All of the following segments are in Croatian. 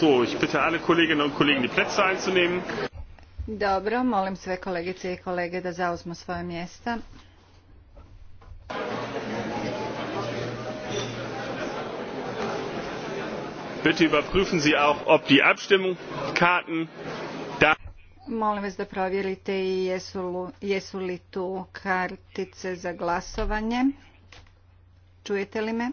So, ich bitte alle Kolleginnen und Kollegen, die Plätze einzunehmen. Dobro, molim sve kolegice i kolege da zauzmu svoje mjesta. Bitte überprüfen Sie auch, ob die Abstimmungskarten da Molim vas da provjerite i jesu, jesu li tu kartice za glasovanje. Čujete li me?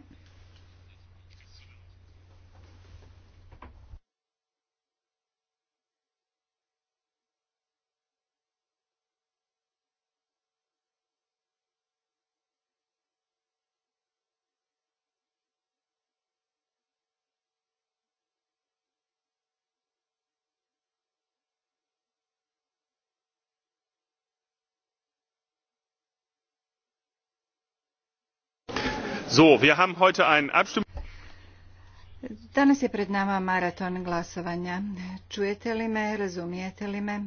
wir haben heute einen Danas je pred nama maraton glasovanja. Čujete li me, razumijete li me?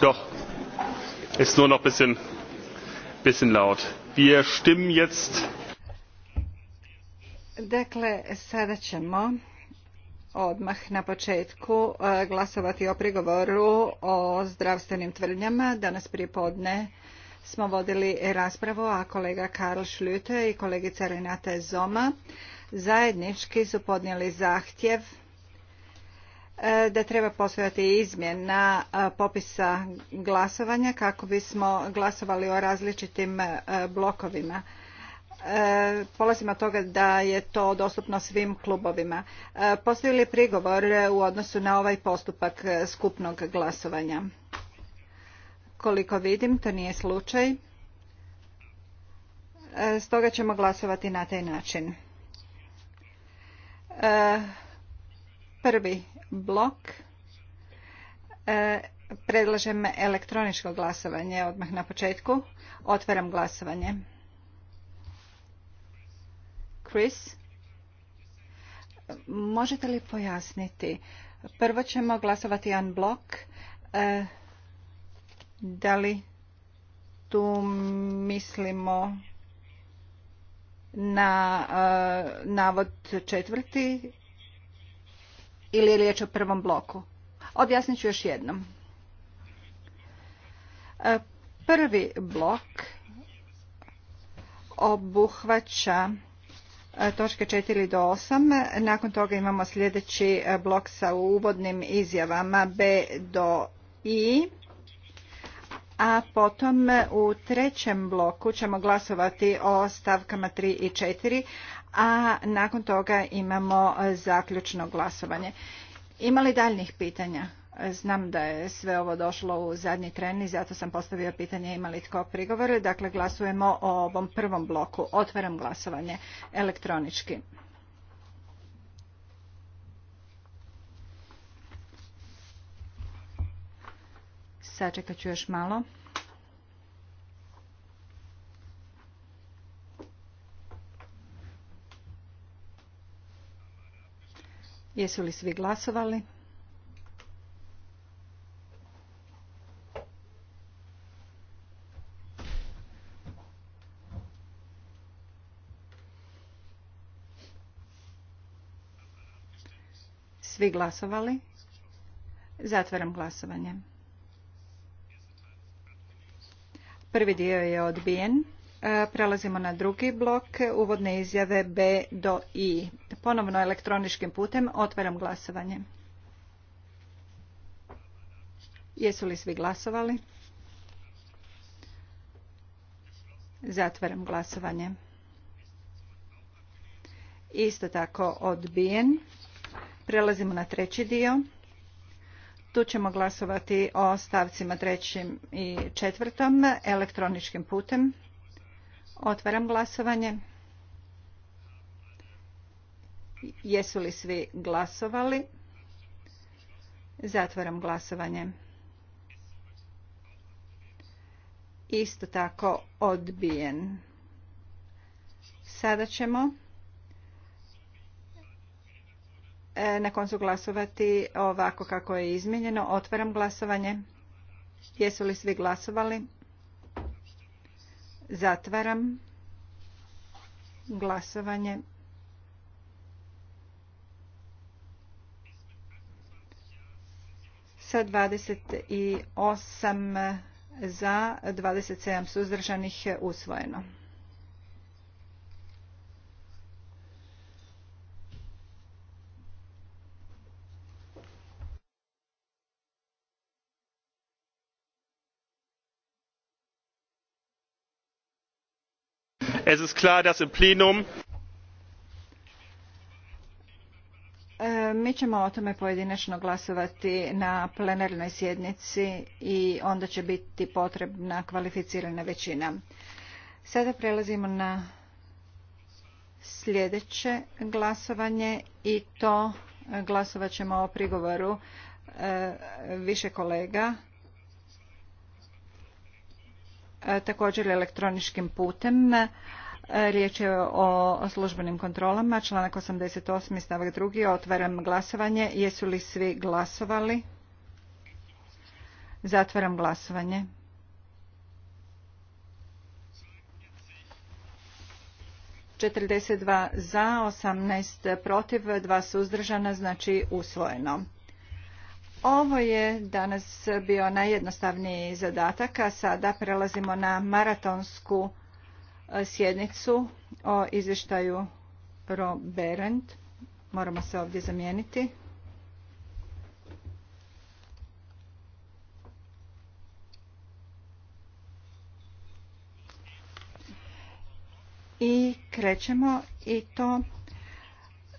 Doch. Ist nur noch bisschen bisschen laut. Wir stimmen jetzt Dakle, sada ćemo odmah na početku e, glasovati o prigovoru o zdravstvenim tvrdnjama. Danas prije podne smo vodili raspravu, a kolega Karl Schlüte i kolegica Renata Zoma zajednički su podnijeli zahtjev e, da treba postojati izmjena e, popisa glasovanja kako bismo glasovali o različitim blokovima. E, polazim od toga da je to dostupno svim klubovima. E, postoji li prigovor u odnosu na ovaj postupak e, skupnog glasovanja? Koliko vidim, to nije slučaj. Stoga ćemo glasovati na taj način. Prvi blok. Predlažem elektroničko glasovanje odmah na početku. Otvaram glasovanje. Chris, možete li pojasniti? Prvo ćemo glasovati jedan blok. E, da li tu mislimo na e, navod četvrti ili je riječ o prvom bloku? Objasnit ću još jednom. E, prvi blok obuhvaća E, točke 4 do 8. Nakon toga imamo sljedeći e, blok sa uvodnim izjavama B do I. A potom e, u trećem bloku ćemo glasovati o stavkama 3 i 4, a nakon toga imamo zaključno glasovanje. Ima li daljnjih pitanja? Znam da je sve ovo došlo u zadnji tren i zato sam postavio pitanje ima li tko prigovore. Dakle, glasujemo o ovom prvom bloku. Otvaram glasovanje elektronički. Sačekat ću još malo. Jesu li svi glasovali? Svi glasovali? Zatvaram glasovanje. Prvi dio je odbijen. E, prelazimo na drugi blok, uvodne izjave B do I. Ponovno elektroničkim putem otvaram glasovanje. Jesu li svi glasovali? Zatvaram glasovanje. Isto tako odbijen. Prelazimo na treći dio. Tu ćemo glasovati o stavcima trećim i četvrtom elektroničkim putem. Otvaram glasovanje. Jesu li svi glasovali? Zatvaram glasovanje. Isto tako odbijen. Sada ćemo E, na koncu glasovati ovako kako je izmijenjeno. Otvaram glasovanje. Jesu li svi glasovali? Zatvaram glasovanje. Sa 28 za, 27 suzdržanih usvojeno. es e, Mi ćemo o tome pojedinačno glasovati na plenarnoj sjednici i onda će biti potrebna kvalificirana većina. Sada prelazimo na sljedeće glasovanje i to glasovat ćemo o prigovoru e, više kolega e, također elektroničkim putem. Riječ je o službenim kontrolama. Članak 88. stavak 2. Otvaram glasovanje. Jesu li svi glasovali? Zatvaram glasovanje. Četrdeset dva za, osamnaest protiv, dva suzdržana, znači usvojeno. Ovo je danas bio najjednostavniji zadatak, a sada prelazimo na maratonsku sjednicu o izvještaju pro Berend. Moramo se ovdje zamijeniti. I krećemo i to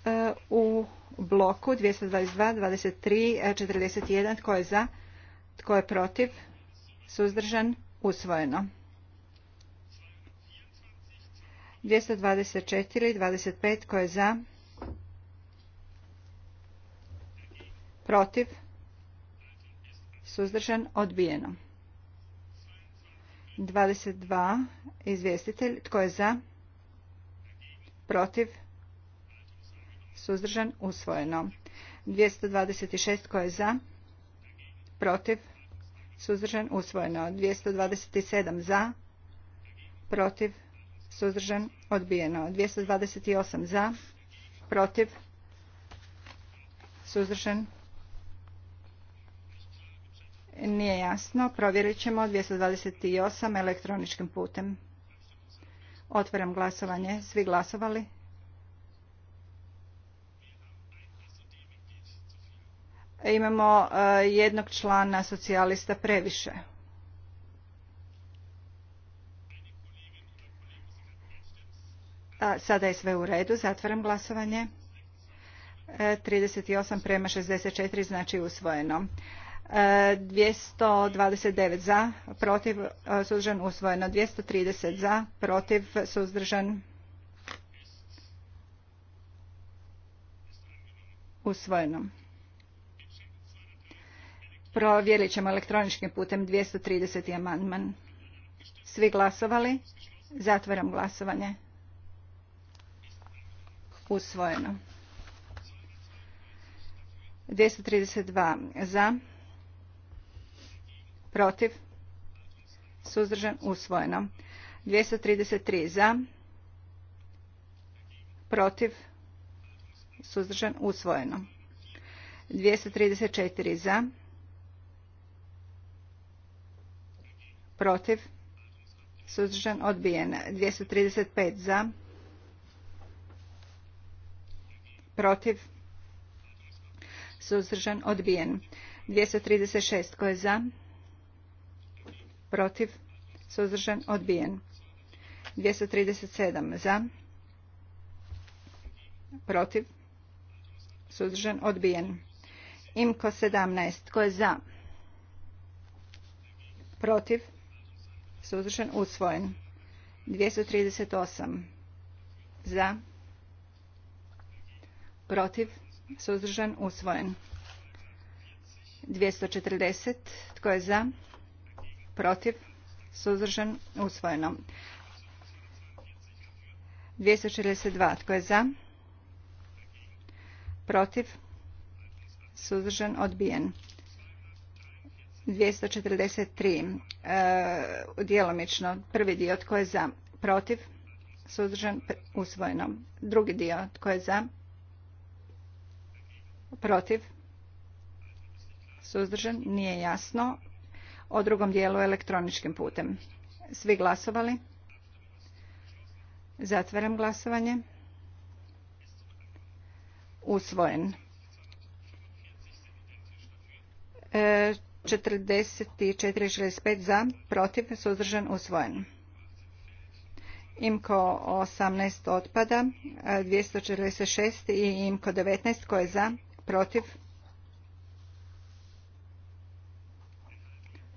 e, u bloku 222, 23, 41. Tko je za? Tko je protiv? Suzdržan? Usvojeno. 224 i 25 tko je za? Protiv? Suzdržan? Odbijeno. 22 izvjestitelj tko je za? Protiv? Suzdržan? Usvojeno. 226 tko je za? Protiv? Suzdržan? Usvojeno. 227 za? Protiv? suzdržan, odbijeno. 228 za, protiv, suzdržan, nije jasno. Provjerit ćemo 228 elektroničkim putem. Otvaram glasovanje. Svi glasovali? Imamo eh, jednog člana socijalista previše. sada je sve u redu. Zatvaram glasovanje. 38 e, prema 64 znači usvojeno. 229 e, za, protiv, e, suzdržan, usvojeno. 230 za, protiv, suzdržan, usvojeno. Provjerit ćemo elektroničkim putem 230. amandman. Svi glasovali? Zatvaram glasovanje usvojeno. 232 za, protiv, suzdržan, usvojeno. 233 za, protiv, suzdržan, usvojeno. 234 za, protiv, suzdržan, odbijen. 235 za, protiv, protiv, suzdržan, odbijen. 236 tko je za, protiv, suzdržan, odbijen. 237 za, protiv, suzdržan, odbijen. Imko 17 tko je za, protiv, suzdržan, usvojen. 238 za, protiv, protiv, suzdržan, usvojen. 240. Tko je za? Protiv? Suzdržan? Usvojeno. 242. Tko je za? Protiv? Suzdržan? Odbijen. 243. tri e, djelomično. Prvi dio. Tko je za? Protiv? Suzdržan? Usvojeno. Drugi dio. Tko je za? Protiv? Suzdržan? Nije jasno. O drugom dijelu elektroničkim putem. Svi glasovali? Zatvaram glasovanje. Usvojen. E, šezdeset 44,65 za, protiv, suzdržan, usvojen. IMKO 18 otpada, 246 i IMKO 19 koje je za, protiv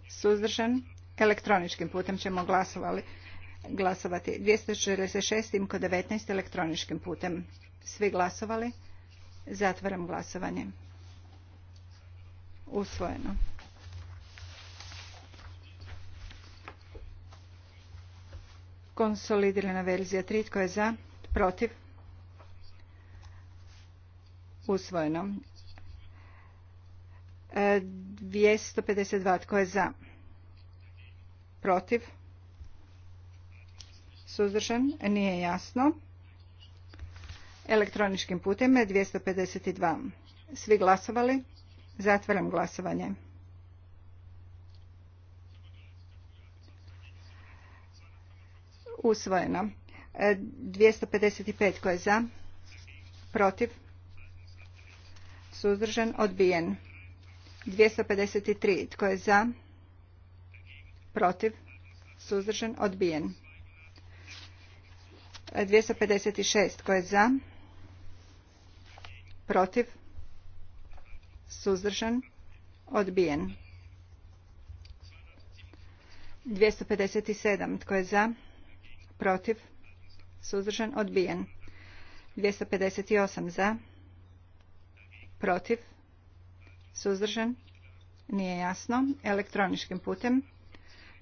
suzdržan elektroničkim putem ćemo glasovali glasovati 266 imko 19 elektroničkim putem svi glasovali zatvaram glasovanje usvojeno konsolidirana verzija 3 tko je za protiv usvojeno 252 e, tko je za protiv suzdržan nije jasno elektroničkim putem je 252 svi glasovali zatvaram glasovanje usvojeno 255 e, tko je za protiv suzdržan, odbijen. 253. Tko je za? Protiv? Suzdržan? Odbijen. 256. Tko je za? Protiv? Suzdržan? Odbijen. 257. Tko je za? Protiv? Suzdržan? Odbijen. 258. Za? protiv, suzdržan, nije jasno, elektroničkim putem.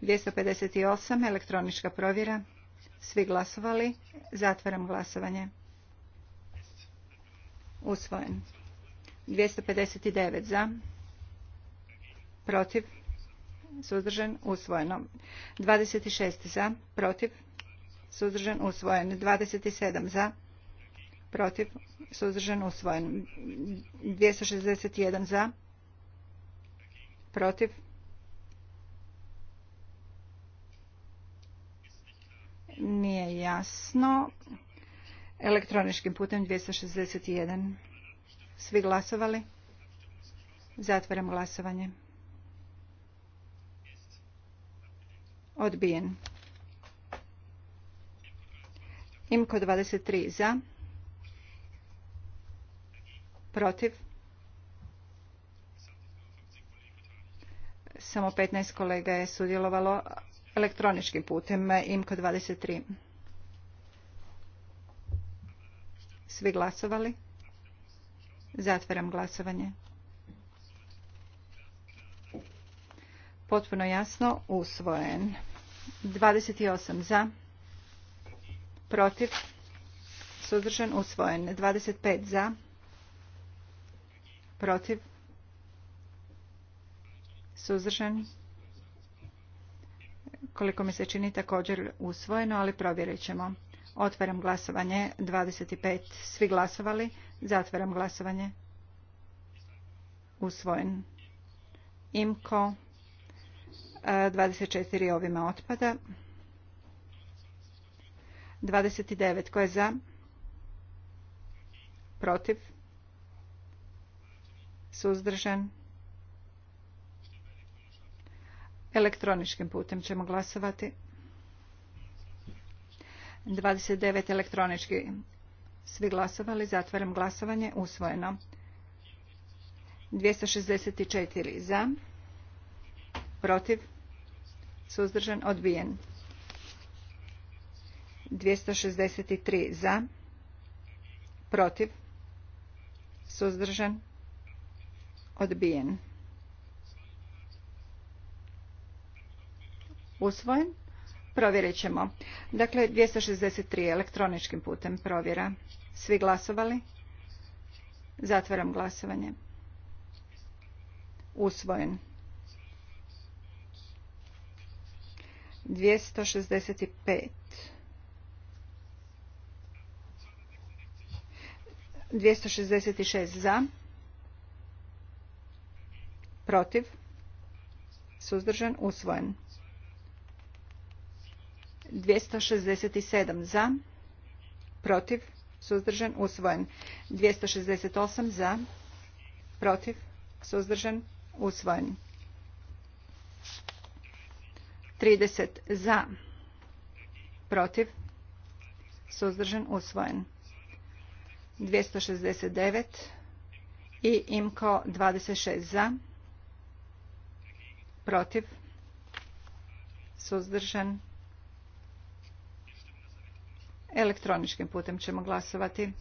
258, elektronička provjera. Svi glasovali. Zatvaram glasovanje. Usvojen. 259 za. Protiv. Suzdržan. Usvojeno. 26 za. Protiv. Suzdržan. Usvojen. 27 za protiv, suzdržan, usvojen. 261 za, protiv, nije jasno. Elektroničkim putem 261. Svi glasovali? Zatvaram glasovanje. Odbijen. Imko 23 za. Protiv? Samo 15 kolega je sudjelovalo elektroničkim putem. Imko 23. Svi glasovali? Zatvaram glasovanje. Potpuno jasno usvojen. 28 za. Protiv. Suzdržan usvojen. 25 za. Protiv? Suzdržan? Koliko mi se čini također usvojeno, ali provjerit ćemo. Otvaram glasovanje. 25. Svi glasovali. Zatvaram glasovanje. Usvojen. Imko. 24 ovima otpada. 29. Ko je za? Protiv? suzdržan. Elektroničkim putem ćemo glasovati. 29 elektronički svi glasovali. Zatvaram glasovanje. Usvojeno. 264 za. Protiv. Suzdržan. Odbijen. 263 za. Protiv. Suzdržan odbijen usvojen provjerit ćemo dakle 263 elektroničkim putem provjera svi glasovali zatvaram glasovanje usvojen 265 266 za protiv, suzdržan, usvojen. 267 za, protiv, suzdržan, usvojen. 268 za, protiv, suzdržan, usvojen. 30 za, protiv, suzdržan, usvojen. 269 i IMKO 26 za, protiv, suzdržan. Elektroničkim putem ćemo glasovati.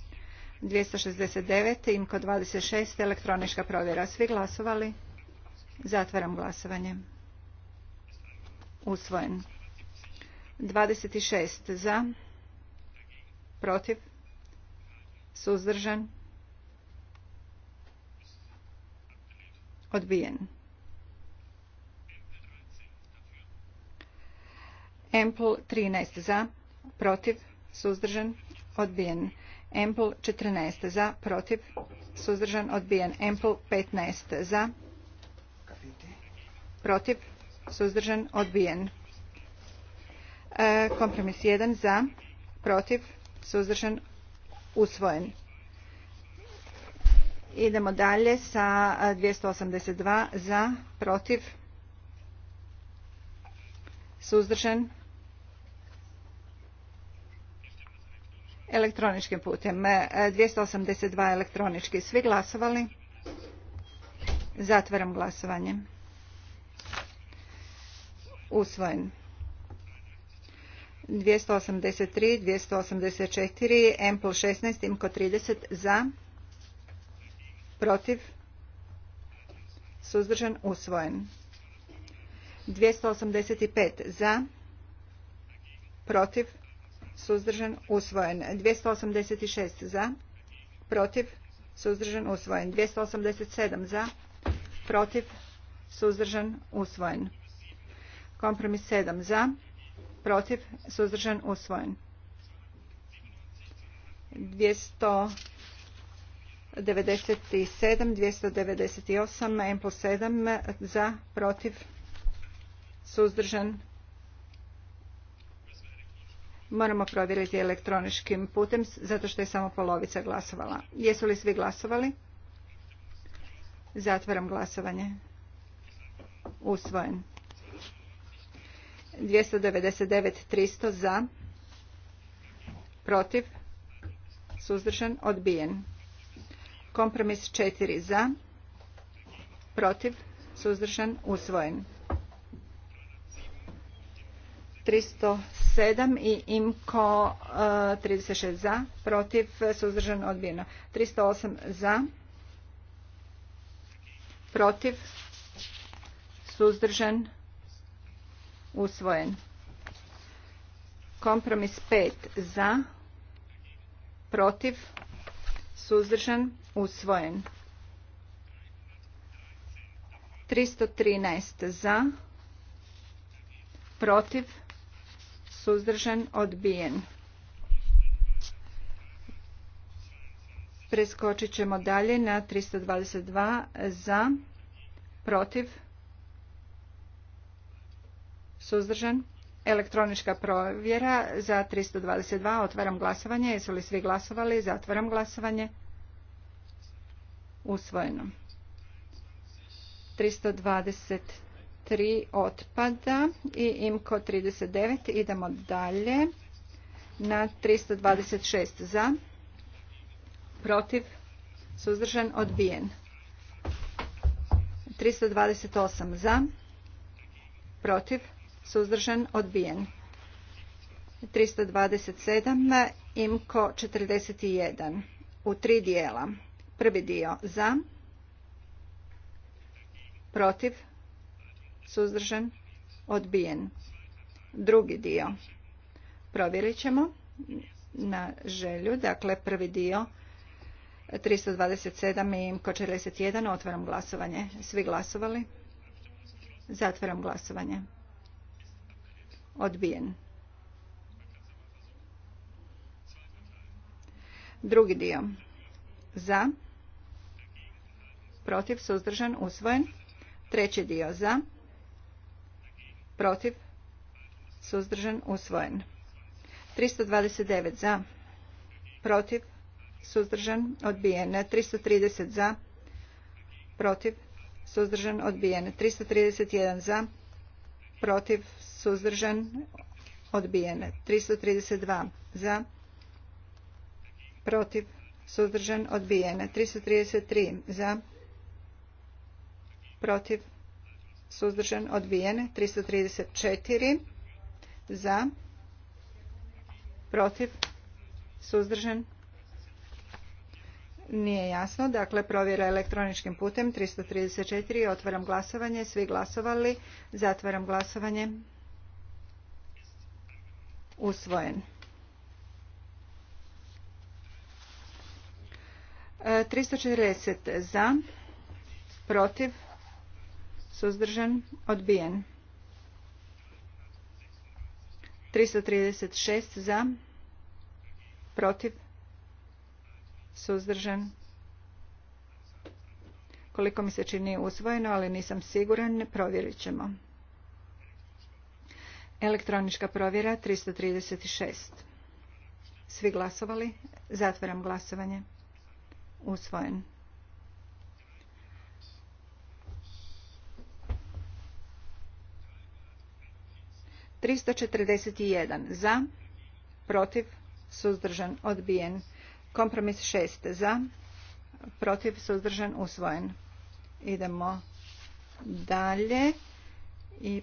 269, imko 26, elektronička provjera. Svi glasovali? Zatvaram glasovanje. Usvojen. 26 za, protiv, suzdržan, odbijen. Ample 13 za, protiv, suzdržan, odbijen. Ample 14 za, protiv, suzdržan, odbijen. Ample 15 za, protiv, suzdržan, odbijen. E, kompromis 1 za, protiv, suzdržan, usvojen. Idemo dalje sa 282 za, protiv, suzdržan, elektroničkim putem. 282 e, elektronički. Svi glasovali? Zatvaram glasovanje. Usvojen. 283, 284, M plus 16, IMKO 30, za, protiv, suzdržan, usvojen. 285, za, protiv, suzdržan, usvojen. 286 za, protiv, suzdržan, usvojen. 287 za, protiv, suzdržan, usvojen. Kompromis 7 za, protiv, suzdržan, usvojen. 297, 298, M plus 7 za, protiv, suzdržan, usvojen Moramo provjeriti elektroničkim putem zato što je samo polovica glasovala. Jesu li svi glasovali? Zatvaram glasovanje. Usvojen. 299.300 za. Protiv. Suzdržan. Odbijen. Kompromis 4 za. Protiv. Suzdržan. Usvojen. 307 7 i IMCO 36 e, za, protiv, suzdržan, odbijeno. 308 za, protiv, suzdržan, usvojen. Kompromis 5 za, protiv, suzdržan, usvojen. 313 za, protiv, suzdržan, odbijen. Preskočit ćemo dalje na 322 za, protiv, suzdržan. Elektronička provjera za 322. Otvaram glasovanje. Jesu li svi glasovali? Zatvaram glasovanje. Usvojeno. 323 3 otpada i imko 39. Idemo dalje na 326 za, protiv, suzdržan, odbijen. 328 za, protiv, suzdržan, odbijen. 327, imko 41 u tri dijela. Prvi dio za, protiv, Suzdržan? Odbijen. Drugi dio. Provjerit ćemo na želju. Dakle, prvi dio 327 i IMKO 41. Otvaram glasovanje. Svi glasovali? Zatvaram glasovanje. Odbijen. Drugi dio. Za. Protiv. Suzdržan. Usvojen. Treći dio. Za protiv, suzdržan, usvojen. 329 za, protiv, suzdržan, odbijen. 330 za, protiv, suzdržan, odbijen. 331 za, protiv, suzdržan, odbijen. 332 za, protiv, suzdržan, odbijen. 333 za, protiv, suzdržan, odbijen. 334 za, protiv, suzdržan, nije jasno. Dakle, provjera elektroničkim putem 334. Otvaram glasovanje. Svi glasovali. Zatvaram glasovanje. Usvojen. 340 e, za, protiv, Suzdržan? Odbijen. 336 za. Protiv? Suzdržan? Koliko mi se čini usvojeno, ali nisam siguran, provjerit ćemo. Elektronička provjera 336. Svi glasovali? Zatvaram glasovanje. Usvojen. 341 za, protiv, suzdržan, odbijen. Kompromis 6 za, protiv, suzdržan, usvojen. Idemo dalje i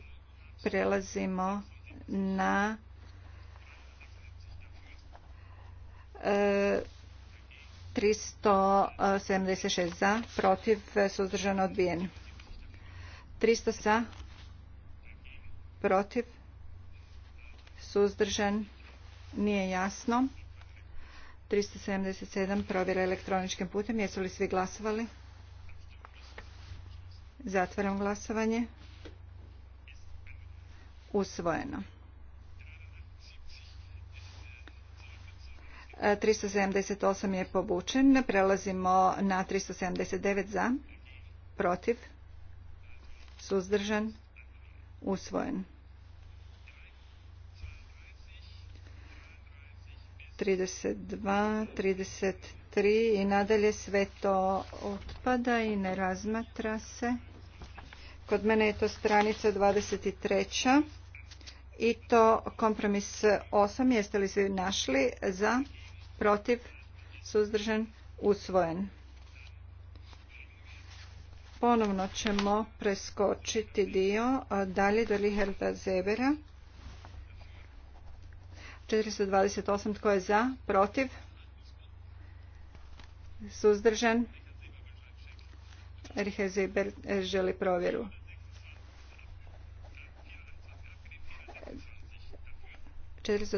prelazimo na e, 376 za, protiv, suzdržan, odbijen. 300 za, protiv, suzdržan, nije jasno. 377 provjera elektroničkim putem. Jesu li svi glasovali? Zatvaram glasovanje. Usvojeno. 378 je povučen. Prelazimo na 379 za, protiv, suzdržan, usvojen. 32, 33 i nadalje sve to otpada i ne razmatra se. Kod mene je to stranica 23. I to kompromis 8. Jeste li se našli za, protiv, suzdržan, usvojen. Ponovno ćemo preskočiti dio dalje do Liherda Zebera. 428. Tko je za? Protiv? Suzdržan? Rihe Ziber e, želi provjeru. Četiristo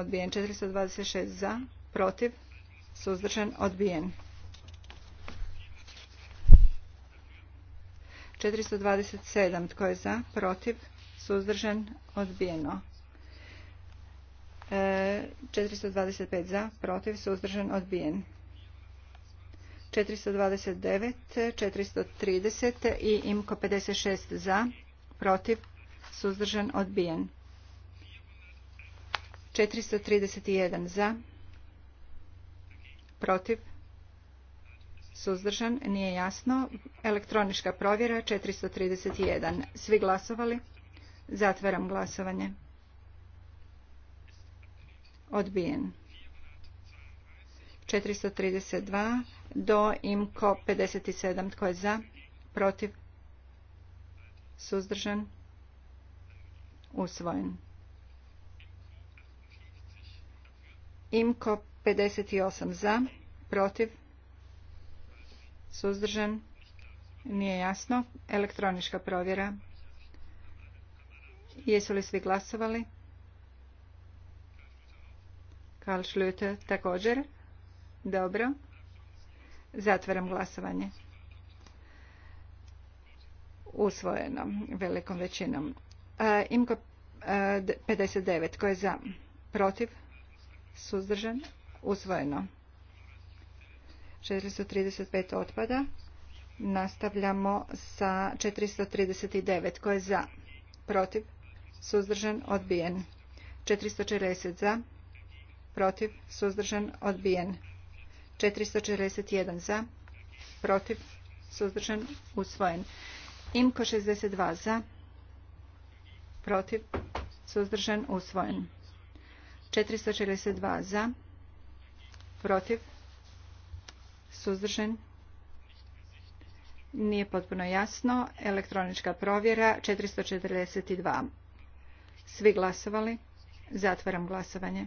odbijen, četiristo za, protiv, suzdržan, odbijen. Četiristo dvadeset tko je za, protiv, suzdržan, odbijeno. 425 e, za, protiv, suzdržan, odbijen. 429, 430 i IMKO 56 za, protiv, suzdržan, odbijen. 431 za, protiv, suzdržan, nije jasno. Elektronička provjera 431. Svi glasovali? Zatvaram glasovanje odbijen. 432 do imko 57 tko je za, protiv, suzdržan, usvojen. Imko 58 za, protiv, suzdržan, nije jasno, elektronička provjera. Jesu li svi glasovali? Karl Schlüter također. Dobro. Zatvaram glasovanje. Usvojeno velikom većinom. Imko 59. Tko je za? Protiv? Suzdržan? Usvojeno. 435 otpada. Nastavljamo sa 439. Tko je za? Protiv? Suzdržan? Odbijen. 440 za? protiv, suzdržan, odbijen. 441 za, protiv, suzdržan, usvojen. Imko 62 za, protiv, suzdržan, usvojen. 442 za, protiv, suzdržan, nije potpuno jasno. Elektronička provjera 442. Svi glasovali. Zatvaram glasovanje.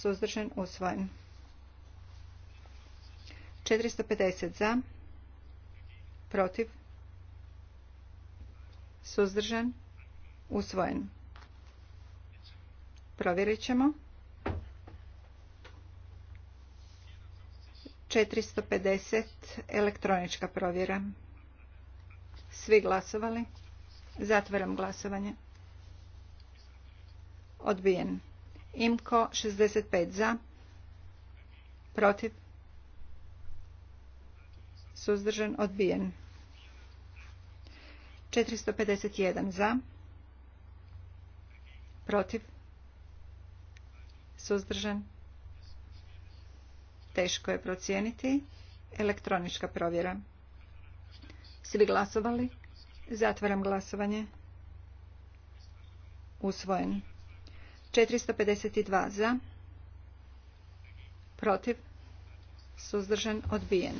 suzdržan, usvojen. 450 za, protiv, suzdržan, usvojen. Provjerit ćemo. 450 elektronička provjera. Svi glasovali. Zatvaram glasovanje. Odbijen. Imko 65 za. Protiv. Suzdržan. Odbijen. 451 za. Protiv. Suzdržan. Teško je procijeniti. Elektronička provjera. Svi glasovali? Zatvaram glasovanje. Usvojen. 452 za, protiv, suzdržan, odbijen.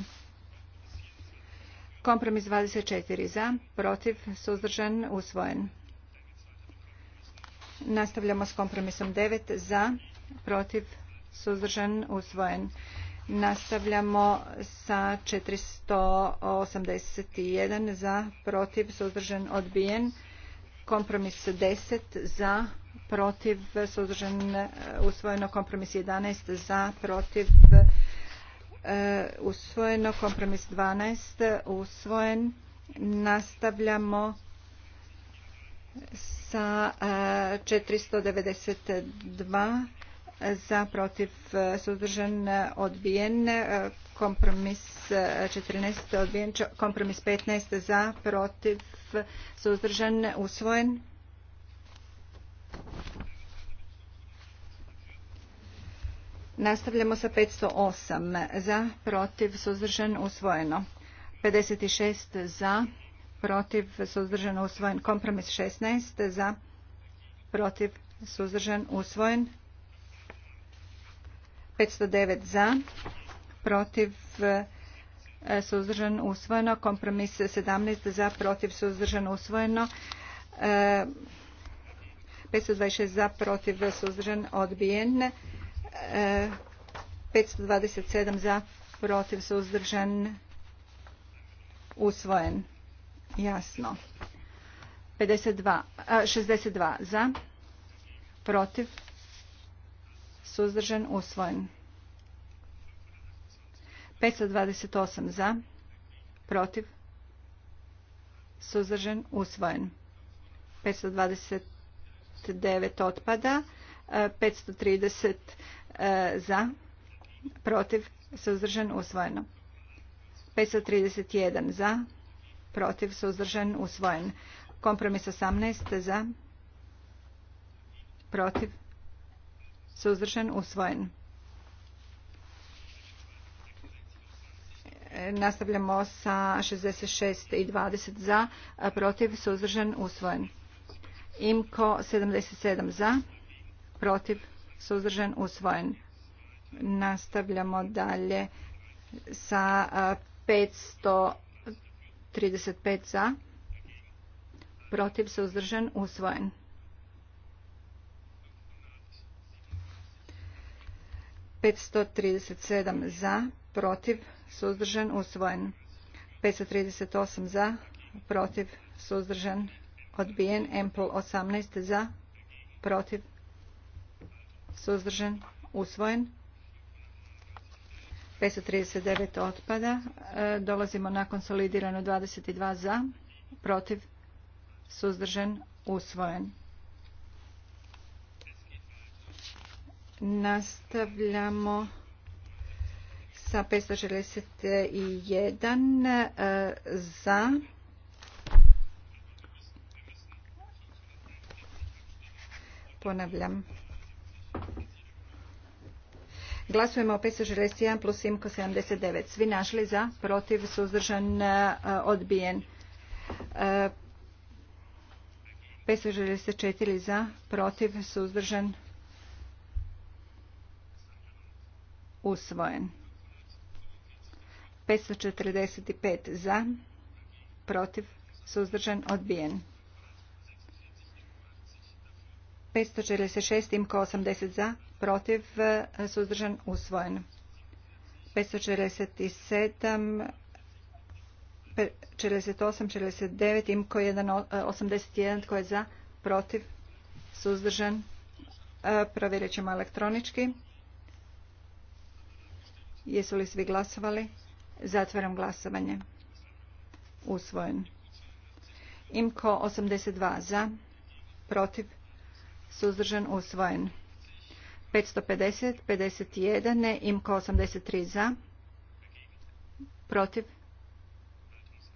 Kompromis 24 za, protiv, suzdržan, usvojen. Nastavljamo s kompromisom 9 za, protiv, suzdržan, usvojen. Nastavljamo sa 481 za, protiv, suzdržan, odbijen. Kompromis 10 za, protiv, suzdržan, usvojeno kompromis 11 za, protiv, e, usvojeno kompromis 12, usvojen. Nastavljamo sa 492 e, za, protiv, suzdržan, odbijen, kompromis 14, odbijen, kompromis 15 za, protiv, suzdržan, usvojen. Nastavljamo sa 508 za, protiv, suzdržan, usvojeno. 56 za, protiv, suzdržan, usvojen. Kompromis 16 za, protiv, suzdržan, usvojen. 509 eh, za, protiv, suzdržan, usvojeno. Kompromis 17 za, protiv, suzdržan, usvojeno. 526 za, protiv, suzdržan, odbijen. E, 527 za, protiv, suzdržan, usvojen. Jasno. 52, 62 za, protiv, suzdržan, usvojen. 528 za, protiv, suzdržan, usvojen. 529 otpada, 530 e, E, za, protiv, suzdržan, usvojeno. 531 za, protiv, suzdržan, usvojen. Kompromis 18 za, protiv, suzdržan, usvojen. E, nastavljamo sa 66 i 20 za, protiv, suzdržan, usvojen. Imko 77 za, protiv, suzdržan, usvojen. Nastavljamo dalje sa 535 za, protiv, suzdržan, usvojen. 537 za, protiv, suzdržan, usvojen. 538 za, protiv, suzdržan, odbijen. Empl 18 za, protiv, suzdržan, usvojen. 539 otpada. E, dolazimo na konsolidirano 22 za, protiv, suzdržan, usvojen. Nastavljamo sa 561 e, za, ponavljam, Glasujemo o 561 plus Simko 79. Svi našli za, protiv, suzdržan, e, odbijen. 564 e, za, protiv, suzdržan, usvojen. 545 za, protiv, suzdržan, odbijen. 546, imko 80 za, protiv, suzdržan, usvojen. 547, 48, 49, imko 81, tko je za, protiv, suzdržan, provjerit ćemo elektronički. Jesu li svi glasovali? Zatvaram glasovanje. Usvojen. Imko 82 za, protiv, suzdržan, usvojen. 550, 51, imko 83 za, protiv,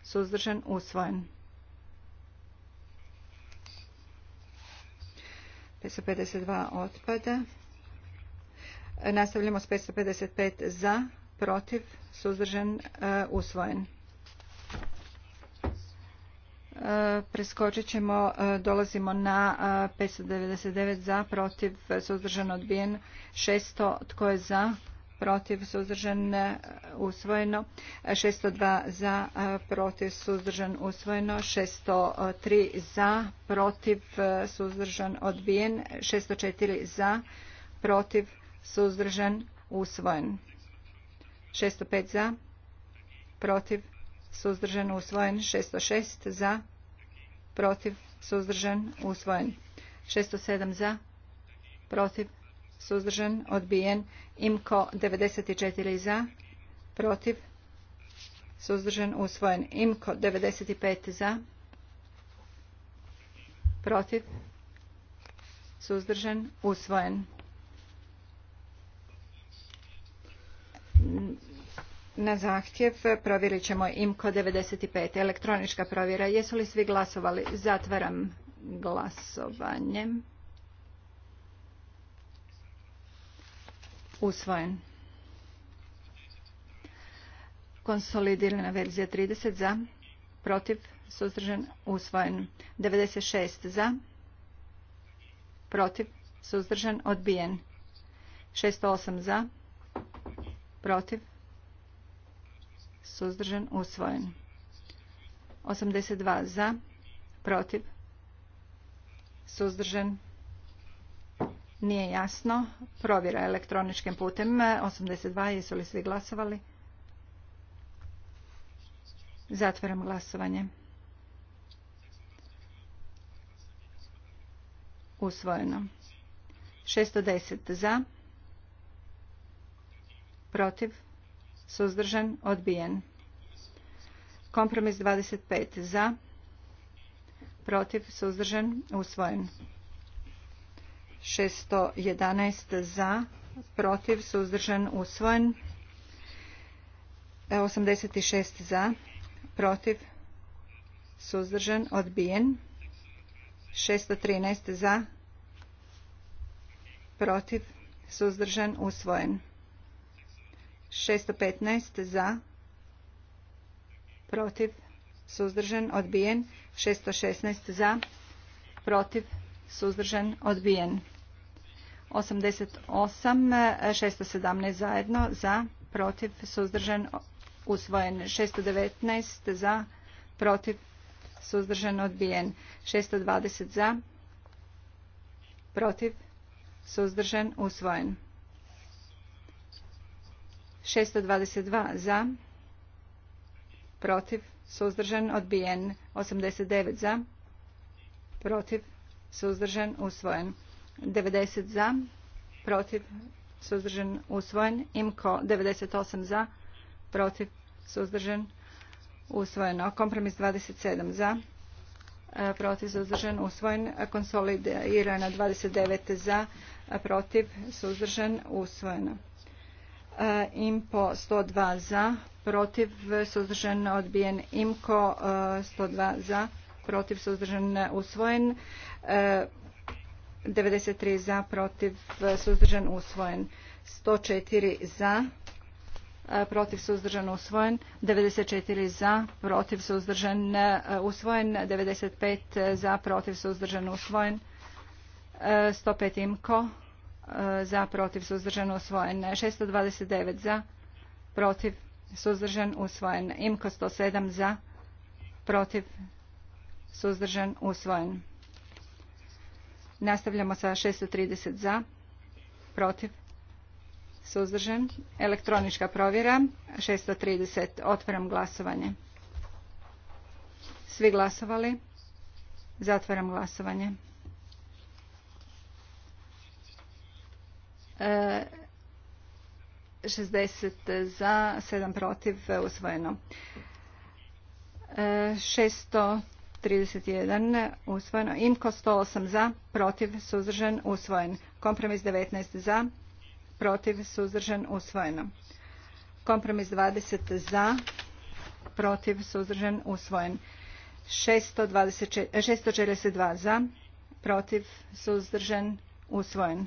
suzdržan, usvojen. 552 otpada. Nastavljamo s 555 za, protiv, suzdržan, e, usvojen preskočit ćemo, e, dolazimo na 599 e, za, protiv, suzdržan, odbijen, 600, tko je za, protiv, suzdržan, e, usvojeno, 602 za, protiv, suzdržan, usvojeno, 603 za, protiv, suzdržan, odbijen, 604 za, protiv, suzdržan, usvojen, 605 za, protiv, suzdržan, usvojen, 606 za, protiv, suzdržan, usvojen. 607 za, protiv, suzdržan, odbijen. Imko 94 za, protiv, suzdržan, usvojen. Imko 95 za, protiv, suzdržan, usvojen. na zahtjev provjerit ćemo IMKO 95. Elektronička provjera. Jesu li svi glasovali? Zatvaram glasovanje. Usvojen. Konsolidirana verzija 30 za, protiv, suzdržan, usvojen. 96 za, protiv, suzdržan, odbijen. 608 za, protiv, suzdržan, usvojen. 82 za, protiv, suzdržan, nije jasno. Provjera elektroničkim putem. 82, jesu li svi glasovali? Zatvaram glasovanje. Usvojeno. 610 za. Protiv. Suzdržan. Odbijen. Kompromis 25 za, protiv, suzdržan, usvojen. 611 za, protiv, suzdržan, usvojen. 86 e, za, protiv, suzdržan, odbijen. 613 za, protiv, suzdržan, usvojen. 615 za, protiv, suzdržan, odbijen. 616 za, protiv, suzdržan, odbijen. 88, 617 zajedno, za, protiv, suzdržan, usvojen. 619 za, protiv, suzdržan, odbijen. 620 za, protiv, suzdržan, usvojen. 622 za, protiv, suzdržan, odbijen. 89 za, protiv, suzdržan, usvojen. 90 za, protiv, suzdržan, usvojen. Imko 98 za, protiv, suzdržan, usvojeno. Kompromis 27 za, e, protiv, suzdržan, usvojen. Konsolidirana 29 za, protiv, suzdržan, usvojeno. E, Impo 102 za, protiv, suzdržan, odbijen. Imko 102 e, za, protiv, suzdržan, usvojen. 93 e, za, protiv, suzdržan, usvojen. 104 za, protiv suzdržan usvojen 94 za protiv suzdržan usvojen 95 za protiv suzdržan usvojen 105 imko E, za, protiv, suzdržan, usvojen. 629 za, protiv, suzdržan, usvojen. Imko 107 za, protiv, suzdržan, usvojen. Nastavljamo sa 630 za, protiv, suzdržan. Elektronička provjera, 630, otvaram glasovanje. Svi glasovali, zatvaram glasovanje. 60 e, za, 7 protiv, e, usvojeno. 631 e, usvojeno. Imko 108 za, protiv, suzdržan, usvojen. Kompromis 19 za, protiv, suzdržan, usvojeno. Kompromis 20 za, protiv, suzdržan, usvojen. 622 za, protiv, suzdržan, usvojen.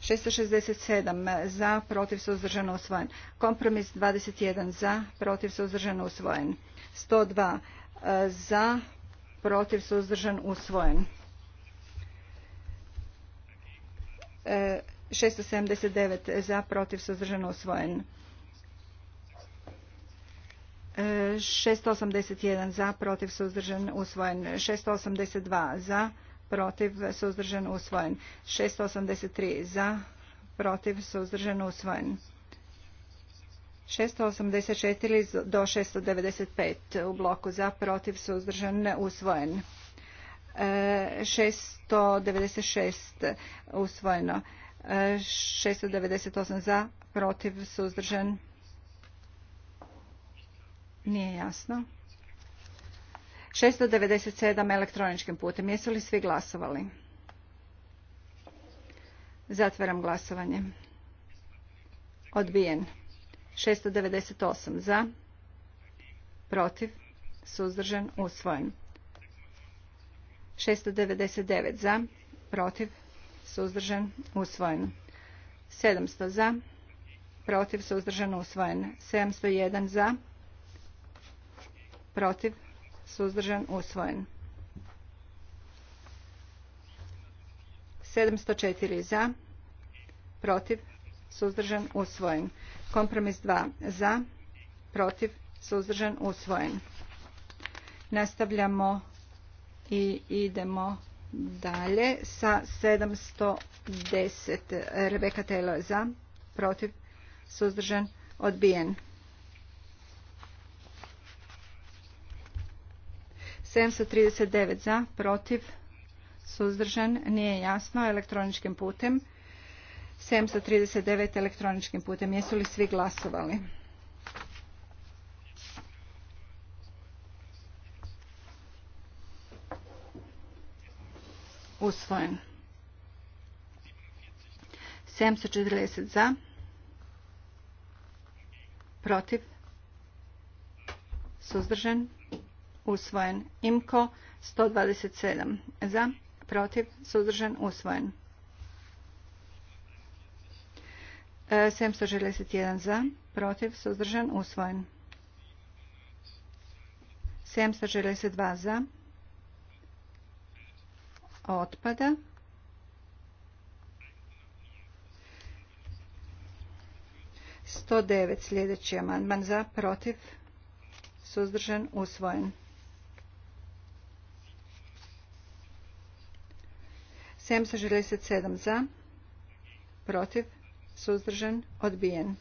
667 za, protiv suzdržano usvojen. Kompromis 21 za, protiv suzdržano usvojen. 102 za, protiv suzdržan usvojen. 679 za, protiv suzdržano usvojen. 681 za, protiv suzdržan usvojen. 682 za, protiv, suzdržan, usvojen. 683 za, protiv, suzdržan, usvojen. 684 do 695 u bloku za, protiv, suzdržan, usvojen. 696 e, usvojeno. 698 e, za, protiv, suzdržan, nije jasno. 697 elektroničkim putem. Jesu li svi glasovali? Zatvaram glasovanje. Odbijen. 698 za. Protiv. Suzdržan. Usvojen. 699 za. Protiv. Suzdržan. Usvojen. 700 za. Protiv. Suzdržan. Usvojen. 701 za. Protiv suzdržan, usvojen. 704 za, protiv, suzdržan, usvojen. Kompromis 2 za, protiv, suzdržan, usvojen. Nastavljamo i idemo dalje sa 710. Rebeka je za, protiv, suzdržan, odbijen. 739 za, protiv, suzdržan, nije jasno, elektroničkim putem. 739 elektroničkim putem. Jesu li svi glasovali? Usvojen. 740 za. Protiv. Suzdržan usvojen. Imko 127 za, protiv, suzdržan, usvojen. 761 e, za, protiv, suzdržan, usvojen. 762 za, otpada. 109 sljedeći amandman za, protiv, suzdržan, usvojen. 767 za, protiv, suzdržan, odbijen.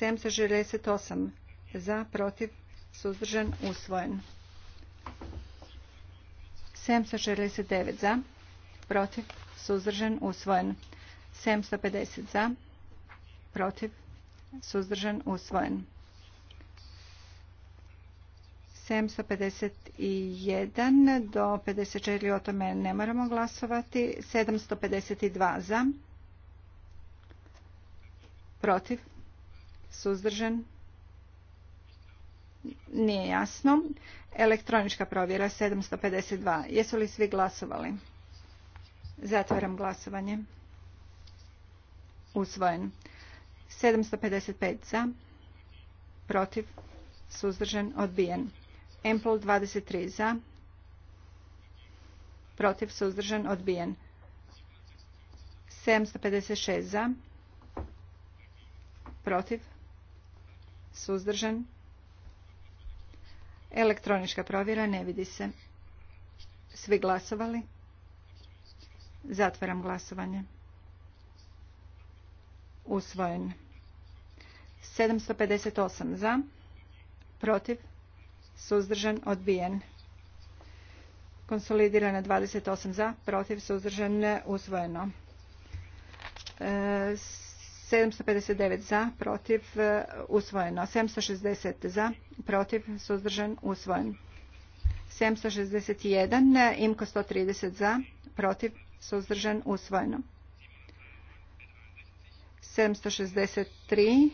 768 za, protiv, suzdržan, usvojen. 769 za, protiv, suzdržan, usvojen. 750 za, protiv, suzdržan, usvojen. 751 do 54 o tome ne moramo glasovati. 752 za. Protiv. Suzdržan. Nije jasno. Elektronička provjera 752. Jesu li svi glasovali? Zatvaram glasovanje. Usvojen. 755 za. Protiv. Suzdržan. Odbijen. Empol 23 za. Protiv suzdržan odbijen. 756 za. Protiv. Suzdržan. Elektronička provjera ne vidi se. Svi glasovali? Zatvaram glasovanje. Usvojen. 758 za. Protiv suzdržan, odbijen. Konsolidirana 28 za, protiv, suzdržan, usvojeno. 759 e, za, protiv, e, usvojeno. 760 za, protiv, suzdržan, usvojen. 761, imko 130 za, protiv, suzdržan, usvojeno. 763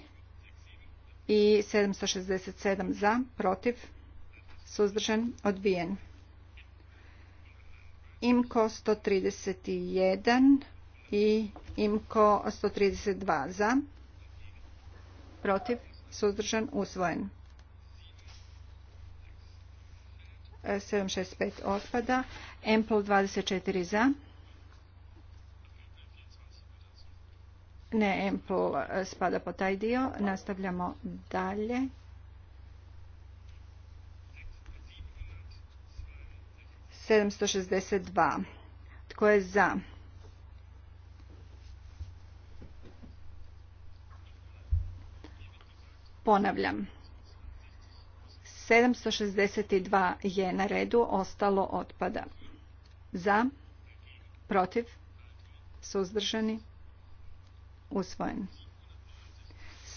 i 767 za, protiv, suzdržan, odbijen. Imko 131 i Imko 132 za, protiv, suzdržan, usvojen. 765 otpada, Ample 24 za, ne Ample spada po taj dio, nastavljamo dalje. 762. Tko je za? Ponavljam. 762 je na redu, ostalo otpada. Za, protiv, suzdržani, usvojen.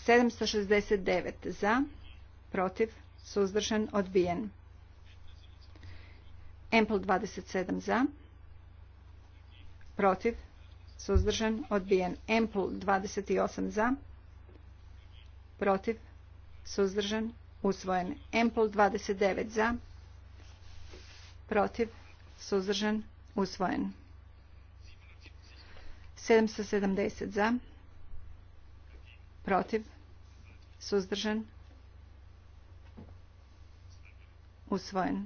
769 za, protiv, suzdržan, odbijen. Ample 27 za, protiv, suzdržan, odbijen. Ample 28 za, protiv, suzdržan, usvojen. Ample 29 za, protiv, suzdržan, usvojen. 770 za, protiv, suzdržan, usvojen.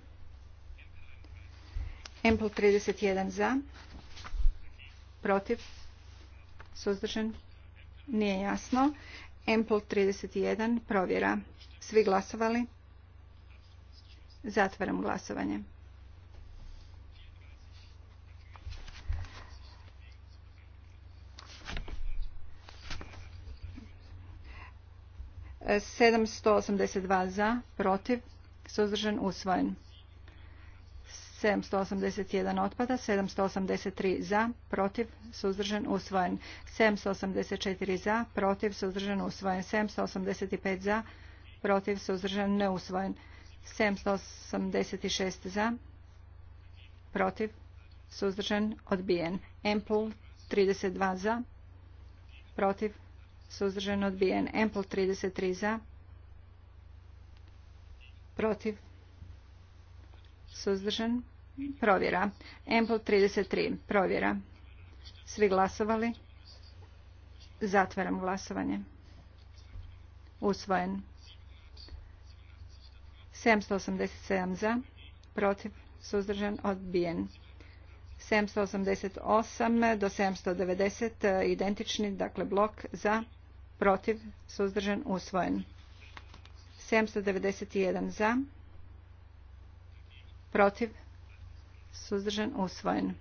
Ample 31 za. Protiv. Suzdržan. Nije jasno. Ample 31. Provjera. Svi glasovali? Zatvaram glasovanje. Sedamsto osamdeset dva za, protiv, suzdržan, usvojen. 781 otpada, 783 za, protiv, suzdržan, usvojen. 784 za, protiv, suzdržan, usvojen. 785 za, protiv, suzdržan, neusvojen. 786 za, protiv, suzdržan, odbijen. Ample 32 za, protiv, suzdržan, odbijen. Ample 33 za, protiv, suzdržan, Provjera. Ample 33. Provjera. Svi glasovali? Zatvaram glasovanje. Usvojen. 787 za. Protiv. Suzdržan. Odbijen. 788 do 790 identični, dakle blok za, protiv, suzdržan, usvojen. 791 za, protiv, suzdržan, usvojen.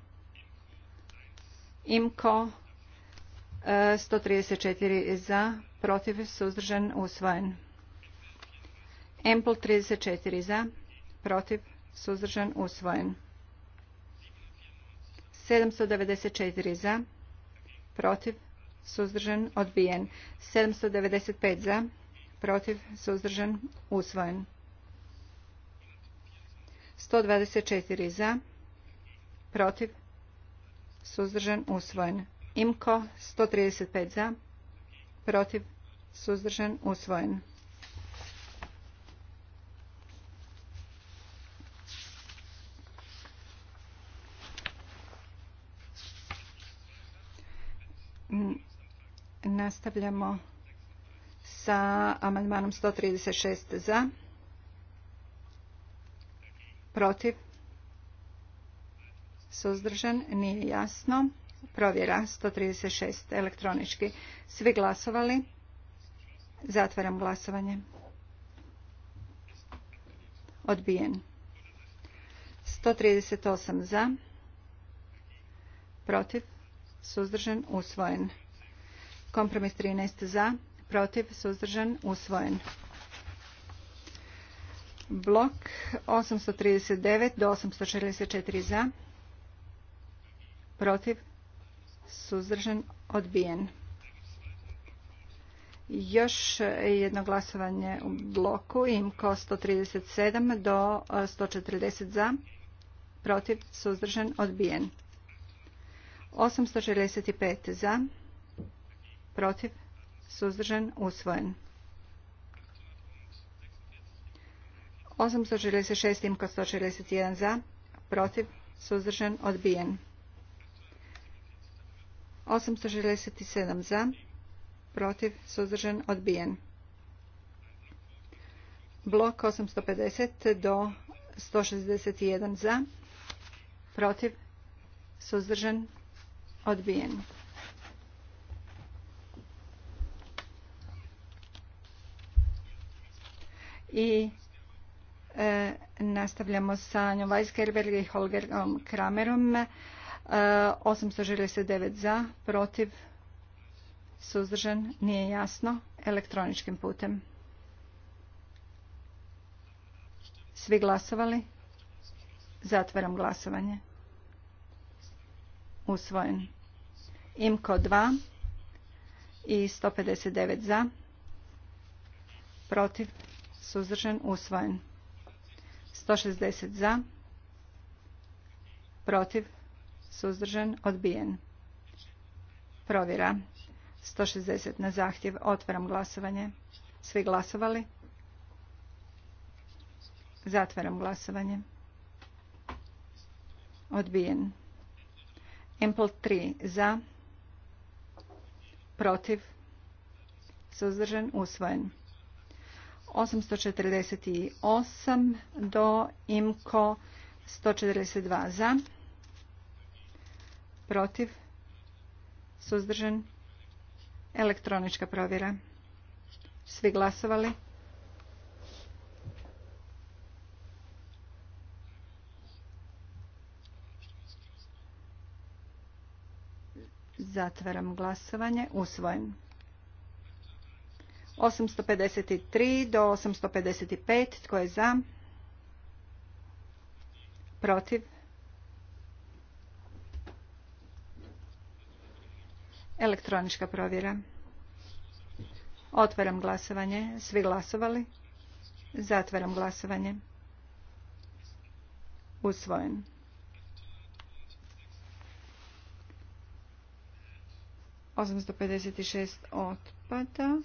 Imko 134 e, za, protiv, suzdržan, usvojen. Empl 34 za, protiv, suzdržan, usvojen. 794 za, protiv, suzdržan, odbijen. 795 za, protiv, suzdržan, usvojen. 124 za, protiv, suzdržan, usvojen. Imko 135 za, protiv, suzdržan, usvojen. Nastavljamo sa amandmanom 136 za, protiv, Suzdržan? Nije jasno. Provjera 136 elektronički. Svi glasovali? Zatvaram glasovanje. Odbijen. 138 za. Protiv. Suzdržan. Usvojen. Kompromis 13 za. Protiv. Suzdržan. Usvojen. Blok 839 do 864 za protiv, suzdržan, odbijen. Još jedno glasovanje u bloku, imko 137 do 140 za, protiv, suzdržan, odbijen. 865 za, protiv, suzdržan, usvojen. 866 imko 141 za, protiv, suzdržan, odbijen. 867 za, protiv, suzdržan, odbijen. Blok 850 do 161 za, protiv, suzdržan, odbijen. I e, nastavljamo sa Njovajskerberg i Holgerom Kramerom. 869 za, protiv, suzdržan, nije jasno, elektroničkim putem. Svi glasovali? Zatvaram glasovanje. Usvojen. Imko 2 i 159 za, protiv, suzdržan, usvojen. 160 za, protiv, Suzdržan? Odbijen. Provjera. 160 na zahtjev. Otvaram glasovanje. Svi glasovali? Zatvaram glasovanje. Odbijen. IMPOL 3 za. Protiv. Suzdržan. Usvojen. 848 do IMKO 142 za protiv, suzdržan, elektronička provjera. Svi glasovali. Zatvaram glasovanje. Usvojen. 853 do 855. Tko je za? Protiv? Elektronička provjera. Otvaram glasovanje. Svi glasovali? Zatvaram glasovanje. Usvojen. Osamsto pedeset šest otpada.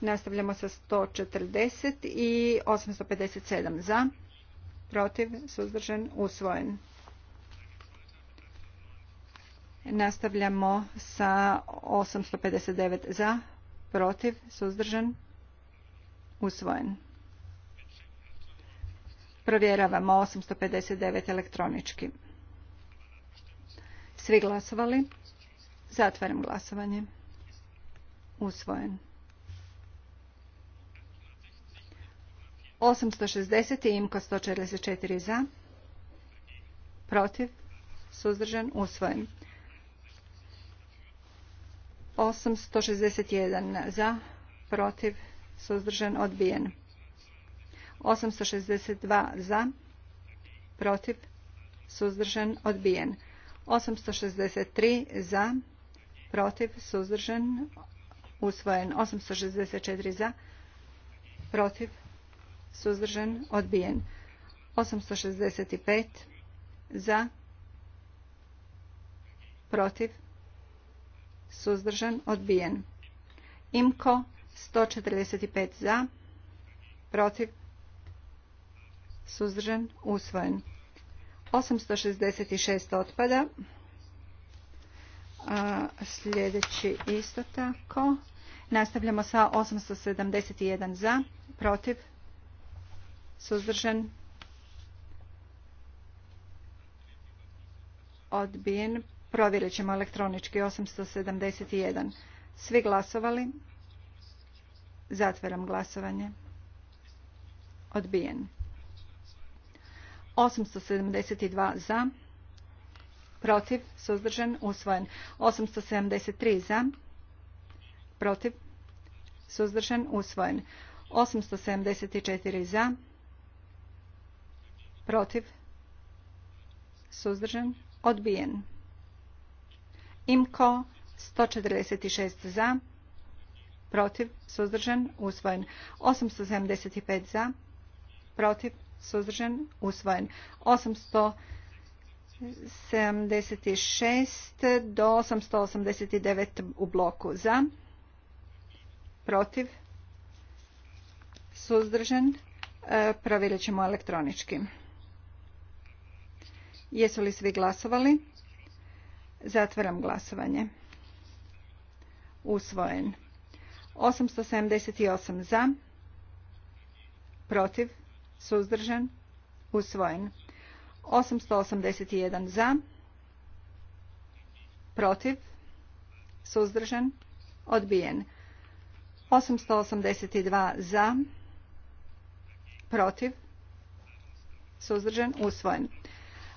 Nastavljamo sa 140 i 857 za, protiv, suzdržan, usvojen. Nastavljamo sa 859 za, protiv, suzdržan, usvojen. Provjeravamo 859 elektronički. Svi glasovali. Zatvaram glasovanje. Usvojen. 860 i imko 144 za. Protiv. Suzdržan. Usvojen. 861 za, protiv, suzdržan, odbijen. 862 za, protiv, suzdržan, odbijen. 863 za, protiv, suzdržan, usvojen. 864 za, protiv, suzdržan, odbijen. 865 za, protiv, suzdržan, odbijen. Imko 145 za, protiv, suzdržan, usvojen. 866 otpada. Sljedeći isto tako. Nastavljamo sa 871 za, protiv, suzdržan, odbijen. Provjerit ćemo elektronički 871. Svi glasovali? Zatvaram glasovanje. Odbijen. 872 za. Protiv. Suzdržan. Usvojen. 873 za. Protiv. Suzdržan. Usvojen. 874 za. Protiv. Suzdržan. Odbijen. Imko 146 za, protiv, suzdržan, usvojen. 875 za, protiv, suzdržan, usvojen. 876 do 889 u bloku za, protiv, suzdržan, e, provjerit ćemo elektronički. Jesu li svi glasovali? Zatvaram glasovanje. Usvojen. 878 za. Protiv. Suzdržan. Usvojen. 881 za. Protiv. Suzdržan. Odbijen. 882 za. Protiv. Suzdržan. Usvojen.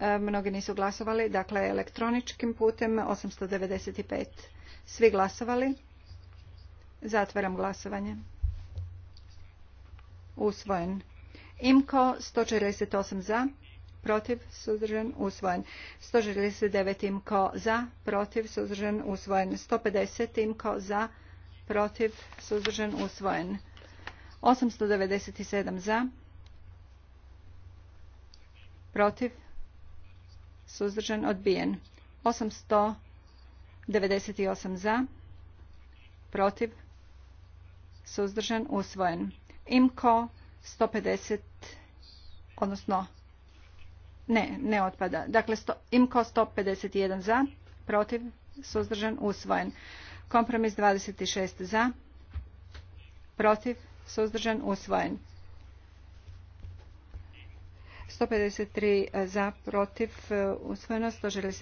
Mnogi nisu glasovali. Dakle, elektroničkim putem 895. Svi glasovali. Zatvaram glasovanje. Usvojen. Imko 148 za, protiv, suzdržan, usvojen. 169 imko za, protiv, suzdržan, usvojen. 150 imko za, protiv, suzdržan, usvojen. 897 za, protiv, suzdržan, odbijen. 898 za, protiv, suzdržan, usvojen. IMKO 150, odnosno, ne, ne otpada. Dakle, sto, IMKO 151 za, protiv, suzdržan, usvojen. Kompromis 26 za, protiv, suzdržan, usvojen. 153 e, za, protiv, e, usvojeno.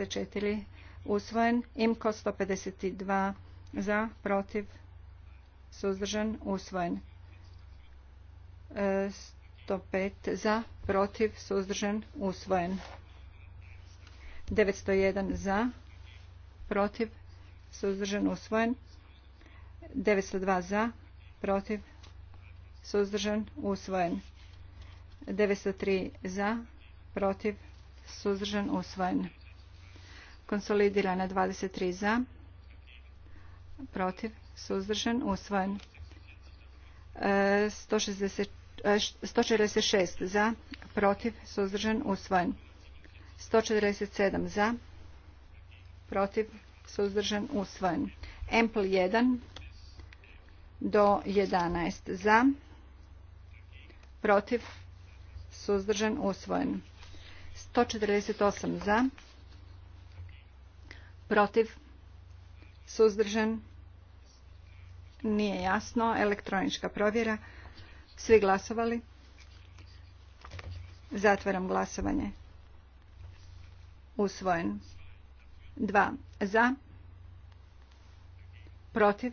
četiri usvojen. Imko 152 za, protiv, suzdržan, usvojen. 105 e, za, protiv, suzdržan, usvojen. 901 za, protiv, suzdržan, usvojen. 902 za, protiv, suzdržan, usvojen. 903 za, protiv, suzdržan, usvojen. Konsolidirana 23 za, protiv, suzdržan, usvojen. 146 e, e, za, protiv, suzdržan, usvojen. 147 za, protiv, suzdržan, usvojen. Empl 1 do 11 za, protiv, suzdržan, usvojen. 148 za, protiv, suzdržan, nije jasno, elektronička provjera. Svi glasovali. Zatvaram glasovanje. Usvojen. 2 za, protiv,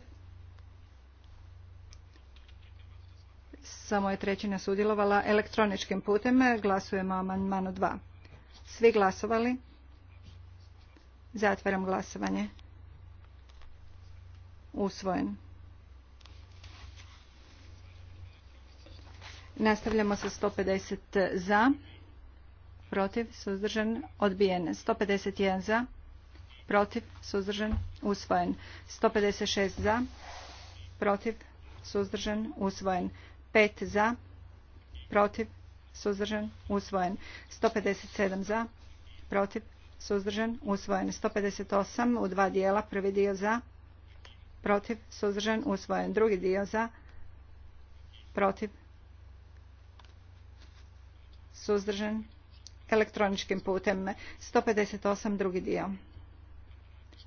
Samo je trećina sudjelovala elektroničkim putem. Glasujemo o amandmanu dva. Svi glasovali? Zatvaram glasovanje. Usvojen. Nastavljamo sa 150 za, protiv, suzdržan, odbijen. 151 za, protiv, suzdržan, usvojen. 156 za, protiv, suzdržan, usvojen. 5 za, protiv, suzdržan, usvojen. 157 za, protiv, suzdržan, usvojen. 158 u dva dijela, prvi dio za, protiv, suzdržan, usvojen. Drugi dio za, protiv, suzdržan, elektroničkim putem. 158 drugi dio.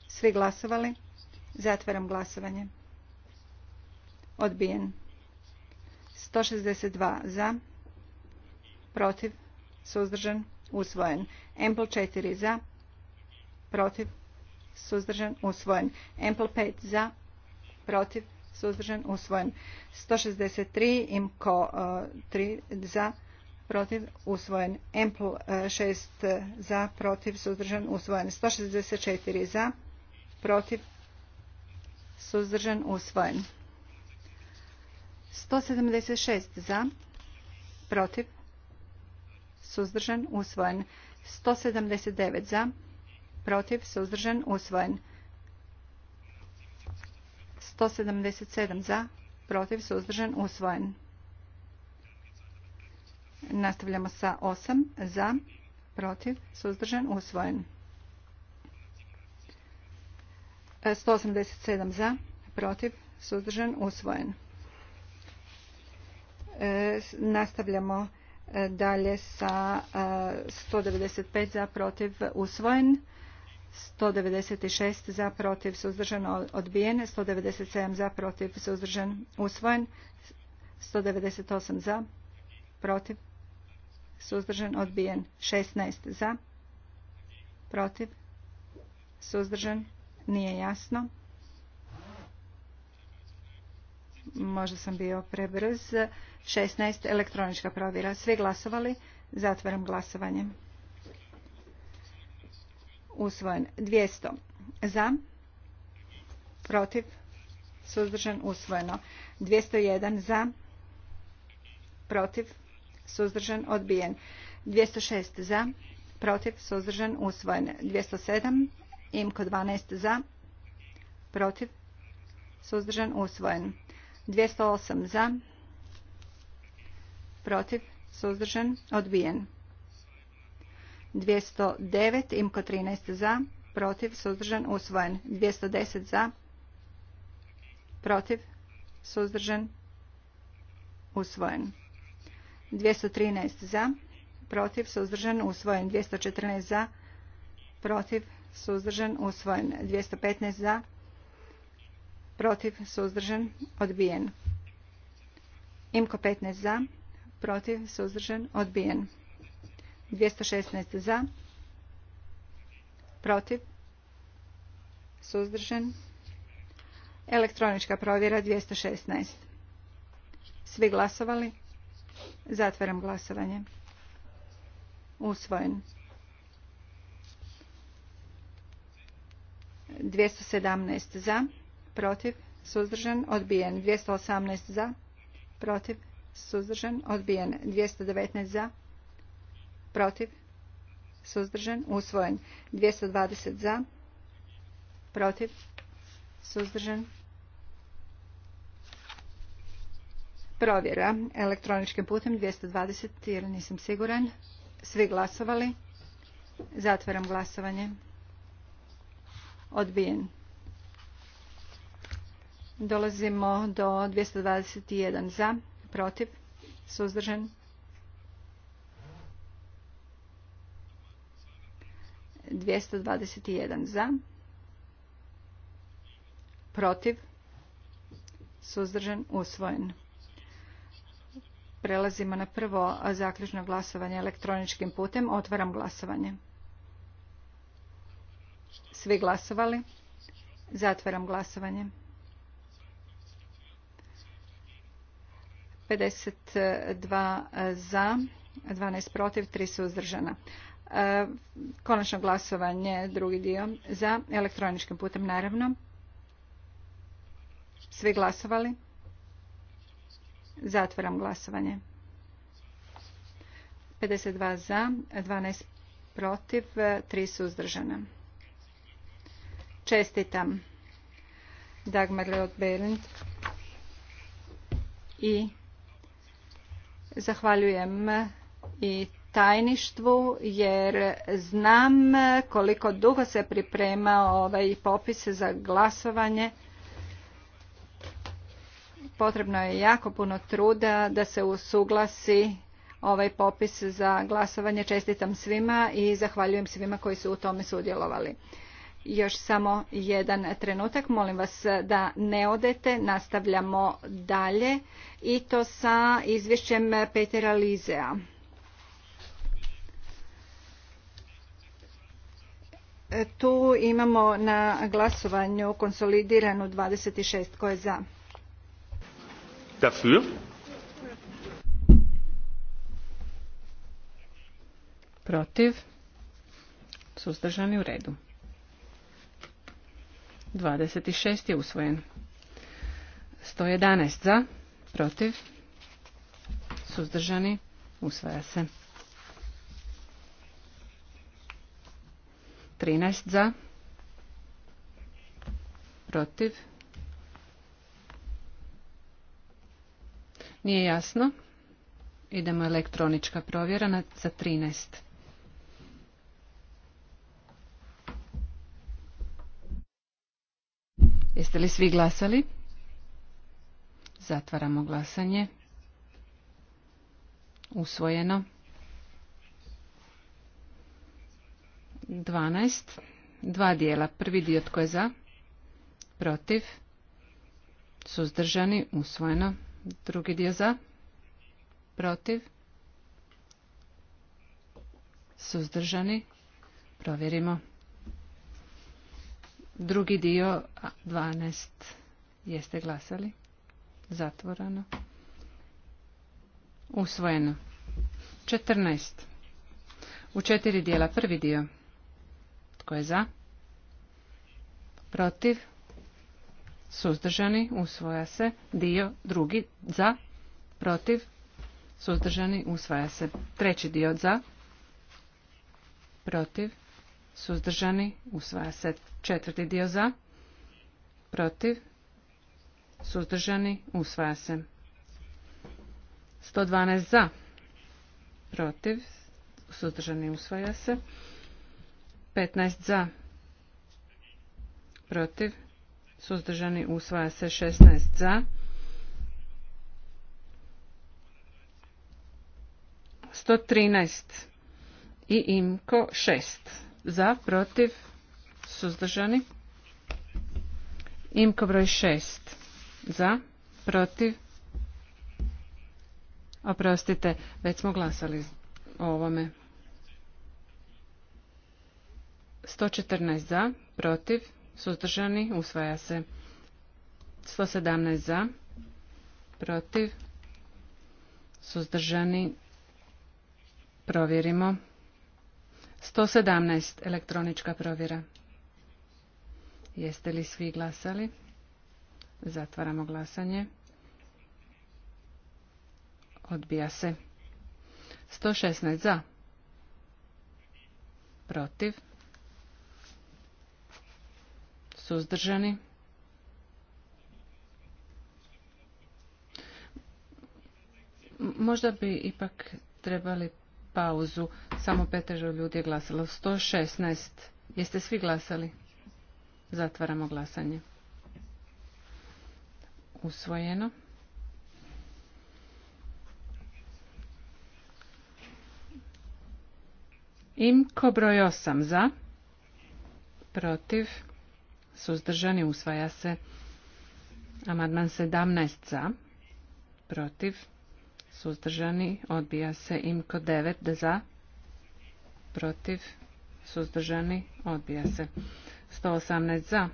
Svi glasovali? Zatvaram glasovanje. Odbijen. 162 za, protiv, suzdržan, usvojen. Empl 4 za, protiv, suzdržan, usvojen. Empl 5 za, protiv, suzdržan, usvojen. 163, imko 3 e, za, protiv, usvojen. Empl 6 e, za, protiv, suzdržan, usvojen. 164 za, protiv, suzdržan, usvojen. 176 za, protiv, suzdržan, usvojen. 179 za, protiv, suzdržan, usvojen. 177 za, protiv, suzdržan, usvojen. Nastavljamo sa 8 za, protiv, suzdržan, usvojen. 187 za, protiv, suzdržan, usvojen. E, nastavljamo e, dalje sa 195 e, za protiv usvojen, 196 za protiv suzdržan odbijen, 197 za protiv suzdržan usvojen, 198 za protiv suzdržan odbijen, 16 za protiv suzdržan nije jasno. Možda sam bio prebrz. 16. Elektronička provjera. Svi glasovali. Zatvaram glasovanje. Usvojen. 200. Za. Protiv. Suzdržan. Usvojeno. 201. Za. Protiv. Suzdržan. Odbijen. 206. Za. Protiv. Suzdržan. Usvojen. 207. Imko 12. Za. Protiv. Suzdržan. Usvojen. 208. Za protiv, suzdržan, odbijen. 209, imko 13 za, protiv, suzdržan, usvojen. 210 za, protiv, suzdržan, usvojen. 213 za, protiv, suzdržan, usvojen. 214 za, protiv, suzdržan, usvojen. 215 za, protiv, suzdržan, odbijen. Imko 15 za, protiv, suzdržan, odbijen. 216 za, protiv, suzdržan, elektronička provjera 216. Svi glasovali? Zatvaram glasovanje. Usvojen. 217 za, protiv, suzdržan, odbijen. 218 za, protiv, suzdržan, odbijen. 219 za, protiv, suzdržan, usvojen. 220 za, protiv, suzdržan. Provjera elektroničkim putem 220 jer nisam siguran. Svi glasovali. Zatvaram glasovanje. Odbijen. Dolazimo do 221 za protiv, suzdržan. Dvjesto dvadeset jedan za, protiv, suzdržan, usvojen. Prelazimo na prvo zaključno glasovanje elektroničkim putem. Otvaram glasovanje. Svi glasovali? Zatvaram glasovanje. 52 za, 12 protiv, 3 suzdržana. E, konačno glasovanje, drugi dio, za, elektroničkim putem naravno. Svi glasovali? Zatvoram glasovanje. 52 za, 12 protiv, 3 suzdržana. Čestitam Dagmar Leot Berlind i Zahvaljujem i tajništvu jer znam koliko dugo se priprema ovaj popis za glasovanje. Potrebno je jako puno truda da se usuglasi ovaj popis za glasovanje. Čestitam svima i zahvaljujem svima koji su u tome sudjelovali još samo jedan trenutak. Molim vas da ne odete. Nastavljamo dalje i to sa izvješćem Petera Lizea. Tu imamo na glasovanju konsolidiranu 26 koje je za. Protiv. Suzdržani u redu. 26 je usvojen. 111 za, protiv, suzdržani, usvaja se. 13 za, protiv, nije jasno, idemo elektronička provjera za 13. Jeste li svi glasali? Zatvaramo glasanje. Usvojeno. 12. Dva dijela. Prvi dio tko je za? Protiv. Suzdržani. Usvojeno. Drugi dio za? Protiv. Suzdržani. Provjerimo. Drugi dio 12 jeste glasali. Zatvorano. Usvojeno. 14. U četiri dijela prvi dio. Tko je za? Protiv? Suzdržani? Usvoja se. Dio drugi za? Protiv? Suzdržani? Usvaja se. Treći dio za? Protiv? suzdržani, usvaja se četvrti dio za, protiv, suzdržani, usvaja se. 112 za, protiv, suzdržani, usvaja se. 15 za, protiv, suzdržani, usvaja se. 16 za, 113 i imko 6 za, protiv, suzdržani. Imko broj šest za, protiv, oprostite, već smo glasali o ovome. 114 za, protiv, suzdržani, usvaja se. 117 za, protiv, suzdržani, provjerimo. 117 elektronička provjera. Jeste li svi glasali? Zatvaramo glasanje. Odbija se. 116 za. Protiv. Suzdržani. Možda bi ipak trebali pauzu. Samo petežo ljudi je glasalo. 116. Jeste svi glasali? Zatvaramo glasanje. Usvojeno. Imko broj 8 za, protiv, suzdržani usvaja se. Amandman 17 za, protiv, suzdržani, odbija se imko 9 za, protiv, suzdržani, odbija se 118 za,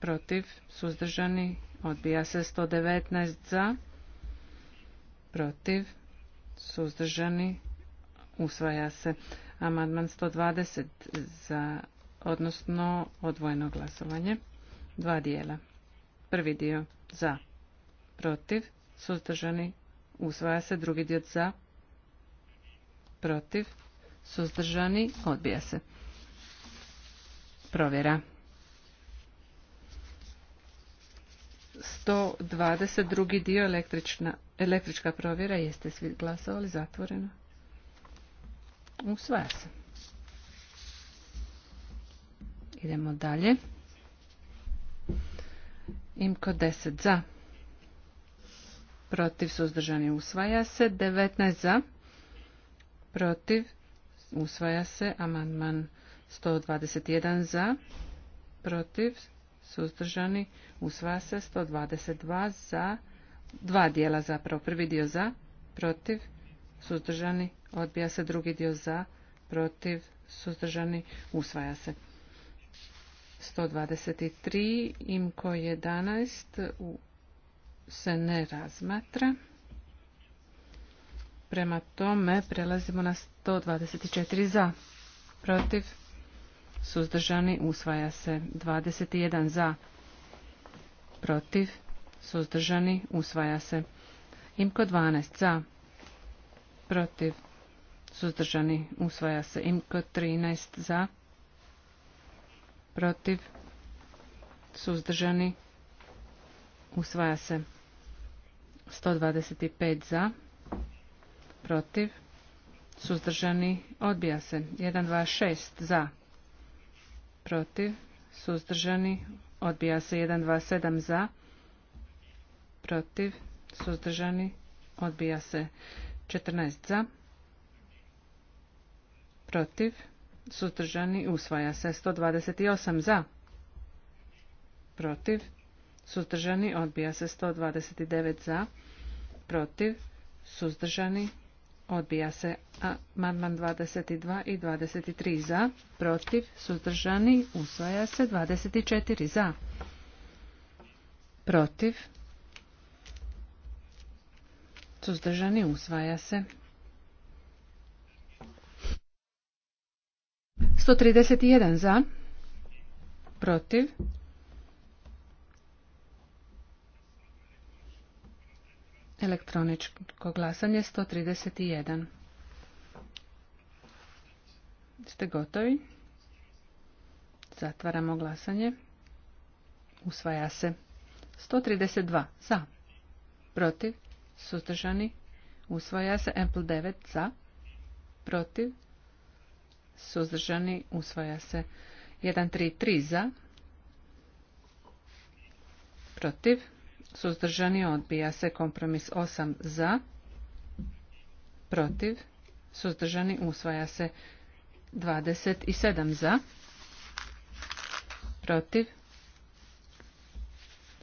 protiv, suzdržani, odbija se 119 za, protiv, suzdržani, usvaja se amandman 120 za, odnosno odvojeno glasovanje, dva dijela. Prvi dio za, protiv, suzdržani, usvaja se, drugi dio za, protiv, suzdržani, odbija se. Provjera. 122. dio električna, električka provjera. Jeste svi glasovali zatvoreno? Usvaja se. Idemo dalje. Imko 10 za protiv suzdržani usvaja se 19 za protiv usvaja se amandman 121 za protiv suzdržani usvaja se 122 za dva dijela zapravo prvi dio za protiv suzdržani odbija se drugi dio za protiv suzdržani usvaja se 123 imko 11 u se ne razmatra. Prema tome prelazimo na 124 za, protiv, suzdržani, usvaja se 21 za, protiv, suzdržani, usvaja se. Imko 12 za, protiv, suzdržani, usvaja se. Imko 13 za, protiv, suzdržani, usvaja se. 125 za, protiv, suzdržani, odbija se. 126 za, protiv, suzdržani, odbija se. 127 za, protiv, suzdržani, odbija se. 14 za, protiv, suzdržani, usvaja se. 128 za, protiv, suzdržani, odbija se. 129 za, protiv, protiv, suzdržani, odbija se. Amandman 22 i 23 za, protiv, suzdržani, usvaja se. 24 za, protiv, suzdržani, usvaja se. 131 za, protiv, Elektroničko glasanje 131. Ste gotovi? Zatvaramo glasanje. Usvaja se. 132 za. Protiv. Suzdržani. Usvaja se. Ample 9 za. Protiv. Suzdržani. Usvaja se. 133 za. Protiv suzdržani odbija se kompromis 8 za protiv suzdržani usvaja se 27 za protiv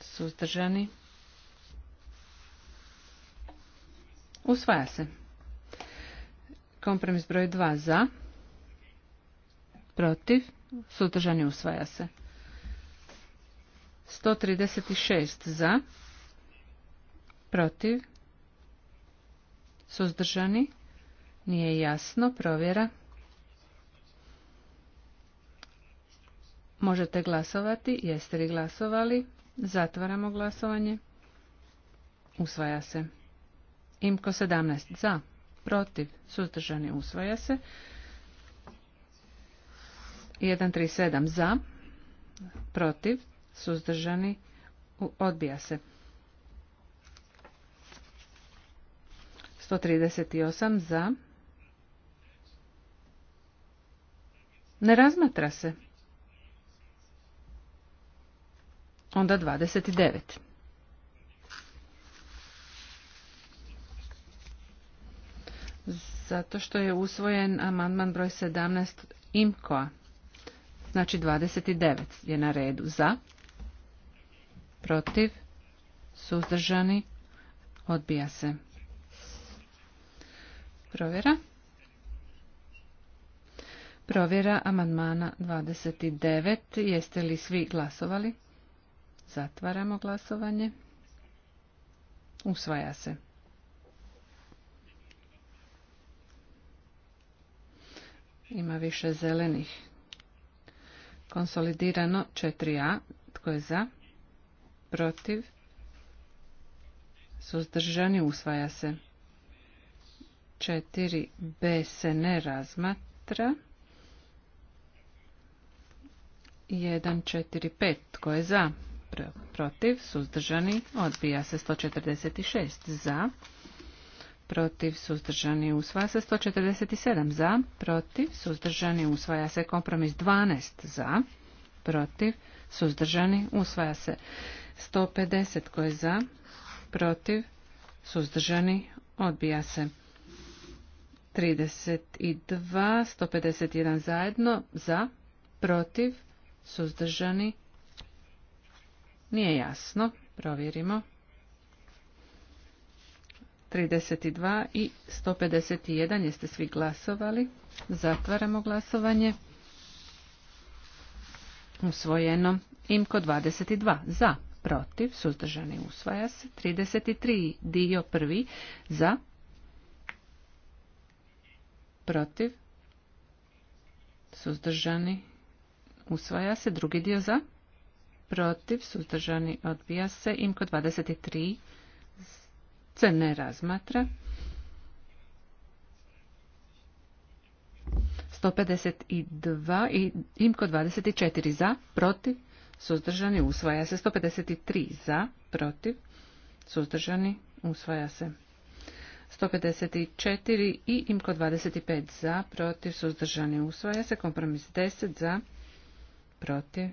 suzdržani usvaja se kompromis broj 2 za protiv suzdržani usvaja se 136 za, protiv, suzdržani, nije jasno, provjera. Možete glasovati, jeste li glasovali, zatvaramo glasovanje, usvaja se. Imko 17 za, protiv, suzdržani, usvaja se. 137 za, protiv, suzdržani, odbija se. 138 za. Ne razmatra se. Onda 29. Zato što je usvojen amandman broj 17 imkoa. Znači 29 je na redu za protiv, suzdržani, odbija se. Provjera. Provjera amandmana 29. Jeste li svi glasovali? Zatvaramo glasovanje. Usvaja se. Ima više zelenih. Konsolidirano 4a. Tko je za? protiv, suzdržani, usvaja se. 4b se ne razmatra. 1, 4, 5. Tko je za? Protiv, suzdržani, odbija se 146. Za, protiv, suzdržani, usvaja se 147. Za, protiv, suzdržani, usvaja se kompromis 12. Za, protiv, suzdržani, usvaja se 150 koje je za, protiv, suzdržani, odbija se. 32, 151 zajedno, za, protiv, suzdržani, nije jasno, provjerimo. 32 i 151, jeste svi glasovali, zatvaramo glasovanje. Usvojeno, imko 22, za protiv, suzdržani, usvaja se. 33 dio prvi za, protiv, suzdržani, usvaja se. Drugi dio za, protiv, suzdržani, odbija se. Imko 23 se ne razmatra. 152 i imko 24 za, protiv, suzdržani, usvaja se. 153 za, protiv, suzdržani, usvaja se. 154 i imko 25 za, protiv, suzdržani, usvaja se. Kompromis 10 za, protiv,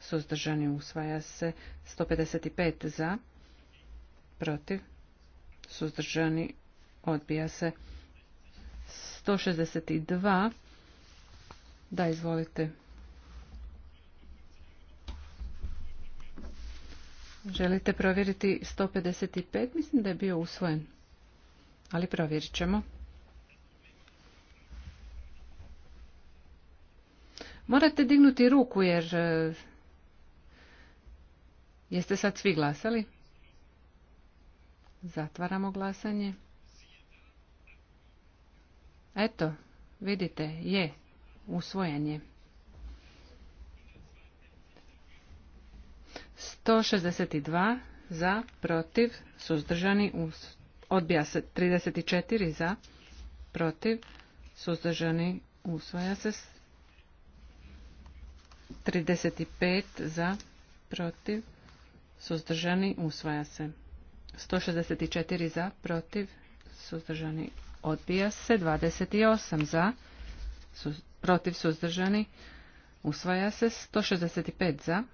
suzdržani, usvaja se. 155 za, protiv, suzdržani, odbija se. 162 da, izvolite. Želite provjeriti 155? Mislim da je bio usvojen. Ali provjerit ćemo. Morate dignuti ruku jer e, jeste sad svi glasali. Zatvaramo glasanje. Eto, vidite, je, usvojen je. 162 za, protiv, suzdržani, odbija se 34 za, protiv, suzdržani, usvaja se 35 za, protiv, suzdržani, usvaja se 164 za, protiv, suzdržani, odbija se 28 za, protiv, suzdržani, usvaja se 165 za,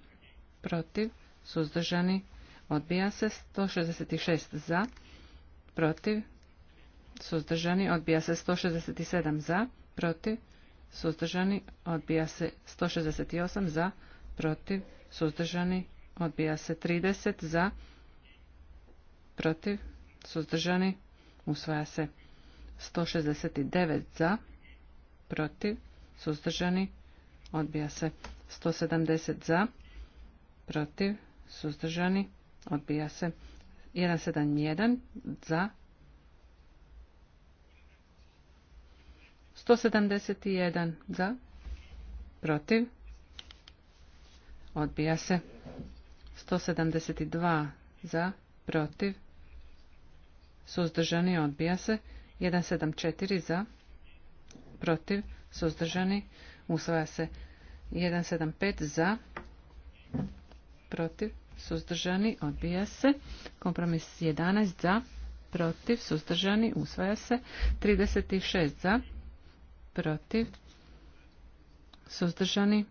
protiv, suzdržani, odbija se. 166 za, protiv, suzdržani, odbija se. 167 za, protiv, suzdržani, odbija se. 168 za, protiv, suzdržani, odbija se. 30 za, protiv, suzdržani, usvaja se. 169 za, protiv, suzdržani, odbija se. 170 za, protiv, suzdržani, odbija se. 171 za. 171 za, protiv, odbija se. 172 za, protiv, suzdržani, odbija se. 174 za, protiv, suzdržani, usvaja se. 175 za, protiv, suzdržani, odbija se. Kompromis 11 za, protiv, suzdržani, usvaja se. 36 za, protiv, suzdržani,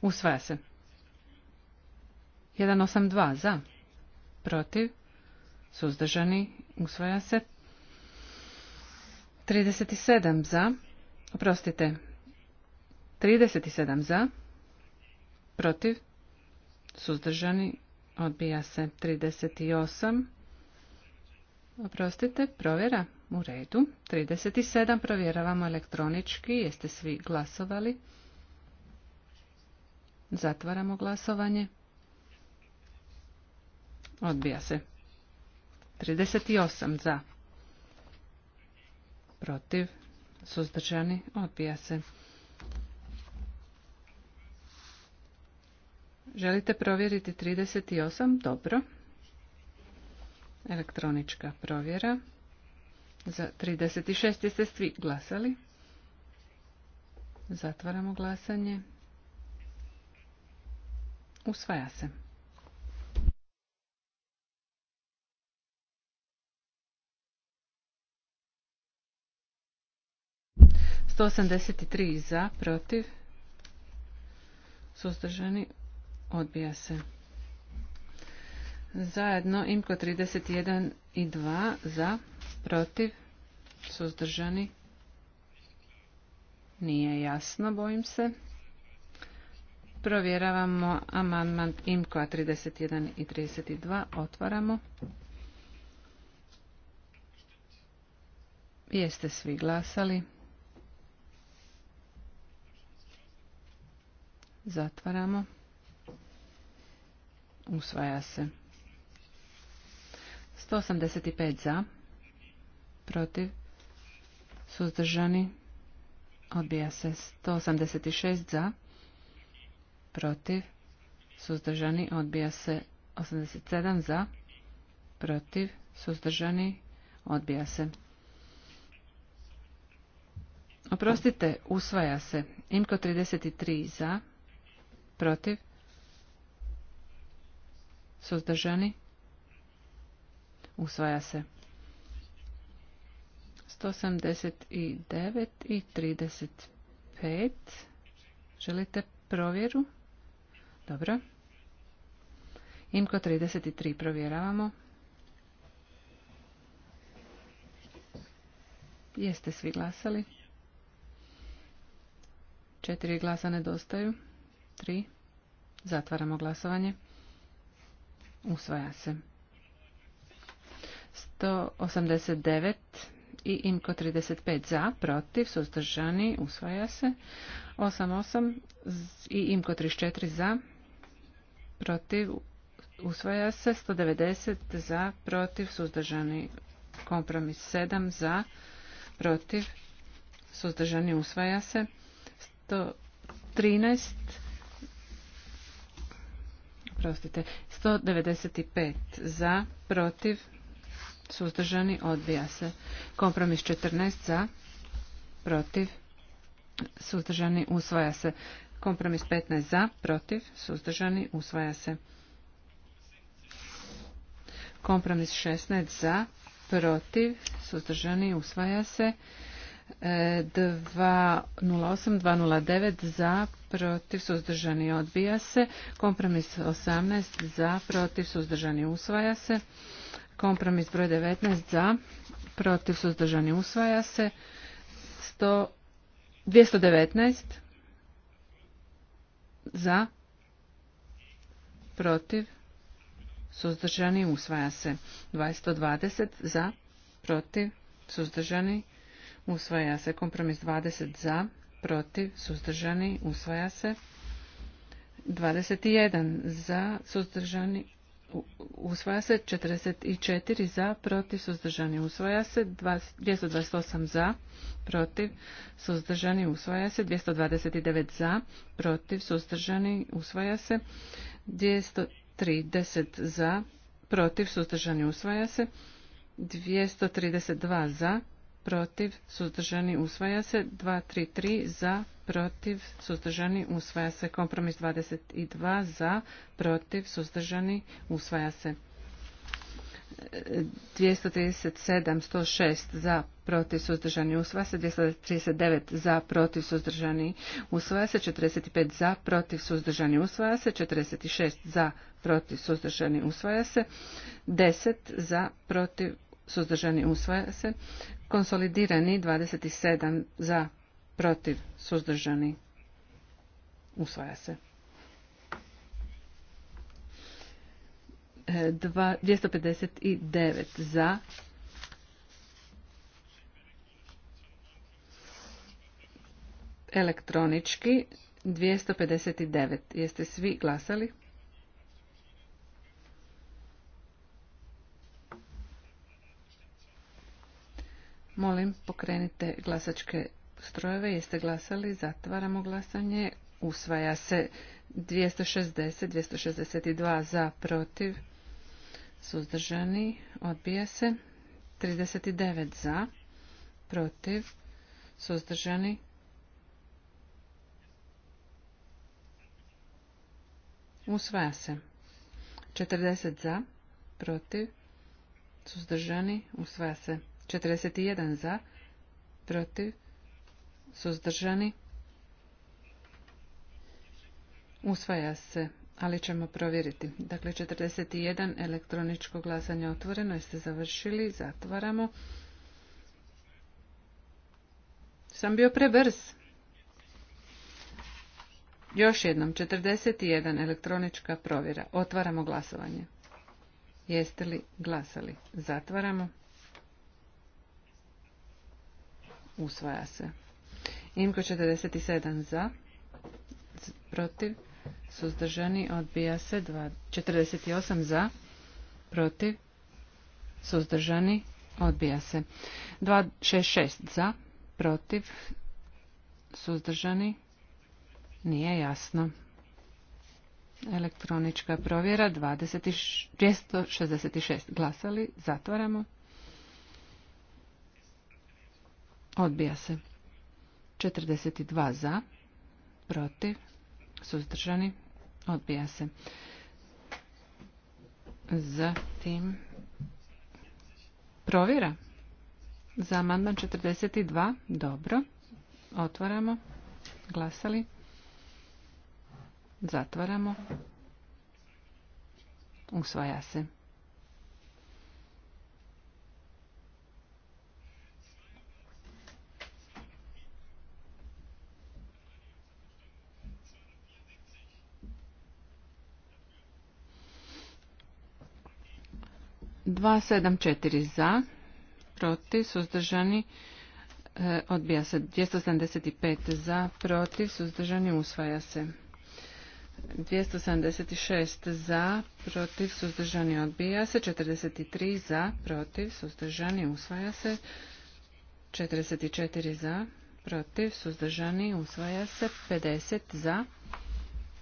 usvaja se. 182 za, protiv, suzdržani, usvaja se. 37 za, oprostite, 37 za, protiv, suzdržani, odbija se 38. Oprostite, provjera u redu. 37 provjeravamo elektronički, jeste svi glasovali. Zatvaramo glasovanje. Odbija se. 38 za. Protiv. Suzdržani. Odbija se. Želite provjeriti 38? Dobro. Elektronička provjera. Za 36 jeste svi glasali. Zatvaramo glasanje. Usvaja se. Sto osamdeset tri za, protiv, suzdržani, Odbija se. Zajedno imko 31 i 2 za, protiv, suzdržani. Nije jasno, bojim se. Provjeravamo amandman imko 31 i 32. Otvaramo. Jeste svi glasali. Zatvaramo. Usvaja se. 185 za. Protiv. Suzdržani. Odbija se. 186 za. Protiv. Suzdržani. Odbija se. 87 za. Protiv. Suzdržani. Odbija se. Oprostite, usvaja se. Imko 33 za. Protiv. Suzdržani? Usvaja se. 189 i 35. Želite provjeru? Dobro. Imko 33 provjeravamo. Jeste svi glasali? Četiri glasa nedostaju. Tri. Zatvaramo glasovanje. Usvaja se. 189 i IMKO 35 za, protiv, suzdržani, usvaja se. 88 i IMKO 34 za, protiv, usvaja se. 190 za, protiv, suzdržani, kompromis 7 za, protiv, suzdržani, usvaja se. 113 za oprostite, 195 za, protiv, suzdržani, odbija se. Kompromis 14 za, protiv, suzdržani, usvaja se. Kompromis 15 za, protiv, suzdržani, usvaja se. Kompromis 16 za, protiv, suzdržani, usvaja se. 208, e, 209 za, protiv, suzdržani odbija se. Kompromis 18 za, protiv, suzdržani usvaja se. Kompromis broj 19 za, protiv, suzdržani usvaja se. 219 za, protiv, suzdržani usvaja se. 220 za, protiv, suzdržani usvaja se usvaja se. Kompromis 20 za, protiv, suzdržani, usvaja se. 21 za, suzdržani, usvaja se. 44 za, protiv, suzdržani, usvaja se. 228 za, protiv, suzdržani, usvaja se. 229 za, protiv, suzdržani, usvaja se. 230 za, protiv, suzdržani, usvaja se. 232 za, protiv, suzdržani, usvaja se. 233 za, protiv, suzdržani, usvaja se. Kompromis 22 za, protiv, suzdržani, usvaja se. 237, 106 za, protiv, suzdržani, usvaja se. 239 za, protiv, suzdržani, usvaja se. 45 za, protiv, suzdržani, usvaja se. 46 za, protiv, suzdržani, usvaja se. 10 za, protiv, suzdržani usvaja se. Konsolidirani 27 za protiv suzdržani usvaja se. 259 za elektronički 259. Jeste svi glasali? Molim, pokrenite glasačke strojeve. Jeste glasali? Zatvaramo glasanje. Usvaja se 260, 262 za, protiv, suzdržani, odbija se. 39 za, protiv, suzdržani. Usvaja se. 40 za, protiv, suzdržani, usvaja se. 41 za, protiv, suzdržani, usvaja se, ali ćemo provjeriti. Dakle, 41 elektroničko glasanje otvoreno, jeste završili, zatvaramo. Sam bio prebrz. Još jednom, 41 elektronička provjera. Otvaramo glasovanje. Jeste li glasali? Zatvaramo. usvaja se. Imko 47 za, protiv, suzdržani, odbija se, 48 za, protiv, suzdržani, odbija se. 266 za, protiv, suzdržani, nije jasno. Elektronička provjera 266 glasali, zatvaramo. Odbija se. 42 za, protiv, suzdržani, odbija se. Zatim, provjera za amandman 42, dobro, otvaramo, glasali, zatvaramo, usvaja se. 274 e, za, protiv, suzdržani, odbija se. 275 za, protiv, suzdržani, usvaja se. 276 za, protiv, suzdržani, odbija se. 43 za, protiv, suzdržani, usvaja se. 44 za, protiv, suzdržani, usvaja se. 50 za,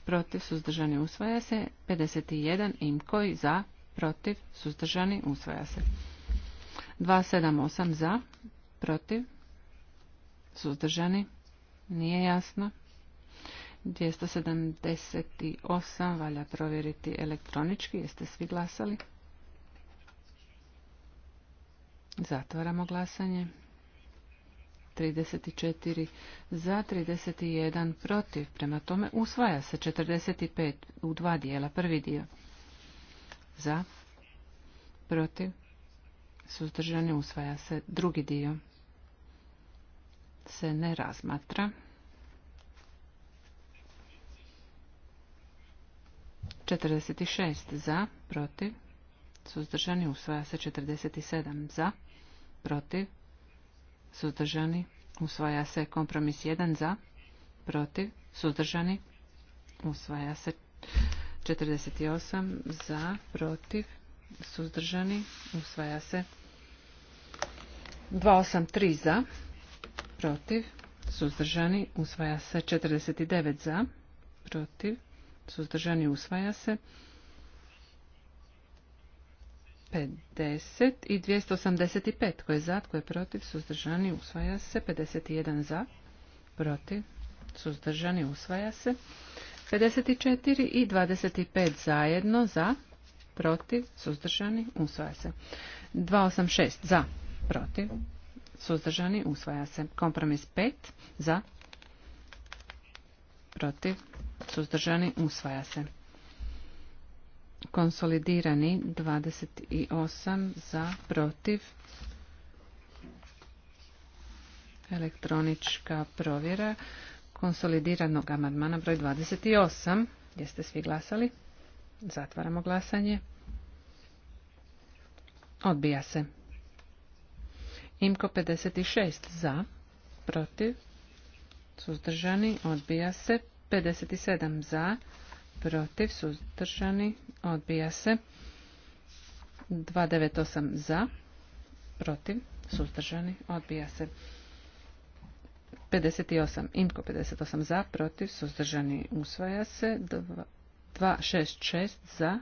protiv, suzdržani, usvaja se. 51 imkoj za, protiv, suzdržani, usvaja se. 278 za, protiv, suzdržani, nije jasno. 278 valja provjeriti elektronički, jeste svi glasali? Zatvaramo glasanje. 34 za, 31 protiv, prema tome usvaja se 45 u dva dijela, prvi dio za, protiv, suzdržani usvaja se. Drugi dio se ne razmatra. 46 za, protiv, suzdržani usvaja se. 47 za, protiv, suzdržani usvaja se. Kompromis 1 za, protiv, suzdržani usvaja se. 48 za, protiv, suzdržani, usvaja se. 283 za, protiv, suzdržani, usvaja se. 49 za, protiv, suzdržani, usvaja se. 50 i 285 koje je za, koje je protiv, suzdržani, usvaja se. 51 za, protiv, suzdržani, usvaja se. 54 i 25 zajedno za, protiv, suzdržani, usvaja se. 286 za, protiv, suzdržani, usvaja se. Kompromis 5 za, protiv, suzdržani, usvaja se. Konsolidirani 28 za, protiv, elektronička provjera konsolidiranog amandmana broj 28. Gdje ste svi glasali? Zatvaramo glasanje. Odbija se. Imko 56 za, protiv, suzdržani, odbija se. 57 za, protiv, suzdržani, odbija se. 298 za, protiv, suzdržani, odbija se. 58. Imko 58 za, protiv, suzdržani, usvaja se. 266 za.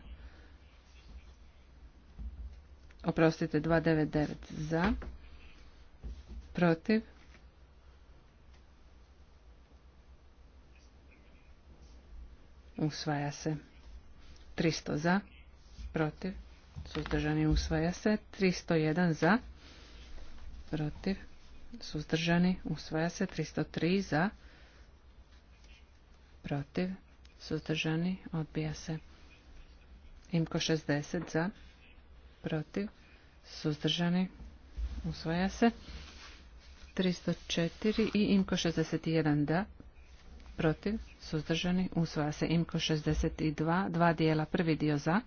Oprostite, 299 za. Protiv. Usvaja se. 300 za. Protiv. Suzdržani usvaja se. 301 za. Protiv suzdržani, usvaja se 303 za, protiv, suzdržani, odbija se. Imko 60 za, protiv, suzdržani, usvaja se. 304 i Imko 61 da, protiv, suzdržani, usvaja se. Imko 62, dva dijela, prvi dio za,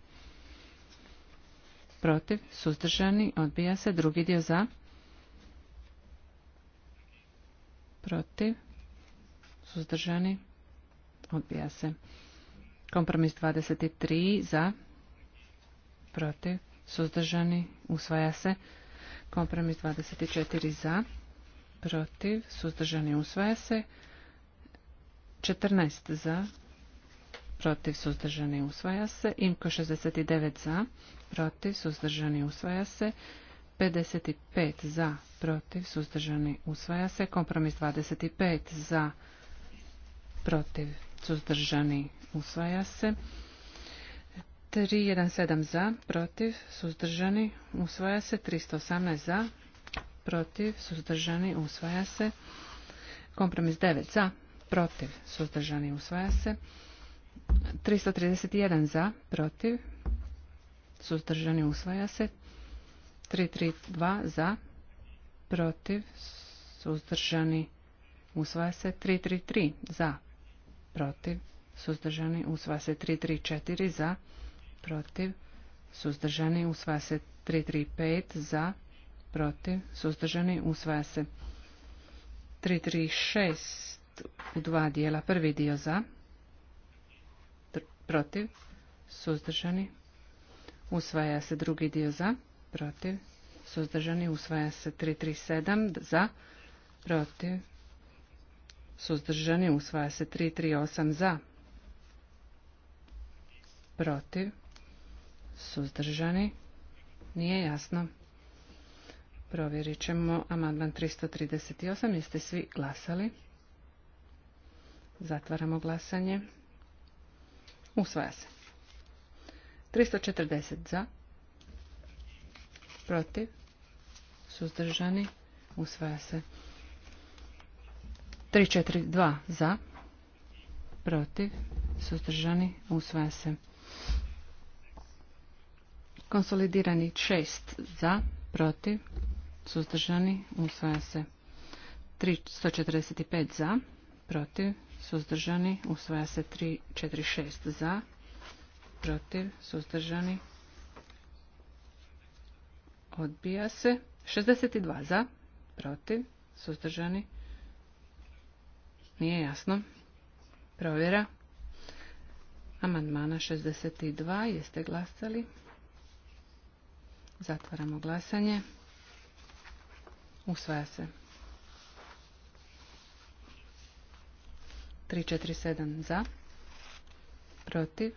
protiv, suzdržani, odbija se, drugi dio za, protiv, protiv, suzdržani, odbija se. Kompromis 23 za, protiv, suzdržani, usvaja se. Kompromis 24 za, protiv, suzdržani, usvaja se. 14 za, protiv, suzdržani, usvaja se. Imko 69 za, protiv, suzdržani, usvaja se. 55 za, protiv, suzdržani, usvaja se. Kompromis 25 za, protiv, suzdržani, usvaja se. 317 za, protiv, suzdržani, usvaja se. 318 za, protiv, suzdržani, usvaja se. Kompromis 9 za, protiv, suzdržani, usvaja se. 331 za, protiv, suzdržani, usvaja se. 332 za, protiv, suzdržani, usvaja se 333 za, protiv, suzdržani, usvaja se 334 za, protiv, suzdržani, usvaja se 335 za, protiv, suzdržani, usvaja se 336 u dva dijela, prvi dio za, protiv, suzdržani, usvaja se drugi dio za, protiv, suzdržani, usvaja se 337 za, protiv, suzdržani, usvaja se 338 za, protiv, suzdržani, nije jasno. Provjerit ćemo amandman 338, jeste svi glasali? Zatvaramo glasanje. Usvaja se. 340 za, Protiv? Suzdržani? Usvaja se. 3-4-2 za. Protiv? Suzdržani? Usvaja se. Konsolidirani 6 za. Protiv? Suzdržani? Usvaja se. 3-145 za. Protiv? Suzdržani? Usvaja se. 3-4-6 za. Protiv? Suzdržani? Usvaja se. Odbija se. 62 za. Protiv. Suzdržani. Nije jasno. Provjera. Amandmana 62. Jeste glasali? Zatvaramo glasanje. Usvaja se. 347 za. Protiv.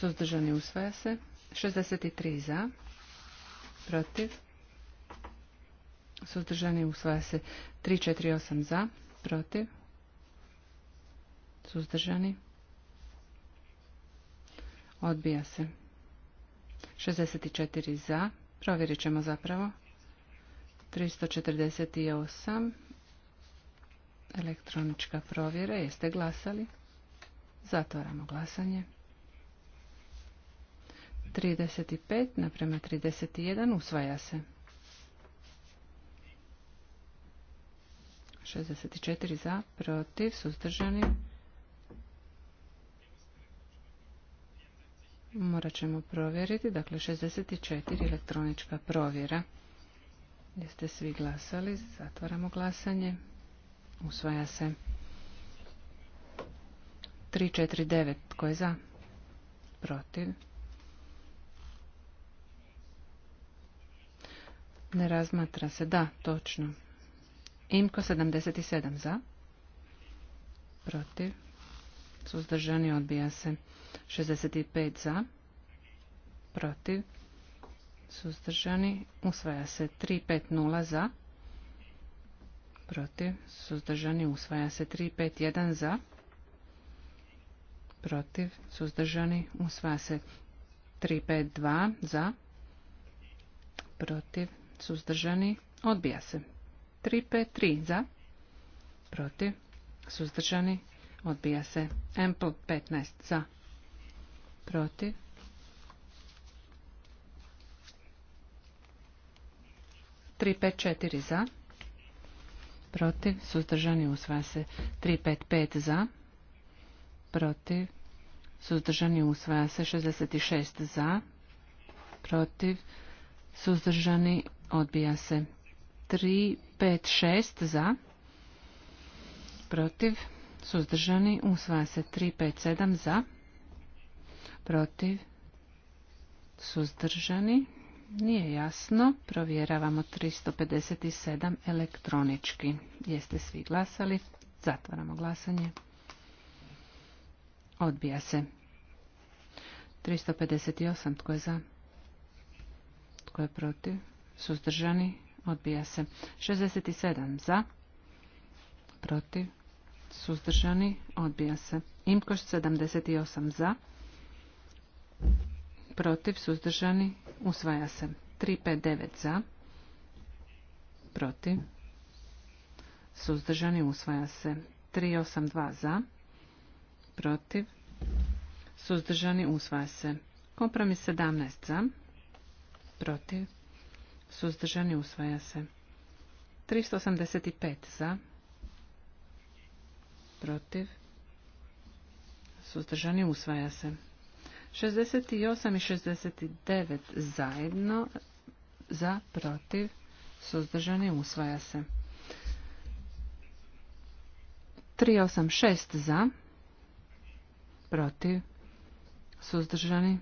Suzdržani usvaja se. 63 za, protiv, suzdržani usvaja se 348 za, protiv, suzdržani, odbija se 64 za, provjerit ćemo zapravo, 348, elektronička provjera, jeste glasali, zatvaramo glasanje. 35 naprema 31 usvaja se. 64 za, protiv, suzdržani. Morat ćemo provjeriti, dakle 64 elektronička provjera. Jeste svi glasali, zatvaramo glasanje. Usvaja se. 349 tko je za? Protiv. Ne razmatra se. Da, točno. Imko 77 za. Protiv. Suzdržani odbija se. 65 za. Protiv. Suzdržani. Usvaja se. 350 za. Protiv. Suzdržani. Usvaja se. 351 za. Protiv. Suzdržani. Usvaja se. 352 za. Protiv suzdržani, odbija se. 3 za, protiv, suzdržani, odbija se. Ample 15 za, protiv. Tri, pet, četiri za, protiv, suzdržani usvaja se. Tri, pet, pet za, protiv, suzdržani usvaja se. 66 za, protiv, suzdržani odbija se. 356 za, protiv, suzdržani, usvaja se. 357 za, protiv, suzdržani, nije jasno, provjeravamo 357 elektronički. Jeste svi glasali, zatvaramo glasanje. Odbija se. 358, tko je za? Tko je protiv? suzdržani, odbija se. 67 za, protiv, suzdržani, odbija se. Imkoš 78 za, protiv, suzdržani, usvaja se. 359 za, protiv, suzdržani, usvaja se. 382 za, protiv, suzdržani, usvaja se. Kompromis 17 za, protiv, Suzdržani usvaja se. 385 za. Protiv. Suzdržani usvaja se. 68 i 69 zajedno. Za. Protiv. Suzdržani usvaja se. 386 za. Protiv. Suzdržani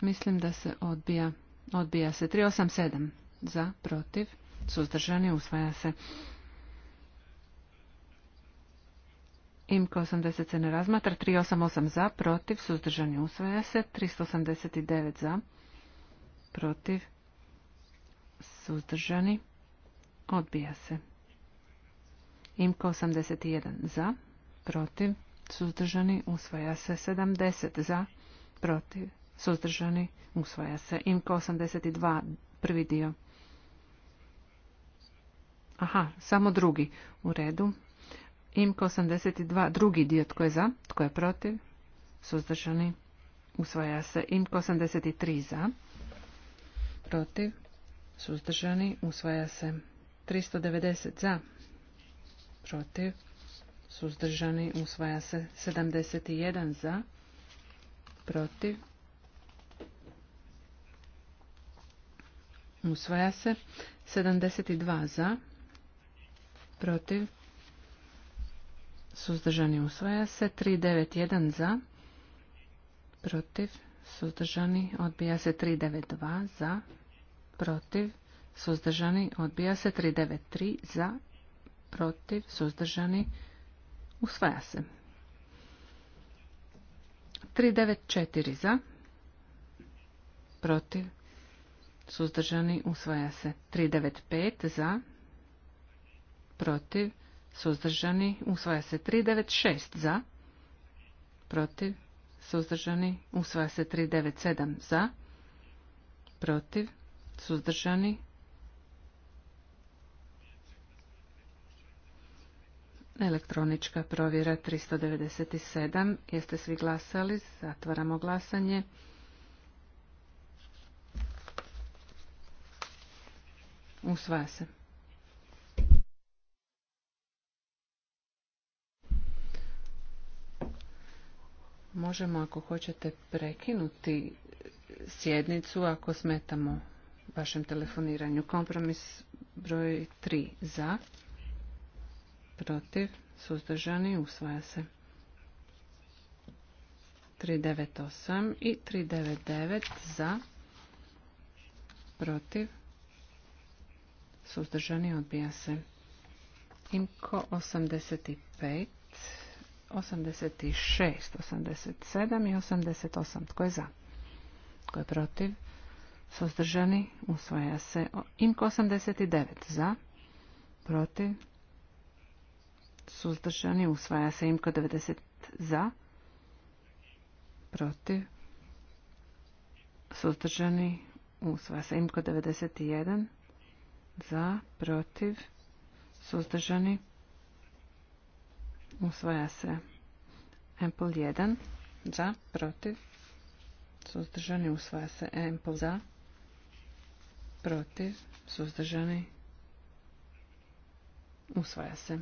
Mislim da se odbija. Odbija se. 387 za, protiv, suzdržani, usvaja se. Imko 80 se ne razmatra. 388 za, protiv, suzdržani, usvaja se. 389 za, protiv, suzdržani, odbija se. Imko 81 za, protiv, suzdržani, usvaja se. 70 za, protiv, suzdržani, usvaja se. Imko 82, prvi dio. Aha, samo drugi. U redu. Imko 82, drugi dio. Tko je za? Tko je protiv? Suzdržani. Usvaja se. Imko 83 za. Protiv. Suzdržani. Usvaja se. 390 za. Protiv. Suzdržani. Usvaja se. 71 za. Protiv. Usvaja se. 72 za. Protiv. Suzdržani usvaja se. 391 za. Protiv. Suzdržani odbija se. 392 za. Protiv. Suzdržani odbija se. 393 za. Protiv. Suzdržani usvaja se. 394 za. Protiv suzdržani, usvaja se. 395 za, protiv, suzdržani, usvaja se. 396 za, protiv, suzdržani, usvaja se. 397 za, protiv, suzdržani, Elektronička provjera 397. Jeste svi glasali? Zatvaramo glasanje. Usvaja se. Možemo, ako hoćete, prekinuti sjednicu ako smetamo vašem telefoniranju. Kompromis broj 3 za, protiv, suzdržani, usvaja se. 398 i 399 za, protiv, suzdržani, odbija se. Imko 85, 86, 87 i 88. Tko je za? Tko je protiv? Suzdržani, usvaja se. Imko 89, za? Protiv? Suzdržani, usvaja se. Imko 90, za? Protiv? Suzdržani, usvaja se. Imko 91, za, protiv, suzdržani, usvaja se. pol 1, za, protiv, suzdržani, usvaja se. pol. za, protiv, suzdržani, usvaja se.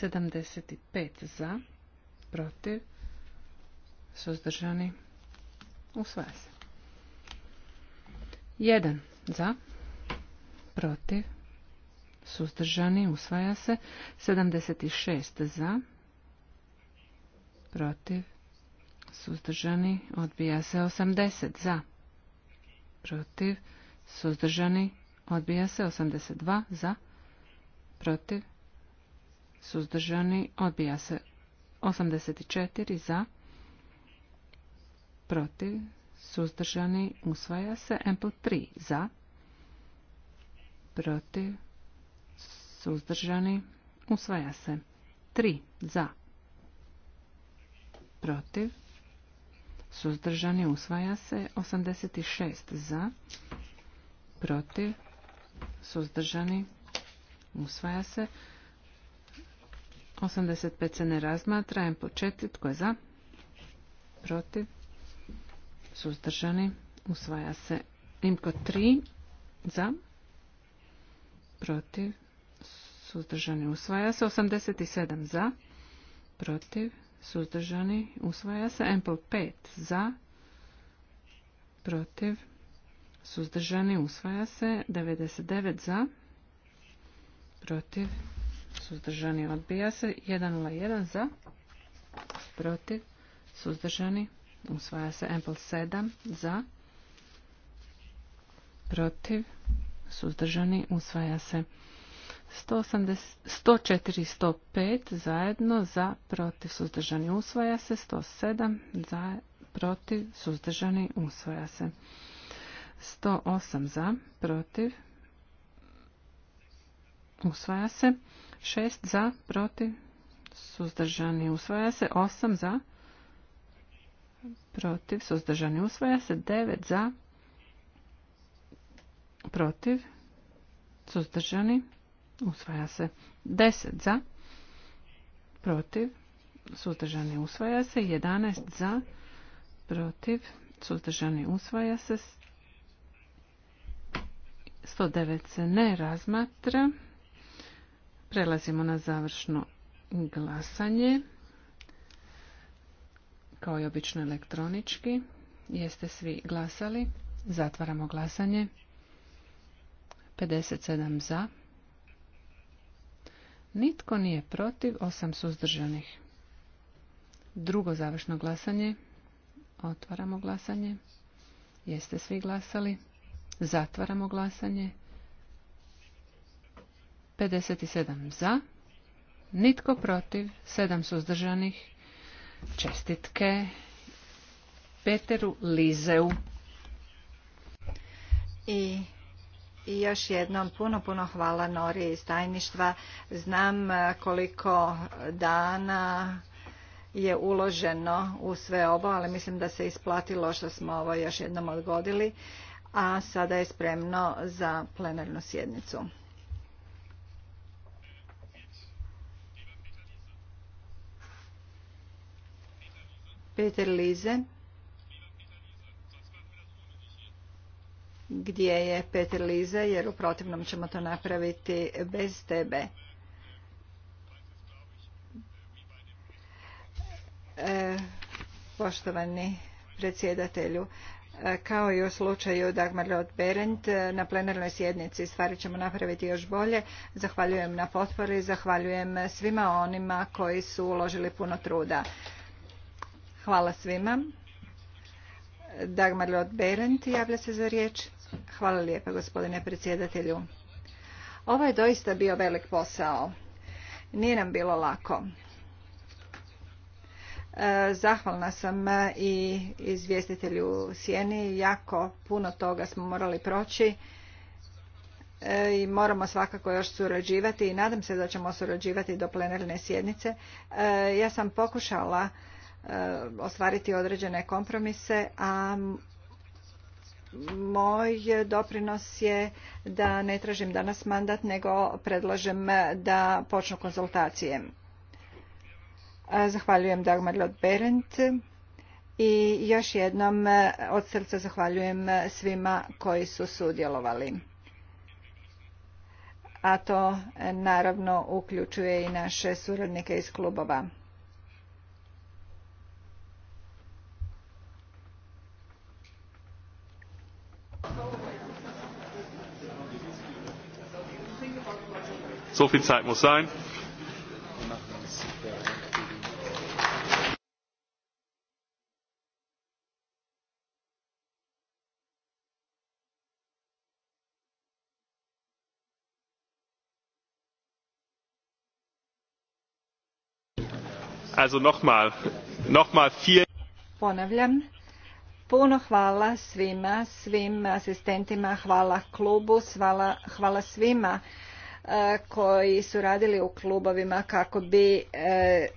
75 za, protiv, suzdržani, usvaja se. 1 za, protiv, suzdržani, usvaja se. 76 za, protiv, suzdržani, odbija se. 80 za, protiv, suzdržani, odbija se. 82 za, protiv, suzdržani, odbija se. 84 za, protiv, suzdržani, usvaja se. Ample 3 za, protiv protiv, suzdržani, usvaja se. 3 za, protiv, suzdržani, usvaja se. 86 za, protiv, suzdržani, usvaja se. 85 se ne razmatra, M po 4, tko je za, protiv, suzdržani, usvaja se. Imko 3 za, protiv protiv, suzdržani, usvaja se. 87 za, protiv, suzdržani, usvaja se. Ample 5 za, protiv, suzdržani, usvaja se. 99 za, protiv, suzdržani, odbija se. 101 za, protiv, suzdržani, usvaja se. Ample 7 za, protiv, suzdržani, usvaja se. 104 105 zajedno za protiv suzdržani usvaja se, 107 za protiv suzdržani usvaja se. 108 za protiv usvaja se, 6 za protiv suzdržani usvaja se, 8 za protiv suzdržani usvaja se, 9 za protiv, suzdržani, usvaja se. 10 za, protiv, suzdržani, usvaja se. 11 za, protiv, suzdržani, usvaja se. 109 se ne razmatra. Prelazimo na završno glasanje. Kao i obično elektronički. Jeste svi glasali. Zatvaramo glasanje. 57 za. Nitko nije protiv, osam suzdržanih. Drugo završno glasanje. Otvaramo glasanje. Jeste svi glasali? Zatvaramo glasanje. 57 za. Nitko protiv, 7 suzdržanih. Čestitke Peteru Lizeu. I i još jednom puno, puno hvala Nori iz tajništva. Znam e, koliko dana je uloženo u sve ovo, ali mislim da se isplatilo što smo ovo još jednom odgodili, a sada je spremno za plenarnu sjednicu. Peter Lize. gdje je Peter Lize, jer u protivnom ćemo to napraviti bez tebe. E, poštovani predsjedatelju, e, kao i u slučaju Dagmar Lod Berend, e, na plenarnoj sjednici stvari ćemo napraviti još bolje. Zahvaljujem na potpori, zahvaljujem svima onima koji su uložili puno truda. Hvala svima. Dagmar Lod javlja se za riječ. Hvala lijepa gospodine predsjedatelju. Ovo je doista bio velik posao. Nije nam bilo lako. E, zahvalna sam i izvjestitelju Sjeni. Jako puno toga smo morali proći e, i moramo svakako još surađivati i nadam se da ćemo surađivati do plenarne sjednice. E, ja sam pokušala Eh, ostvariti određene kompromise, a moj doprinos je da ne tražim danas mandat, nego predlažem da počnu konzultacije. Eh, zahvaljujem Dagmar Lodberent i još jednom eh, od srca zahvaljujem svima koji su sudjelovali. A to naravno uključuje i naše suradnike iz klubova. So viel Zeit muss sein. Also nochmal, nochmal vielen Dank. Puno hvala svima, svim asistentima, hvala klubu, hvala, hvala svima e, koji su radili u klubovima kako bi e,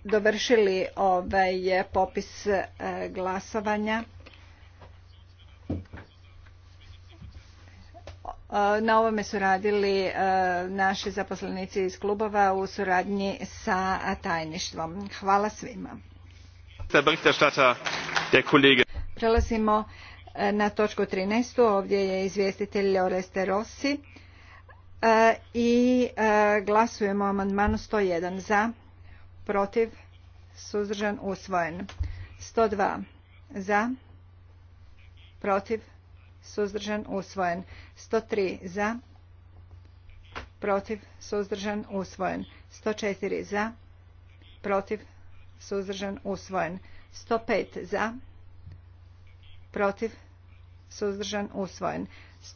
dovršili ovaj popis e, glasovanja. Na ovome su radili naši zaposlenici iz klubova u suradnji sa tajništvom. Hvala svima. Prelazimo e, na točku 13. Ovdje je izvjestitelj Oreste Rossi e, i e, glasujemo o amandmanu 101 za, protiv, suzdržan, usvojen. 102 za, protiv, suzdržan, usvojen. 103 za, protiv, suzdržan, usvojen. 104 za, protiv, suzdržan, usvojen. 105 za, protiv, suzdržan, usvojen.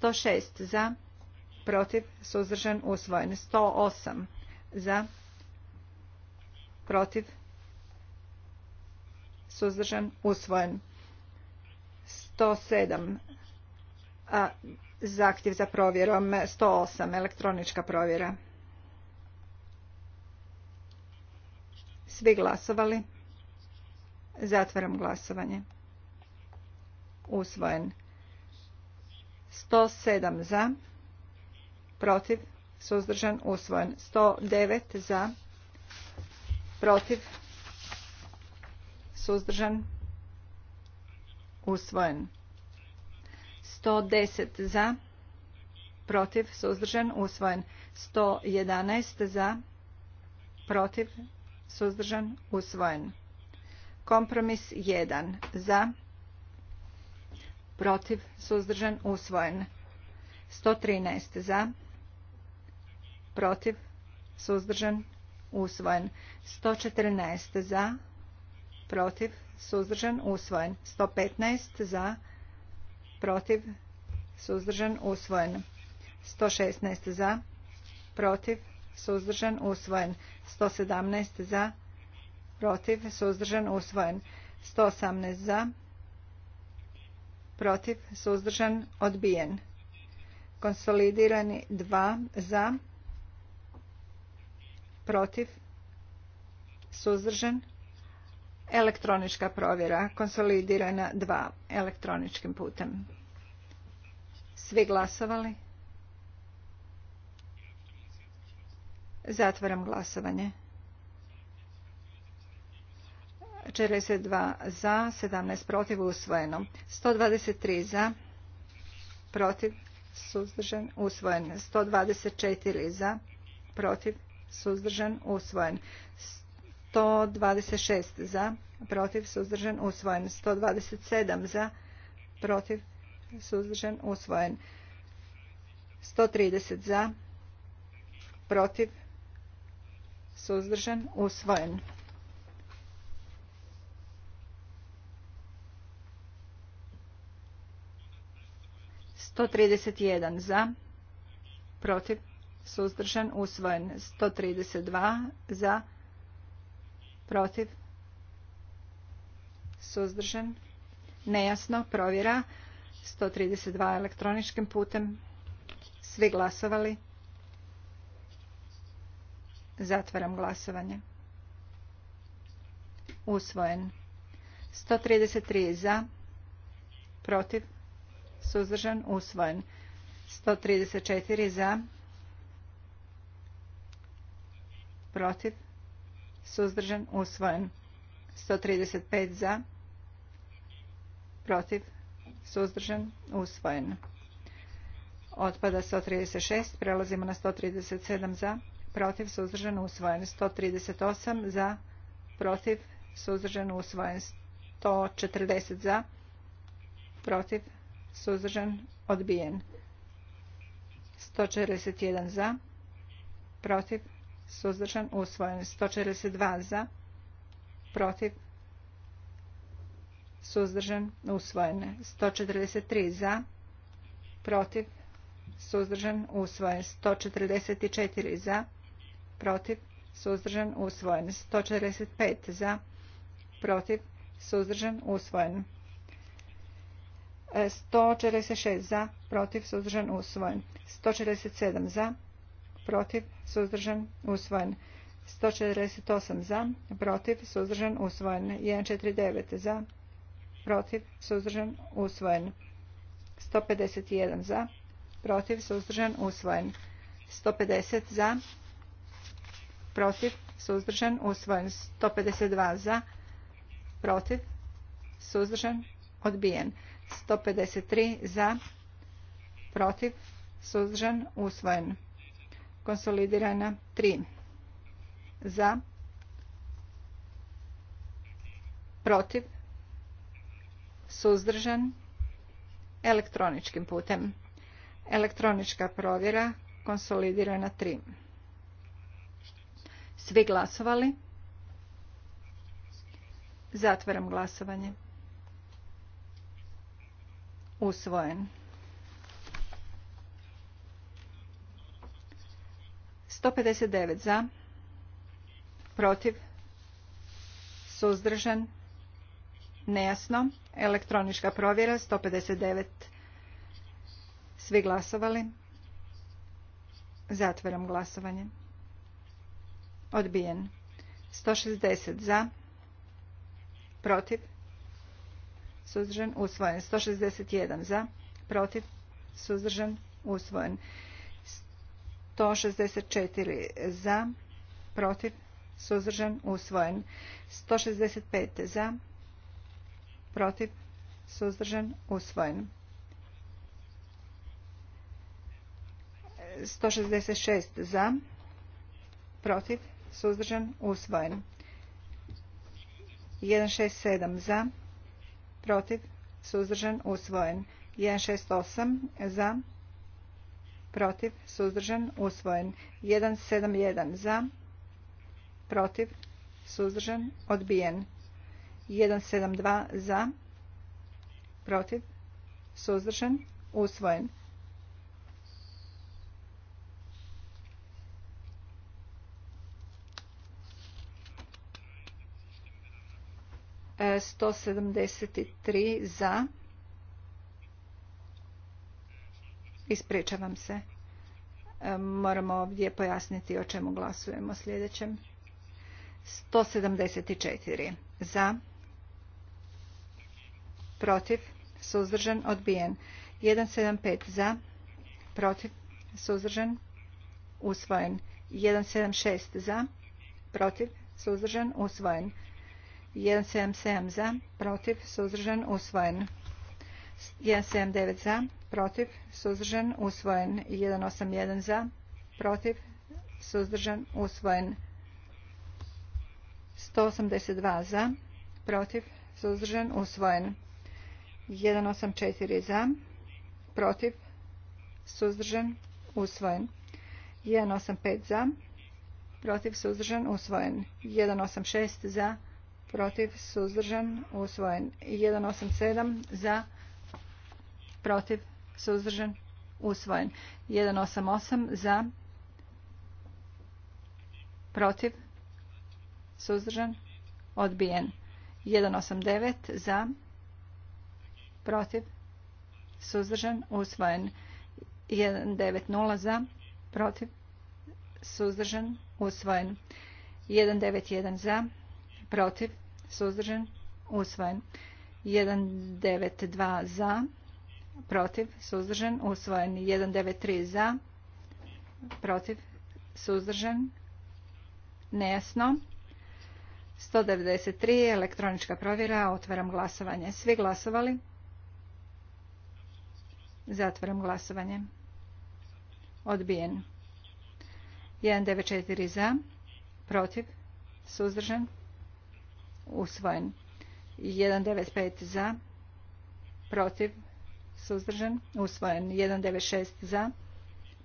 106 za, protiv, suzdržan, usvojen. 108 za, protiv, suzdržan, usvojen. 107 a, zahtjev za provjerom 108 elektronička provjera. Svi glasovali? Zatvaram glasovanje usvojen 107 za protiv suzdržan usvojen 109 za protiv suzdržan usvojen 110 za protiv suzdržan usvojen 111 za protiv suzdržan usvojen kompromis 1 za protiv, suzdržan, usvojen. 113 za, protiv, suzdržan, usvojen. 114 za, protiv, suzdržan, usvojen. 115 za, protiv, suzdržan, usvojen. 116 za, protiv, suzdržan, usvojen. 117 za, protiv, suzdržan, usvojen. 118 za, protiv, suzdržan, odbijen. Konsolidirani dva za, protiv, suzdržan, elektronička provjera, konsolidirana dva elektroničkim putem. Svi glasovali? Zatvaram glasovanje. 42 za, 17 protiv, usvojeno. 123 za, protiv, suzdržan, usvojen. 124 za, protiv, suzdržan, usvojen. 126 za, protiv, suzdržan, usvojen. 127 za, protiv, suzdržan, usvojen. 130 za, protiv, suzdržan, usvojen. 131 za, protiv, suzdržan, usvojen. 132 za, protiv, suzdržan, nejasno, provjera. 132 elektroničkim putem. Svi glasovali. Zatvaram glasovanje. Usvojen. 133 za, protiv, suzdržan, usvojen. 134 za, protiv, suzdržan, usvojen. 135 za, protiv, suzdržan, usvojen. Otpada 136, prelazimo na 137 za, protiv, suzdržan, usvojen. 138 za, protiv, suzdržan, usvojen. 140 za, protiv, suzdržan, odbijen. 141 za, protiv, suzdržan, usvojen. 142 za, protiv, suzdržan, usvojen. 143 za, protiv, suzdržan, usvojen. 144 za, protiv, suzdržan, usvojen. 145 za, protiv, suzdržan, usvojen. 146 za, protiv, suzdržan, usvojen. 147 za, protiv, suzdržan, usvojen. 148 za, protiv, suzdržan, usvojen. 149 za, protiv, suzdržan, usvojen. 151 za, protiv, suzdržan, usvojen. 150 za, protiv, suzdržan, usvojen. 152 za, protiv, suzdržan, odbijen. 153 za, protiv, suzdržan, usvojen. Konsolidirana 3 za, protiv, suzdržan, elektroničkim putem. Elektronička provjera, konsolidirana 3. Svi glasovali? Zatvaram glasovanje usvojen. 159 za, protiv, suzdržan, nejasno, elektronička provjera, 159, svi glasovali, zatvaram glasovanje, odbijen, šezdeset za, protiv, suzdržan, usvojen. 161 za, protiv, suzdržan, usvojen. 164 za, protiv, suzdržan, usvojen. 165 za, protiv, suzdržan, usvojen. 166 za, protiv, suzdržan, usvojen. 167 za, protiv, suzdržan, usvojen. 168 za, protiv, suzdržan, usvojen. 171 za, protiv, suzdržan, odbijen. 172 za, protiv, suzdržan, usvojen. 173 za. Ispričavam se. E, moramo ovdje pojasniti o čemu glasujemo sljedećem. 174 za. Protiv. Suzdržan. Odbijen. 175 za. Protiv. Suzdržan. Usvojen. 176 za. Protiv. Suzdržan. Usvojen. 177 za, protiv, suzdržan, usvojen. 179 za, protiv, suzdržan, usvojen. 181 za, protiv, suzdržan, usvojen. 182 za, protiv, suzdržan, usvojen. 184 za, protiv, suzdržan, usvojen. 185 za, protiv, suzdržan, usvojen. 186 za, protiv, protiv, suzdržan, usvojen. 187 za, protiv, suzdržan, usvojen. 188 za, protiv, suzdržan, odbijen. 189 za, protiv, suzdržan, usvojen. 190 za, protiv, suzdržan, usvojen. 191 za, protiv, suzdržan, usvojen. 192 za, protiv, suzdržan, usvojen. 193 za, protiv, suzdržan, nejasno. 193 elektronička provjera, otvaram glasovanje. Svi glasovali? Zatvaram glasovanje. Odbijen. 194 za, protiv, suzdržan, usvojen. 195 za, protiv, suzdržan, usvojen. 196 za,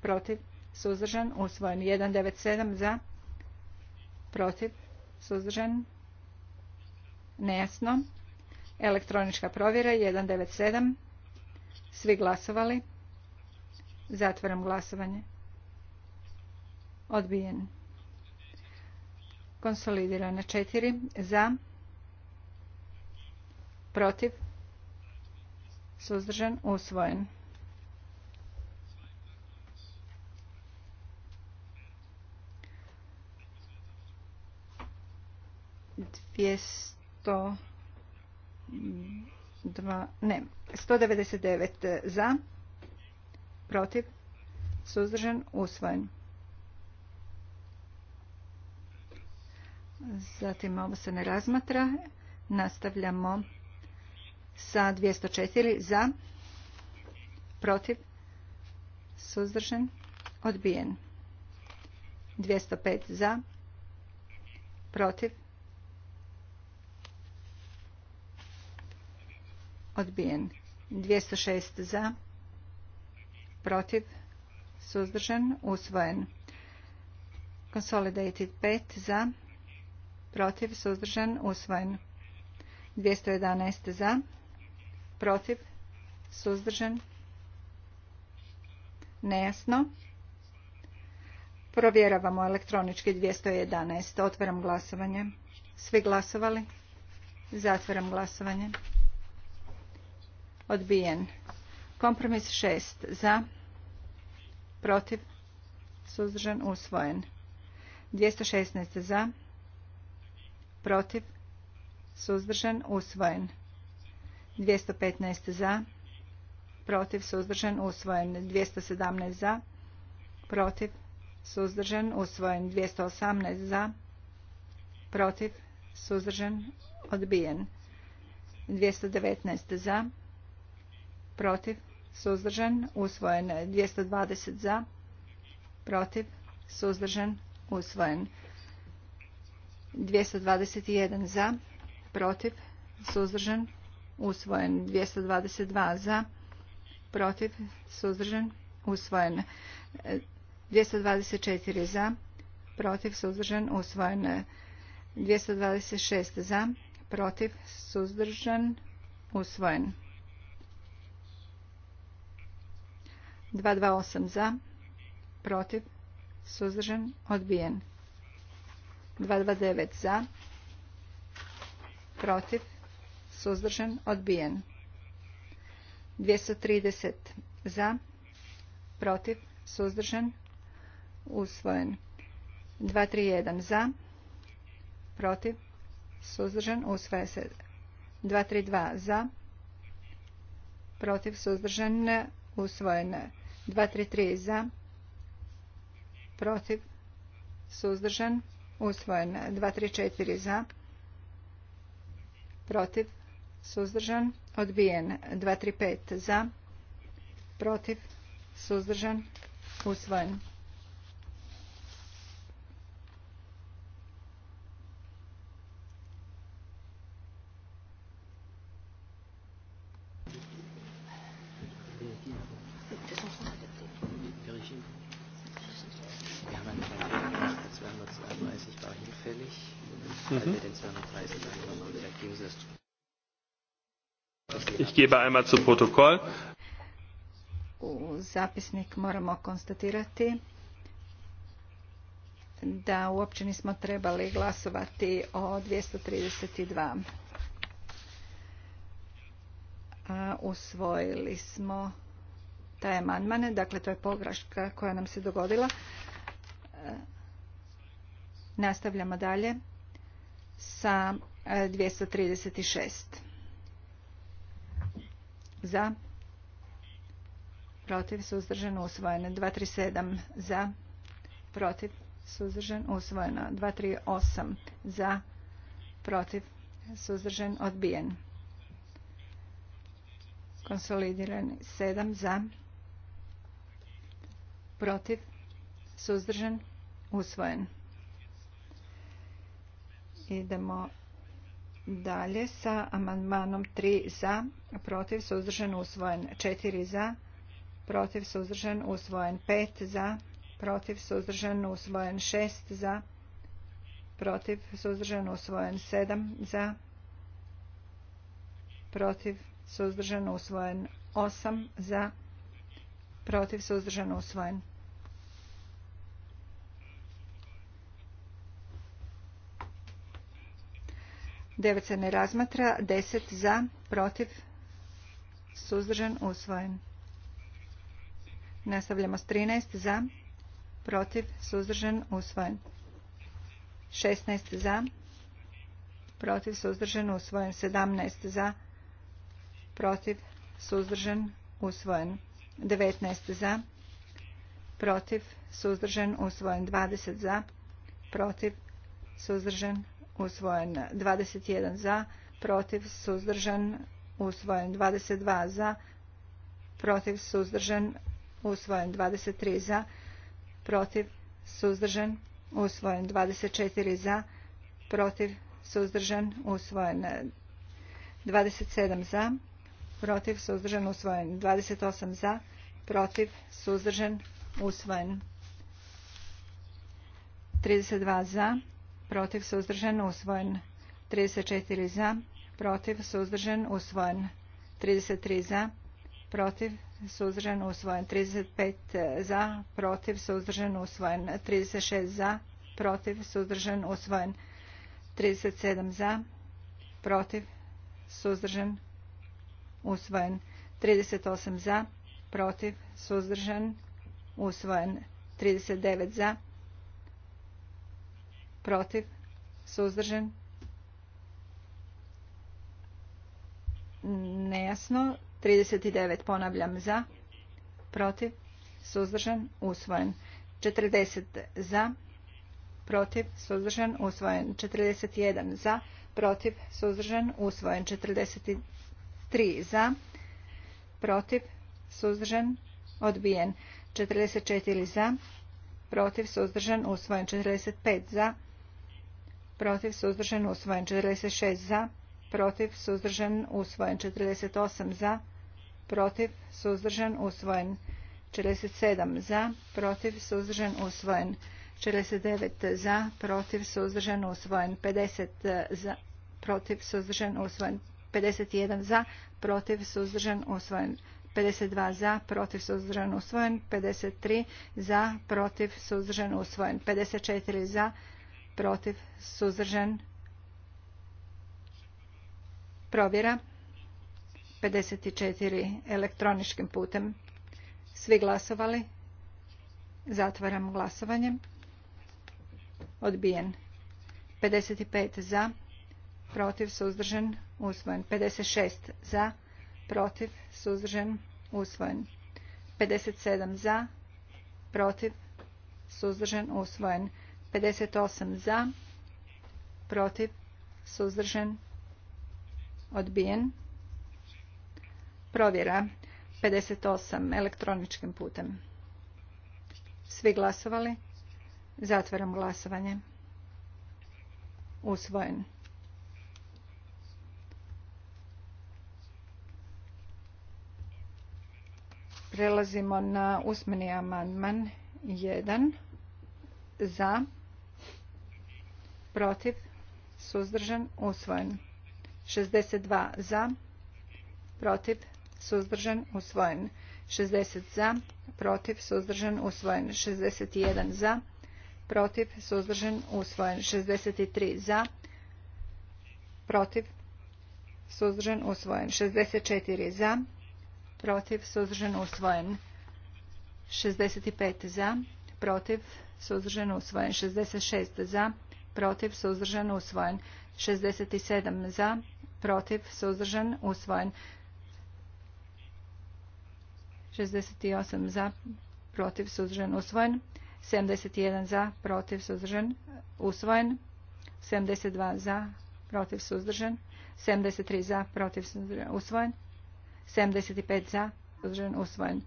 protiv, suzdržan, usvojen. 197 za, protiv, suzdržan, nejasno. Elektronička provjera 197. Svi glasovali. Zatvaram glasovanje. Odbijen. Konsolidirana 4. Za protiv, suzdržan, usvojen. Dvijesto dva, ne, 199 za, protiv, suzdržan, usvojen. Zatim ovo se ne razmatra. Nastavljamo sa 204 za, protiv, suzdržen, odbijen. 205 za, protiv, odbijen. 206 za, protiv, suzdržen, usvojen. Consolidated 5 za, protiv, suzdržen, usvojen. 211 za, protiv, suzdržan, nejasno. Provjeravamo elektronički 211. Otvaram glasovanje. Svi glasovali? Zatvaram glasovanje. Odbijen. Kompromis 6. Za. Protiv. Suzdržan. Usvojen. 216. Za. Protiv. Suzdržan. Usvojen. 215 za, protiv, suzdržan, usvojen. 217 za, protiv, suzdržan, usvojen. 218 za, protiv, suzdržan, odbijen. 219 za, protiv, suzdržan, usvojen. 220 za, protiv, suzdržan, usvojen. 221 za, protiv, suzdržan, usvojen 222 za protiv suzdržan usvojen 224 za protiv suzdržan usvojen 226 za protiv suzdržan usvojen 228 za protiv suzdržan odbijen 229 za protiv suzdržan, odbijen. 230 za, protiv, suzdržan, usvojen. 231 za, protiv, suzdržan, usvoje se. 232 za, protiv, suzdržan, usvojen. 233 za, protiv, suzdržan, usvojen. 234 za, protiv, suzdržan, odbijen. 235 za, protiv, suzdržan, usvojen. U zapisnik moramo konstatirati da uopće nismo trebali glasovati o 232. Usvojili smo taj amandman, dakle to je pogreška koja nam se dogodila. Nastavljamo dalje sa 236 za, protiv, suzdržan, usvojeno. 237 za, protiv, suzdržan, usvojeno. 238 za, protiv, suzdržan, odbijen. Konsolidiran 7 za, protiv, suzdržan, usvojen. Idemo dalje sa amandmanom 3 za, protiv, suzdržan, usvojen 4 za, protiv, suzdržan, usvojen 5 za, protiv, suzdržan, usvojen 6 za, protiv, suzdržan, usvojen 7 za, protiv, suzdržan, usvojen 8 za, protiv, suzdržan, usvojen 9 se ne razmatra. 10 za, protiv, suzdržan, usvojen. Nastavljamo s 13 za, protiv, suzdržan, usvojen. 16 za, protiv, suzdržan, usvojen. 17 za, protiv, suzdržan, usvojen. 19 za, protiv, suzdržan, usvojen. 20 za, protiv, suzdržan, usvojen 21 za, protiv, suzdržan, usvojen 22 za, protiv, suzdržan, usvojen 23 za, protiv, suzdržan, usvojen 24 za, protiv, suzdržan, usvojen 27 za, protiv, suzdržan, usvojen 28 za, protiv, suzdržan, usvojen 32 za, protiv suzdržan usvojen 34 za protiv suzdržan usvojen 33 za protiv suzdržan usvojen 35 za protiv suzdržan usvojen 36 za protiv suzdržan usvojen 37 za protiv suzdržan usvojen 38 za protiv suzdržan usvojen 39 za protiv, suzdržan, nejasno, 39 ponavljam za, protiv, suzdržan, usvojen, 40 za, protiv, suzdržan, usvojen, 41 za, protiv, suzdržan, usvojen, 43 za, protiv, suzdržan, odbijen, 44 za, protiv, suzdržan, usvojen, 45 za, protiv suzdržan usvojen 46 za, protiv suzdržan usvojen 48 za, protiv suzdržan usvojen 47 za, protiv suzdržan usvojen 49 za, protiv suzdržan usvojen 50 za, protiv suzdržan usvojen 51 za, protiv suzdržan usvojen 52 za, protiv suzdržan usvojen 53 za, protiv suzdržan usvojen 54 za, protiv, suzdržan, provjera, 54 elektroničkim putem. Svi glasovali? Zatvaram glasovanje. Odbijen. 55 za, protiv, suzdržan, usvojen. 56 za, protiv, suzdržan, usvojen. 57 za, protiv, suzdržan, usvojen. 58 za, protiv, suzdržan, odbijen. Provjera 58 elektroničkim putem. Svi glasovali? Zatvaram glasovanje. Usvojen. Prelazimo na usmeni amandman 1 za protiv, suzdržan, usvojen. 62 za, protiv, suzdržan, usvojen. 60 za, protiv, suzdržan, usvojen. 61 za, protiv, suzdržan, usvojen. 63 za, protiv, suzdržan, usvojen. 64 za, protiv, suzdržan, usvojen. 65 za, protiv, suzdržan, usvojen. 66 za, protiv, suzdržan, usvojen. 67 za, protiv, suzdržan, usvojen. 68 za, protiv, suzdržan, usvojen. 71 za, protiv, suzdržan, usvojen. 72 za, protiv, suzdržan. 73 za, protiv, suzdržan, usvojen. 75 za, suzdržan, usvojen.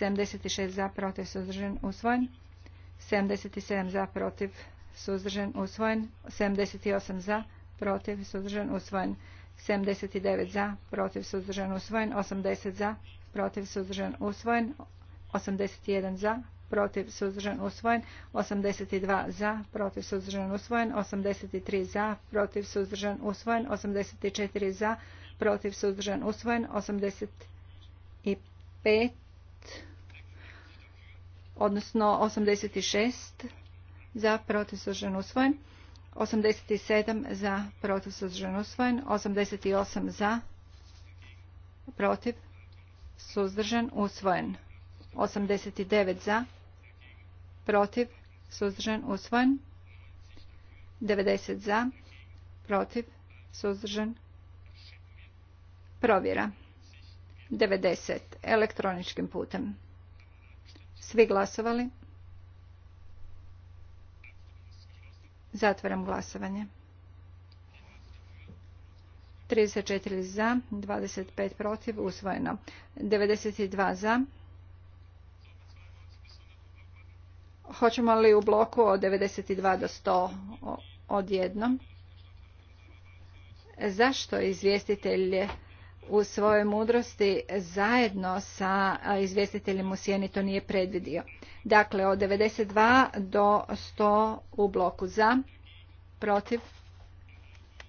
76 za, protiv, suzdržan, usvojen. 77 za, protiv, suzdržan, usvojen. 78 za, protiv, suzdržan, usvojen. 79 za, protiv, suzdržan, usvojen. 80 za, protiv, suzdržan, usvojen. 81 za, protiv, suzdržan, usvojen. 82 za, protiv, suzdržan, usvojen. 83 za, protiv, suzdržan, usvojen. 84 za, protiv, suzdržan, usvojen. 85 odnosno 86 za protiv suzdržan usvojen. 87 za protiv suzdržan usvojen. 88 za protiv suzdržan usvojen. 89 za protiv suzdržan usvojen. 90 za protiv suzdržan provjera. 90 elektroničkim putem. Svi glasovali? Zatvaram glasovanje. 34 za, 25 protiv, usvojeno. 92 za. Hoćemo li u bloku od 92 do 100 odjednom? Zašto izvjestitelj u svojoj mudrosti zajedno sa izvjestiteljem u sjeni to nije predvidio. Dakle, od 92 do 100 u bloku za, protiv,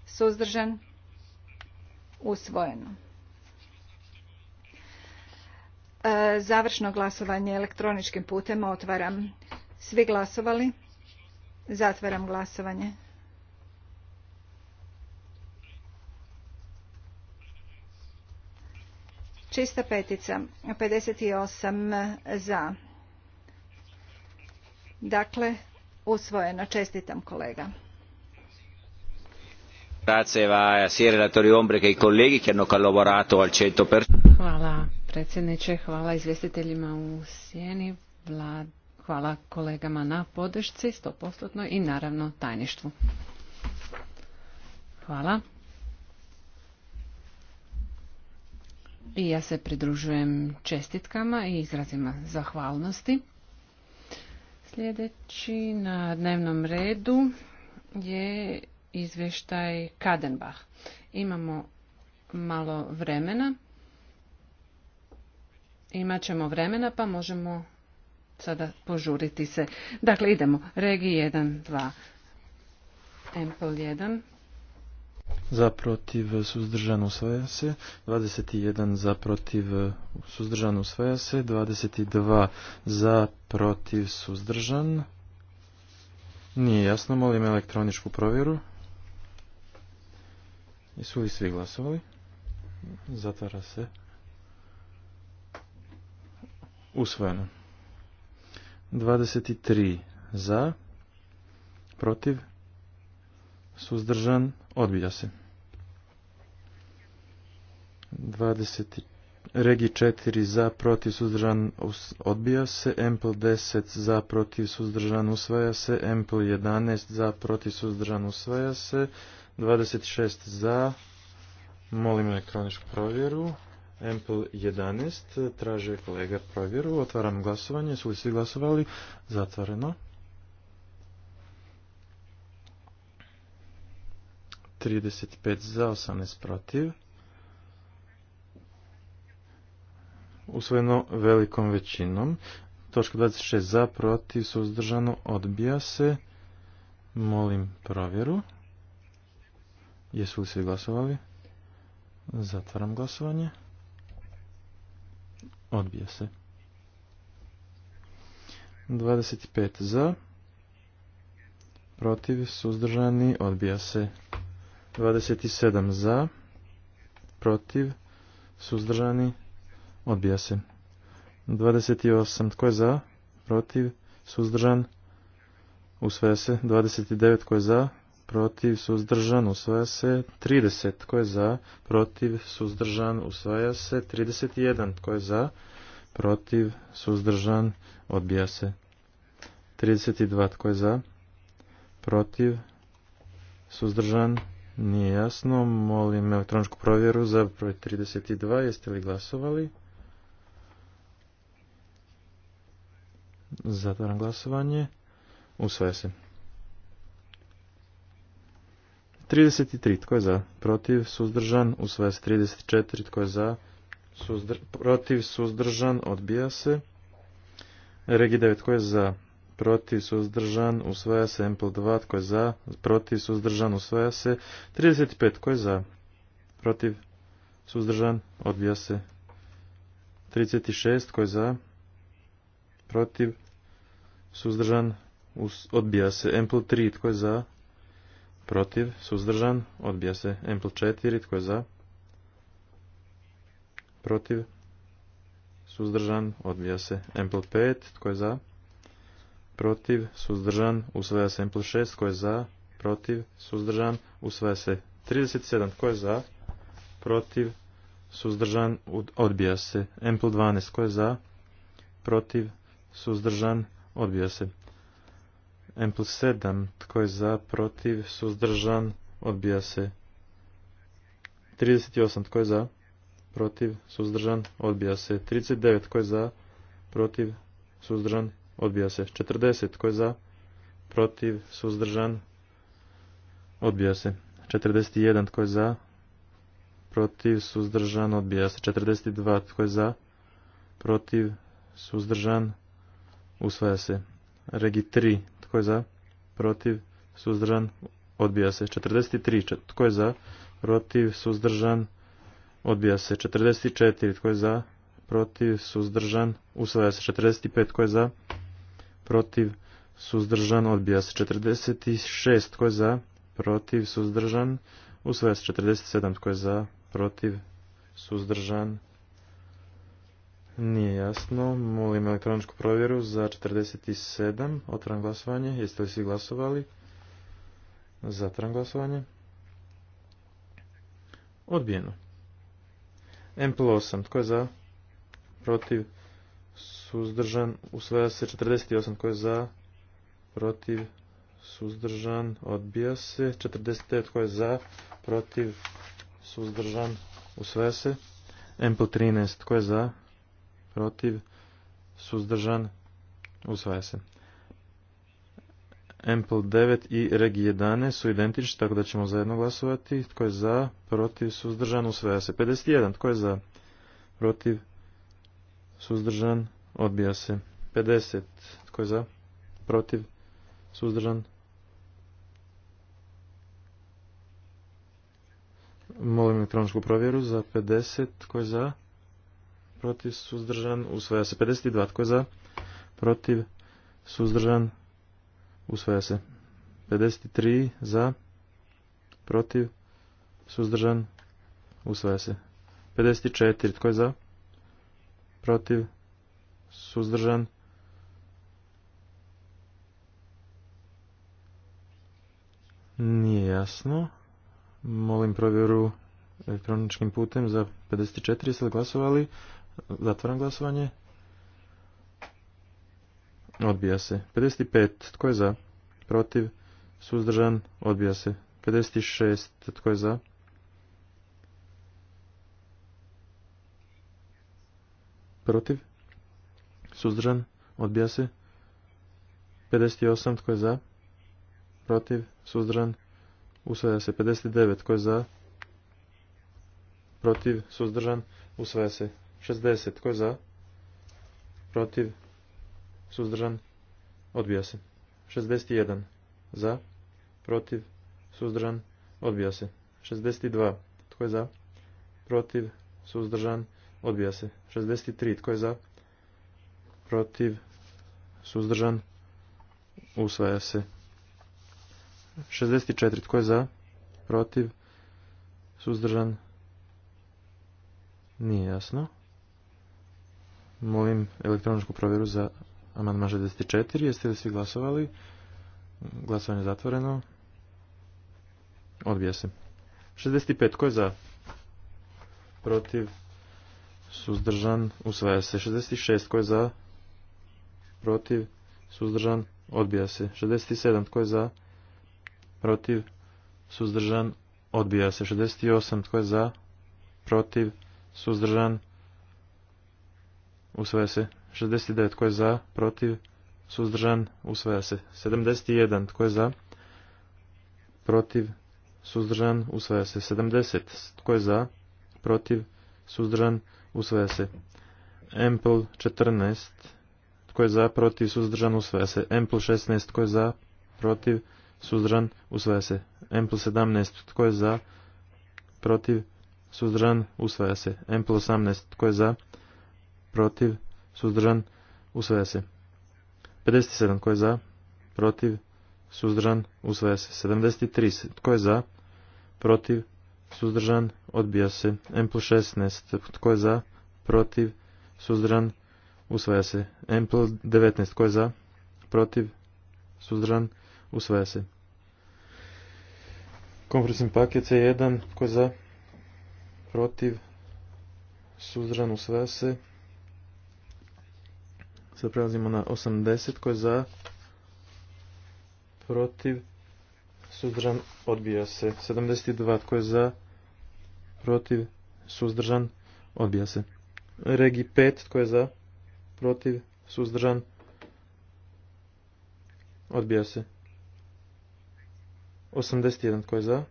suzdržan, usvojeno. E, završno glasovanje elektroničkim putem otvaram. Svi glasovali? Zatvaram glasovanje. Čista petica, 58 za. Dakle, usvojeno. Čestitam kolega. i Hvala predsjedniče, hvala izvjestiteljima u sjeni, hvala kolegama na podršci 100% i naravno tajništvu. Hvala. I ja se pridružujem čestitkama i izrazima zahvalnosti. Sljedeći na dnevnom redu je izvještaj Kadenbach. Imamo malo vremena. Imaćemo vremena pa možemo sada požuriti se. Dakle, idemo. Regi 1, 2, Empel 1, za protiv suzdržan usvaja se, 21 za protiv suzdržan usvaja se, 22 za protiv suzdržan. Nije jasno, molim elektroničku provjeru. Jesu li svi glasovali? Zatvara se. Usvojeno. 23 za, protiv, suzdržan, odbija se. 20, regi 4 za, protiv, suzdržan, odbija se. Empl 10 za, protiv, suzdržan, usvaja se. Empl 11 za, protiv, suzdržan, usvaja se. 26 za, molim elektroničku provjeru. Empl 11, traže kolega provjeru, otvaram glasovanje, su li svi glasovali, zatvoreno. 35 za, 18 protiv. Usvojeno velikom većinom. Točka 26 za, protiv, suzdržano, odbija se. Molim provjeru. Jesu li svi glasovali? Zatvaram glasovanje. Odbija se. 25 za. Protiv, suzdržani, odbija se. 27 za, protiv, suzdržani, odbija se. 28 tko je za, protiv, suzdržan, usvaja se. 29 tko je za, protiv, suzdržan, usvaja se. 30 tko je za, protiv, suzdržan, usvaja se. 31 tko je za, protiv, suzdržan, odbija se. 32 tko je za, protiv, suzdržan, nije jasno. Molim elektroničku provjeru za broj 32. Jeste li glasovali? Zatvaram glasovanje. Usvaja se. 33. Tko je za? Protiv? Suzdržan? Usvaja se. 34. Tko je za? Protiv? Suzdržan? Odbija se. Regi 9. Tko je za? protiv, suzdržan, usvaja se. plus 2, tko je za, protiv, suzdržan, usvaja se. 35, tko je za, protiv, suzdržan, odbija se. 36, tko je za, protiv, suzdržan, odbija se. plus 3, tko je za, protiv, suzdržan, odbija se. plus 4, tko je za, protiv, suzdržan, odbija se. plus 5, tko je za, protiv, suzdržan, usvaja se plus 6, tko je za, protiv, suzdržan, usvaja se 37, tko je za, protiv, suzdržan, odbija se. plus 12, tko je za, protiv, suzdržan, odbija se. plus 7, tko je za, protiv, suzdržan, odbija se. 38, tko je za, protiv, suzdržan, odbija se. 39, tko je za, protiv, suzdržan, odbija se. 40 tko je za, protiv, suzdržan, odbija se. 41 tko je za, protiv, suzdržan, odbija se. 42 tko je za, protiv, suzdržan, usvaja se. Regi 3 tko je za, protiv, suzdržan, odbija se. 43 tko je za, protiv, suzdržan, odbija se. 44 tko je za, protiv, suzdržan, usvaja se. 45 tko je za, protiv, suzdržan, odbija se 46, tko je za, protiv, suzdržan, usvaja se 47, tko je za, protiv, suzdržan, nije jasno, molim elektroničku provjeru za 47, otvaram glasovanje, jeste li svi glasovali, zatvaram glasovanje, odbijeno. M plus 8, tko je za, protiv, suzdržan, usvaja se 48 tko je za, protiv, suzdržan, odbija se, 49 tko je za, protiv, suzdržan, usvaja se, MPL 13 tko je za, protiv, suzdržan, usvaja se. MPL 9 i Reg 11 su identični, tako da ćemo zajedno glasovati. Tko je za, protiv, suzdržan, usvaja se. 51, tko je za, protiv, suzdržan, odbija se. 50, tko je za, protiv, suzdržan. Molim elektroničku provjeru za 50, tko je za, protiv, suzdržan, usvaja se. 52, tko je za, protiv, suzdržan, usvaja se. 53, za, protiv, suzdržan, usvaja se. 54, tko je za, protiv, protiv, suzdržan. Nije jasno. Molim provjeru elektroničkim putem za 54. Jeste glasovali? Zatvaram glasovanje. Odbija se. 55. Tko je za? Protiv. Suzdržan. Odbija se. 56. Tko je za? protiv, suzdržan, odbija se. 58 tko je za, protiv, suzdržan, usvaja se. 59 tko je za, protiv, suzdržan, usvaja se. 60 tko je za, protiv, suzdržan, odbija se. 61 za, protiv, suzdržan, odbija se. 62 tko je za, protiv, suzdržan, Odbija se. 63. Tko je za? Protiv. Suzdržan. Usvaja se. 64. Tko je za? Protiv. Suzdržan. Nije jasno. Molim elektroničku provjeru za amandman 64. Jeste li svi glasovali? Glasovanje je zatvoreno. Odbija se. 65. Tko je za? Protiv suzdržan, usvaja se. 66 tko je za, protiv, suzdržan, odbija se. 67 tko je za, protiv, suzdržan, odbija se. 68 tko je za, protiv, suzdržan, usvaja se. 69 tko je za, protiv, suzdržan, usvaja se. 71 tko je za, protiv, suzdržan, usvaja se. 70 tko je za, protiv, suzdržan, usvaja se. Empl 14, tko je za, protiv, suzdržan, usvaja se. Empl 16, tko je za, protiv, suzdržan, usvaja se. Empl 17, tko je za, protiv, suzdržan, usvaja se. Empl 18, tko je za, protiv, suzdržan, usvaja se. 57, tko je za, protiv, suzdržan, usvaja se. 73, tko je za, protiv, suzdržan, odbija se. M plus 16, tko je za, protiv, suzdržan, usvaja se. M plus 19, tko je za, protiv, suzdržan, usvaja se. Kompresni paket C1, tko je za, protiv, suzdržan, usvaja se. Sad prelazimo na 80, tko je za, protiv, suzdržan, odbija se. 72 tko je za, protiv, suzdržan, odbija se. Regi 5 tko je za, protiv, suzdržan, odbija se. 81 tko je za,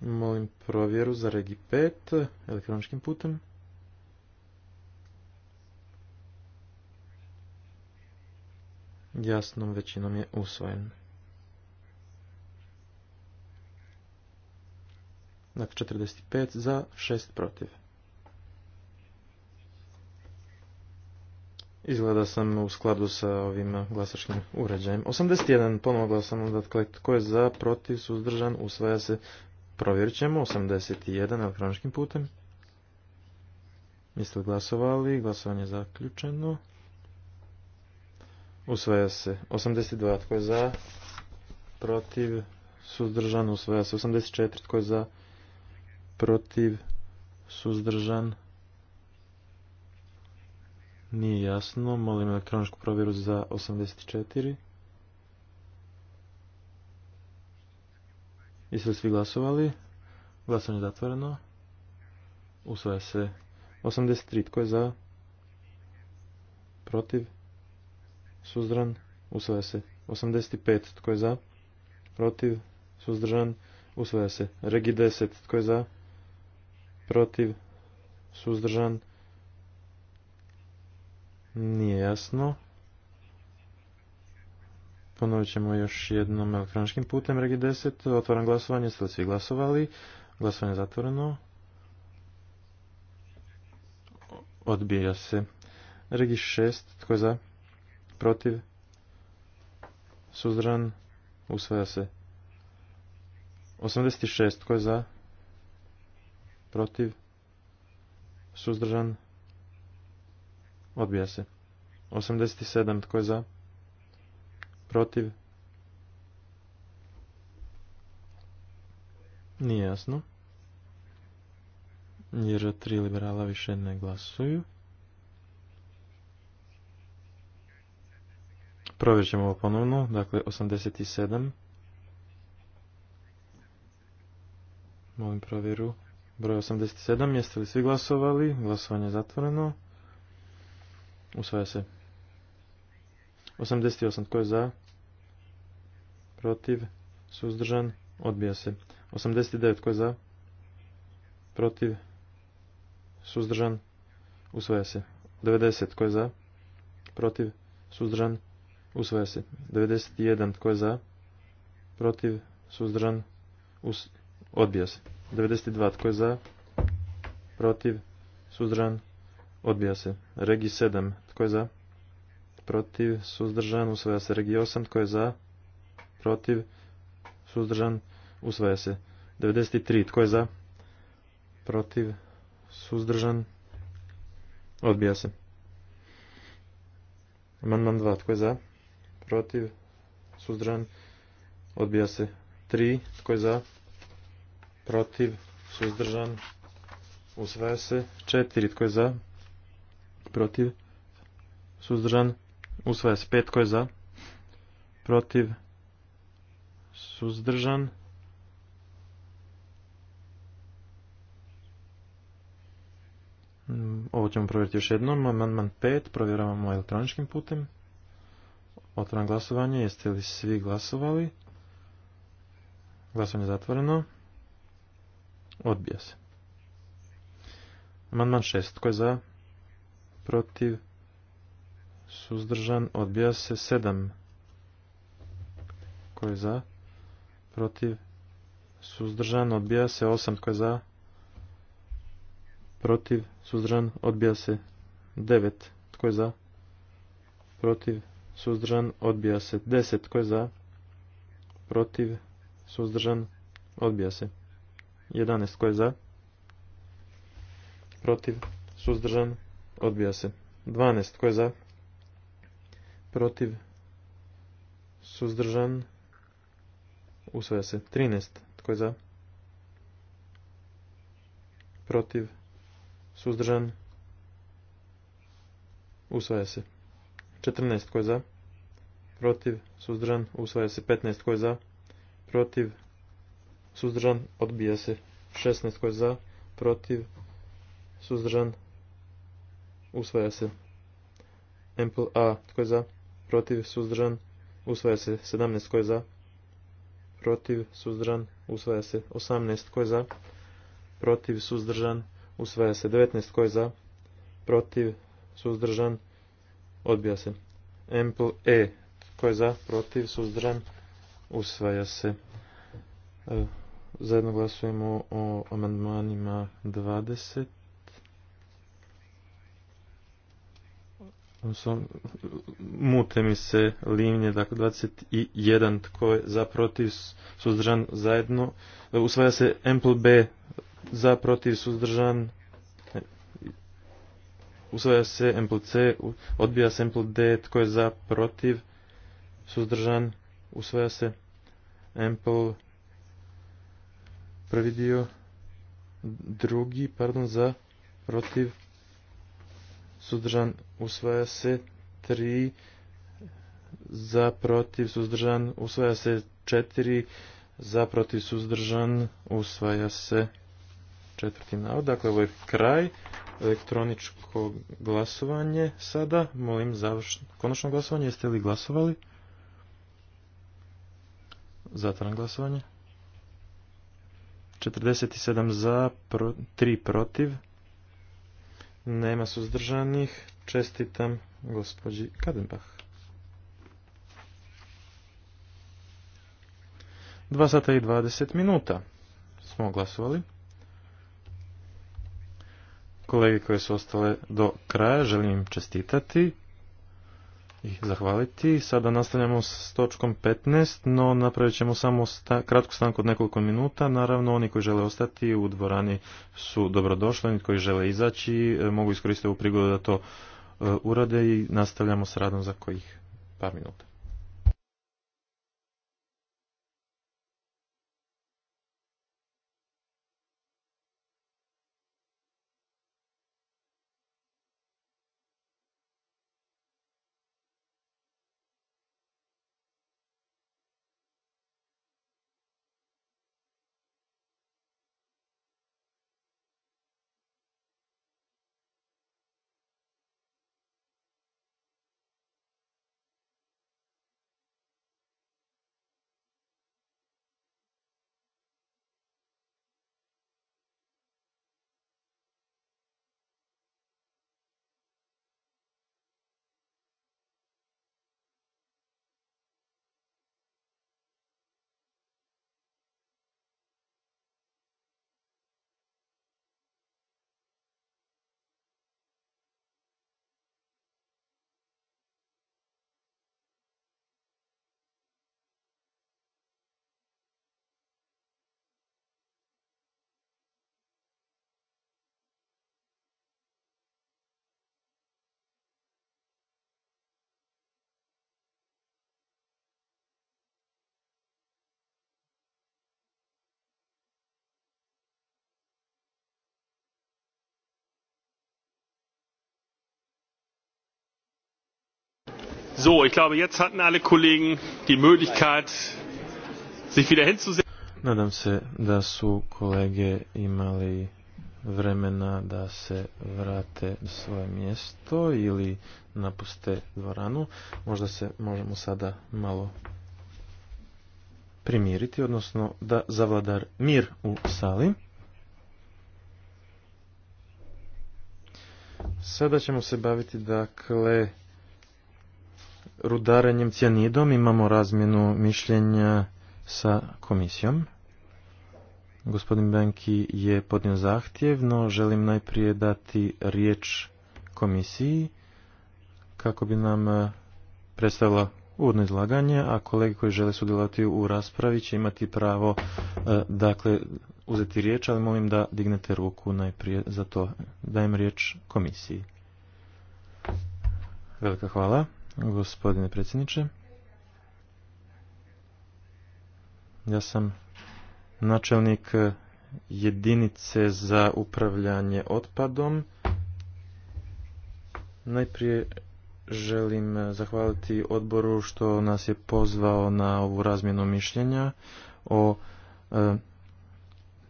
molim provjeru za Regi 5 elektroničkim putem. Jasnom većinom je usvojen. Dakle, 45 za, 6 protiv. Izgleda sam u skladu sa ovim glasačkim uređajem. 81, ponovno glasamo, dakle, tko je za, protiv, suzdržan, usvaja se, provjerit ćemo, 81 elektroničkim putem. Mi li glasovali? Glasovanje je zaključeno. Usvaja se 82, tko je za, protiv, suzdržan, usvaja se 84, tko je za, protiv, suzdržan, nije jasno. Molim elektroničku provjeru za 84. Jeste li svi glasovali? Glasanje je zatvoreno. Usvaja se 83. Tko je za? Protiv? Suzdržan? Usvaja se 85. Tko je za? Protiv? Suzdržan? Usvaja se. Regi 10. Tko je za? protiv, suzdržan, nije jasno. Ponovit ćemo još jednom elektroničkim putem regi 10. Otvaram glasovanje, ste svi glasovali? Glasovanje je zatvoreno. Odbija se. Regi 6, tko je za? Protiv? Suzdržan? Usvaja se. 86, tko je za? protiv, suzdržan, odbija se. 87. Tko je za? Protiv? Nije jasno. Jer tri liberala više ne glasuju. Provjerit ćemo ovo ponovno. Dakle, 87. Molim provjeru Broj 87. Jeste li svi glasovali? Glasovanje je zatvoreno. Usvaja se. 88. Tko je za? Protiv? Suzdržan? Odbija se. 89. Tko je za? Protiv? Suzdržan? Usvaja se. 90. Tko je za? Protiv? Suzdržan? Usvaja se. 91. Tko je za? Protiv? Suzdržan? Odbija se. 92. Tko je za? Protiv? Suzdržan? Odbija se. Regi 7. Tko je za? Protiv? Suzdržan? Usvaja se. Regi 8. Tko je za? Protiv? Suzdržan? Usvaja se. 93. Tko je za? Protiv? Suzdržan? Odbija se. Amandman 2. Tko je za? Protiv? Suzdržan? Odbija se. 3. Tko je za? protiv, suzdržan, usvaja se. četiri, tko je za, protiv, suzdržan, usvaja se. pet, tko je za, protiv, suzdržan, Ovo ćemo provjeriti još jednom. Amandman 5 provjeravamo elektroničkim putem. Otvaram glasovanje. Jeste li svi glasovali? Glasovanje zatvoreno. Odbija se. Amandman šest Tko je za? Protiv? Suzdržan? Odbija se. sedam Tko je za? Protiv? Suzdržan? Odbija se. osam Tko je za? Protiv? Suzdržan? Odbija se. devet Tko je za? Protiv? Suzdržan? Odbija se. deset Tko je za? Protiv? Suzdržan? Odbija se. 11. Tko za? Protiv. Suzdržan. Odbija se. 12. Tko za? Protiv. Suzdržan. Usvaja se. 13. Tko za? Protiv. Suzdržan. Usvaja se. 14. Tko za? Protiv. Suzdržan. Usvaja se. 15. Tko za? Protiv suzdržan, odbija se. 16 tko je za, protiv, suzdržan, usvaja se. Empl A tko je za, protiv, suzdržan, usvaja se. 17 tko je za, protiv, suzdržan, usvaja se. 18 tko je za, protiv, suzdržan, usvaja se. 19 tko za, protiv, suzdržan, odbija se. Empl E tko je za, protiv, suzdržan, usvaja se. E, Zajedno glasujemo o amandmanima 20. Mute mi se linije, dakle 21, tko je za protiv suzdržan zajedno. E, usvaja se Ample B za protiv suzdržan. E, usvaja se Ample C, odbija se Ample D, tko je za protiv suzdržan. Usvaja se Ample prvi dio, drugi, pardon, za, protiv, suzdržan, usvaja se, tri, za, protiv, suzdržan, usvaja se, četiri, za, protiv, suzdržan, usvaja se, četvrti navod. Dakle, ovo je kraj elektroničko glasovanje sada. Molim završno. Konačno glasovanje. Jeste li glasovali? Zatvaram glasovanje. 47 za, 3 protiv. Nema suzdržanih. Čestitam gospođi Kadenbach. Dva sata i 20 minuta smo glasovali. Kolege koje su ostale do kraja želim im čestitati. I zahvaliti. Sada nastavljamo s točkom 15, no napravit ćemo samo kratku stanku od nekoliko minuta. Naravno, oni koji žele ostati u dvorani su dobrodošli, oni koji žele izaći e, mogu iskoristiti ovu prigodu da to e, urade i nastavljamo s radom za kojih par minuta. So, ich glaube, jetzt hatten alle Kollegen die Möglichkeit, sich wieder hinzusetzen. Nadam se da su kolege imali vremena da se vrate svoje mjesto ili napuste dvoranu. Možda se možemo sada malo primiriti, odnosno da zavladar mir u sali. Sada ćemo se baviti dakle rudarenjem cijanidom imamo razmjenu mišljenja sa komisijom. Gospodin Benki je podnio zahtjev, no želim najprije dati riječ komisiji kako bi nam e, predstavila uvodno izlaganje, a kolege koji žele sudjelovati u raspravi će imati pravo e, dakle uzeti riječ, ali molim da dignete ruku najprije za to. Dajem riječ komisiji. Velika hvala. Gospodine predsjedniče, ja sam načelnik jedinice za upravljanje otpadom. Najprije želim zahvaliti odboru što nas je pozvao na ovu razmjenu mišljenja o e,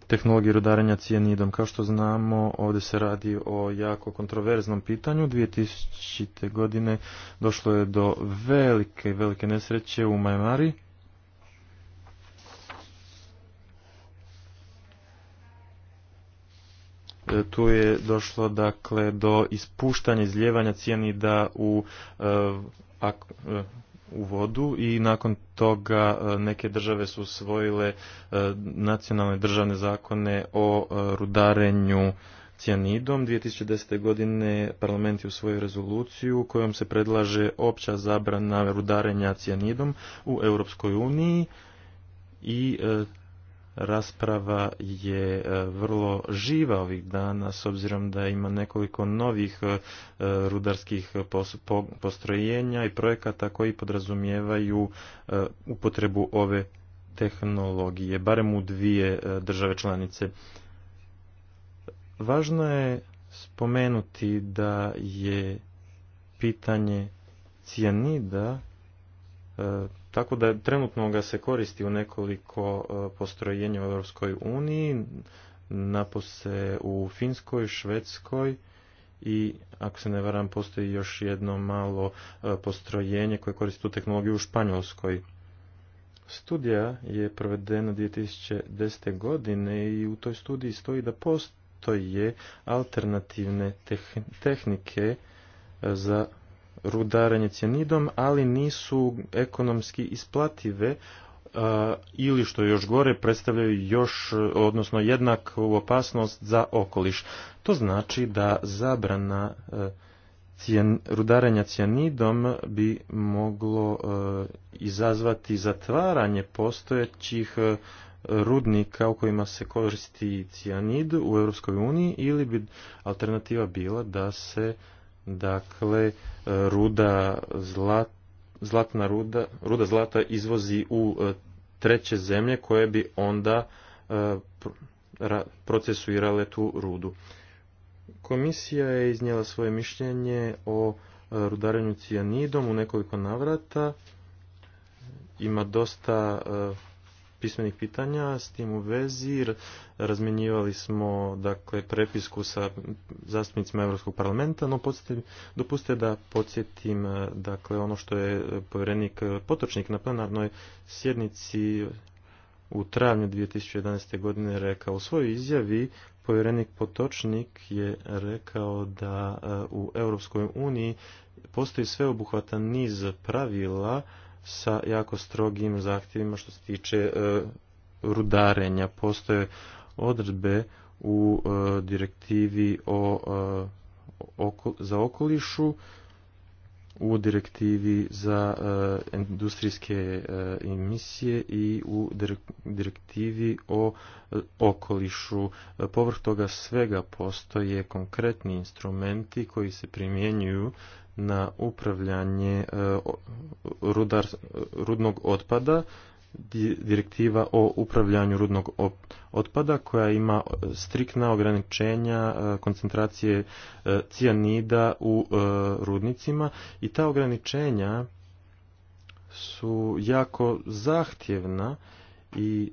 tehnologije rudarenja cijenidom. Kao što znamo, ovdje se radi o jako kontroverznom pitanju. 2000. godine došlo je do velike, velike nesreće u Majmari. E, tu je došlo dakle do ispuštanja, izljevanja cijenida u e, e u vodu i nakon toga e, neke države su usvojile e, nacionalne državne zakone o e, rudarenju cijanidom. 2010. godine parlament je usvojio rezoluciju kojom se predlaže opća zabrana rudarenja cijanidom u Europskoj uniji i rasprava je e, vrlo živa ovih dana s obzirom da ima nekoliko novih e, rudarskih postrojenja i projekata koji podrazumijevaju e, upotrebu ove tehnologije, barem u dvije države članice. Važno je spomenuti da je pitanje cijanida tako da trenutno ga se koristi u nekoliko e, postrojenja u Europskoj uniji, napose u Finskoj, Švedskoj i ako se ne varam postoji još jedno malo e, postrojenje koje koristi tu tehnologiju u Španjolskoj. Studija je provedena 2010. godine i u toj studiji stoji da postoje alternativne tehnike e, za rudarenje cjenidom, ali nisu ekonomski isplative e, ili što još gore predstavljaju još, e, odnosno jednaku opasnost za okoliš. To znači da zabrana e, cijen, rudarenja cijanidom bi moglo izazvati zatvaranje postojećih rudnika u kojima se koristi cijanid u Europskoj uniji ili bi alternativa bila da se dakle e, ruda zlata zlatna ruda, ruda zlata izvozi u e, treće zemlje koje bi onda e, procesuirale tu rudu. Komisija je iznijela svoje mišljenje o rudarenju cijanidom u nekoliko navrata. Ima dosta pismenih pitanja s tim u vezi. razmjenjivali smo dakle, prepisku sa zastupnicima Europskog parlamenta, no podsjetim, dopustite da podsjetim e, dakle, ono što je e, povjerenik e, Potočnik na plenarnoj sjednici u travnju 2011. godine rekao u svojoj izjavi povjerenik Potočnik je rekao da u Europskoj uniji postoji sveobuhvatan niz pravila sa jako strogim zahtjevima što se tiče e, rudarenja. Postoje odredbe u e, direktivi o, e, za okolišu, u direktivi za industrijske emisije i u direktivi o okolišu. Povrh toga svega postoje konkretni instrumenti koji se primjenjuju na upravljanje e, rudar, rudnog otpada, direktiva o upravljanju rudnog otpada koja ima striktna ograničenja e, koncentracije e, cijanida u rudnicima i ta ograničenja su jako zahtjevna i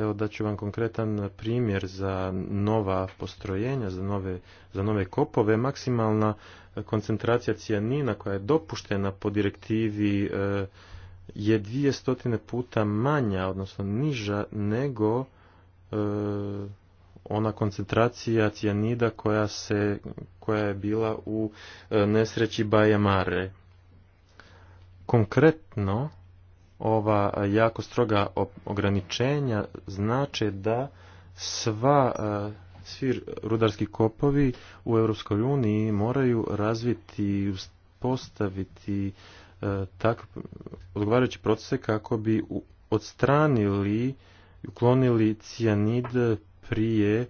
Evo da ću vam konkretan primjer za nova postrojenja, za nove, za nove kopove. Maksimalna koncentracija cijanina koja je dopuštena po direktivi eh, je stotine puta manja, odnosno niža nego eh, ona koncentracija cijanida koja, se, koja je bila u eh, nesreći Bajamare. Konkretno, ova jako stroga ograničenja znače da sva e, svi rudarski kopovi u Europskoj uniji moraju razviti i postaviti e, tak, odgovarajući procese kako bi odstranili i uklonili cijanid prije e,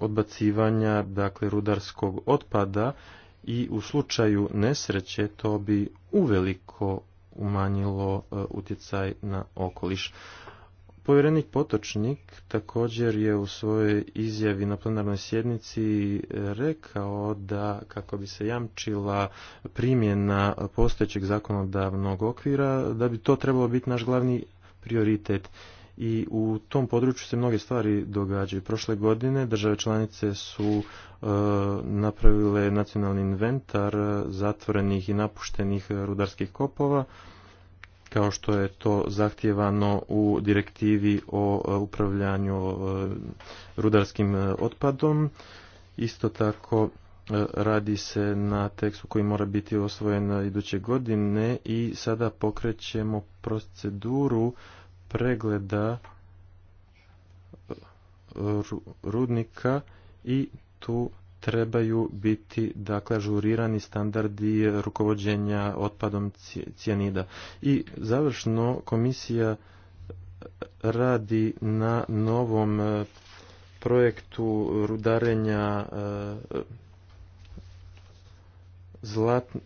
odbacivanja dakle rudarskog otpada i u slučaju nesreće to bi uveliko umanjilo e, utjecaj na okoliš. Povjerenik Potočnik također je u svojoj izjavi na plenarnoj sjednici rekao da kako bi se jamčila primjena postojećeg zakonodavnog okvira, da bi to trebalo biti naš glavni prioritet i u tom području se mnoge stvari događaju. Prošle godine države članice su e, napravile nacionalni inventar zatvorenih i napuštenih rudarskih kopova kao što je to zahtjevano u direktivi o e, upravljanju e, rudarskim otpadom. Isto tako radi se na tekstu koji mora biti osvojen iduće godine i sada pokrećemo proceduru pregleda rudnika i tu trebaju biti dakle žurirani standardi rukovođenja otpadom cijanida. I završno komisija radi na novom e, projektu rudarenja e,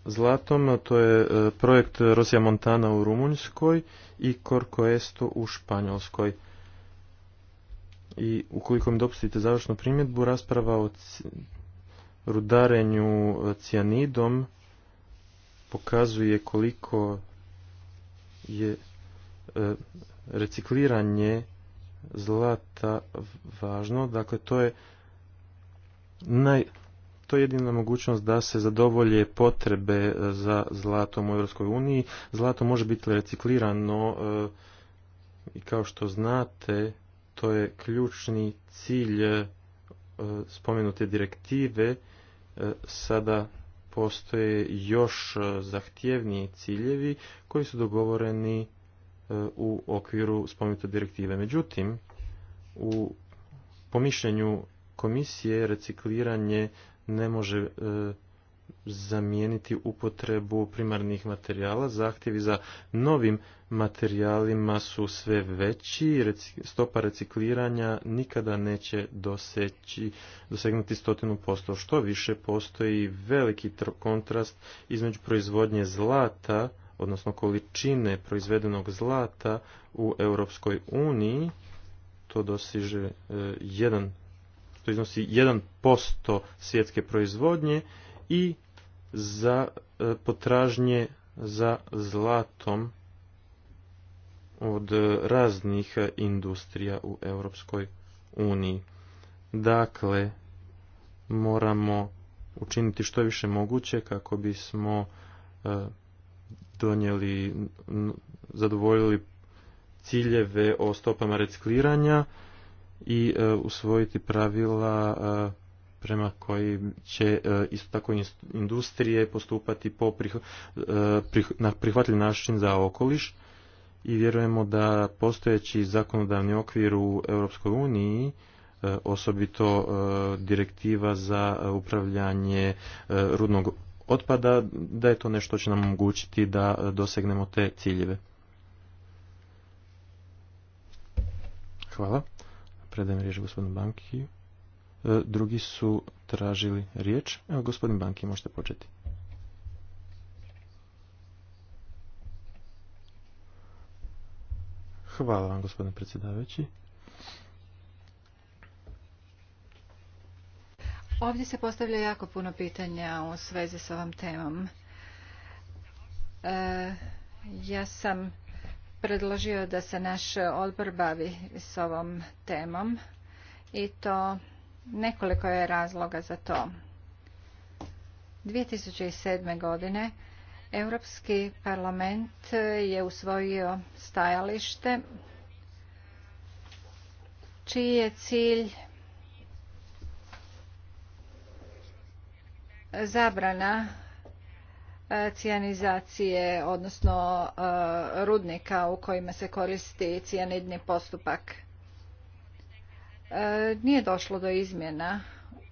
zlatom, to je e, projekt Rosija Montana u Rumunjskoj i Corcoesto u Španjolskoj. I ukoliko mi dopustite završnu primjedbu, rasprava o rudarenju e, cijanidom pokazuje koliko je e, recikliranje zlata važno. Dakle, to je naj to je jedina mogućnost da se zadovolje potrebe za zlatom u Europskoj uniji. Zlato može biti reciklirano e, i kao što znate, to je ključni cilj e, spomenute direktive. E, sada postoje još zahtjevniji ciljevi koji su dogovoreni u okviru spomenute direktive. Međutim, u pomišljenju komisije recikliranje ne može e, zamijeniti upotrebu primarnih materijala. Zahtjevi za novim materijalima su sve veći, stopa recikliranja nikada neće doseći, dosegnuti stotinu posto. Što više postoji veliki kontrast između proizvodnje zlata, odnosno količine proizvedenog zlata u Europskoj uniji, to dosiže e, jedan to iznosi 1% svjetske proizvodnje i za e, potražnje za zlatom od raznih industrija u Europskoj uniji. Dakle, moramo učiniti što više moguće kako bismo e, donijeli, zadovoljili ciljeve o stopama recikliranja, i e, usvojiti pravila e, prema koji će e, isto tako industrije postupati po na prihvatljiv način za okoliš i vjerujemo da postojeći zakonodavni okvir u Europskoj uniji osobito direktiva za upravljanje rudnog otpada, da je to nešto će nam omogućiti da dosegnemo te ciljeve. Hvala predajem riječ gospodinu Banki. E, drugi su tražili riječ. Evo, gospodin Banki, možete početi. Hvala vam, gospodine predsjedavajući. Ovdje se postavlja jako puno pitanja u svezi s ovom temom. E, ja sam predložio da se naš odbor bavi s ovom temom i to nekoliko je razloga za to. 2007. godine Europski parlament je usvojio stajalište čiji je cilj zabrana E, cijanizacije, odnosno e, rudnika u kojima se koristi cijanidni postupak. E, nije došlo do izmjena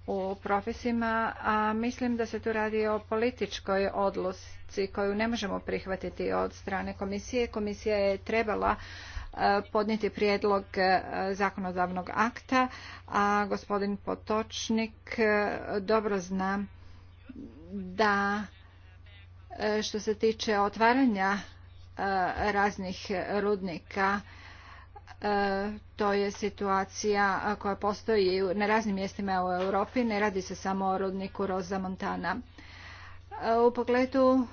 u profesima, a mislim da se tu radi o političkoj odluci koju ne možemo prihvatiti od strane komisije. Komisija je trebala podnijeti prijedlog zakonodavnog akta, a gospodin Potočnik dobro zna da E, što se tiče otvaranja e, raznih rudnika e, to je situacija koja postoji na raznim mjestima u Europi, ne radi se samo o rudniku Rosa Montana. U pogledu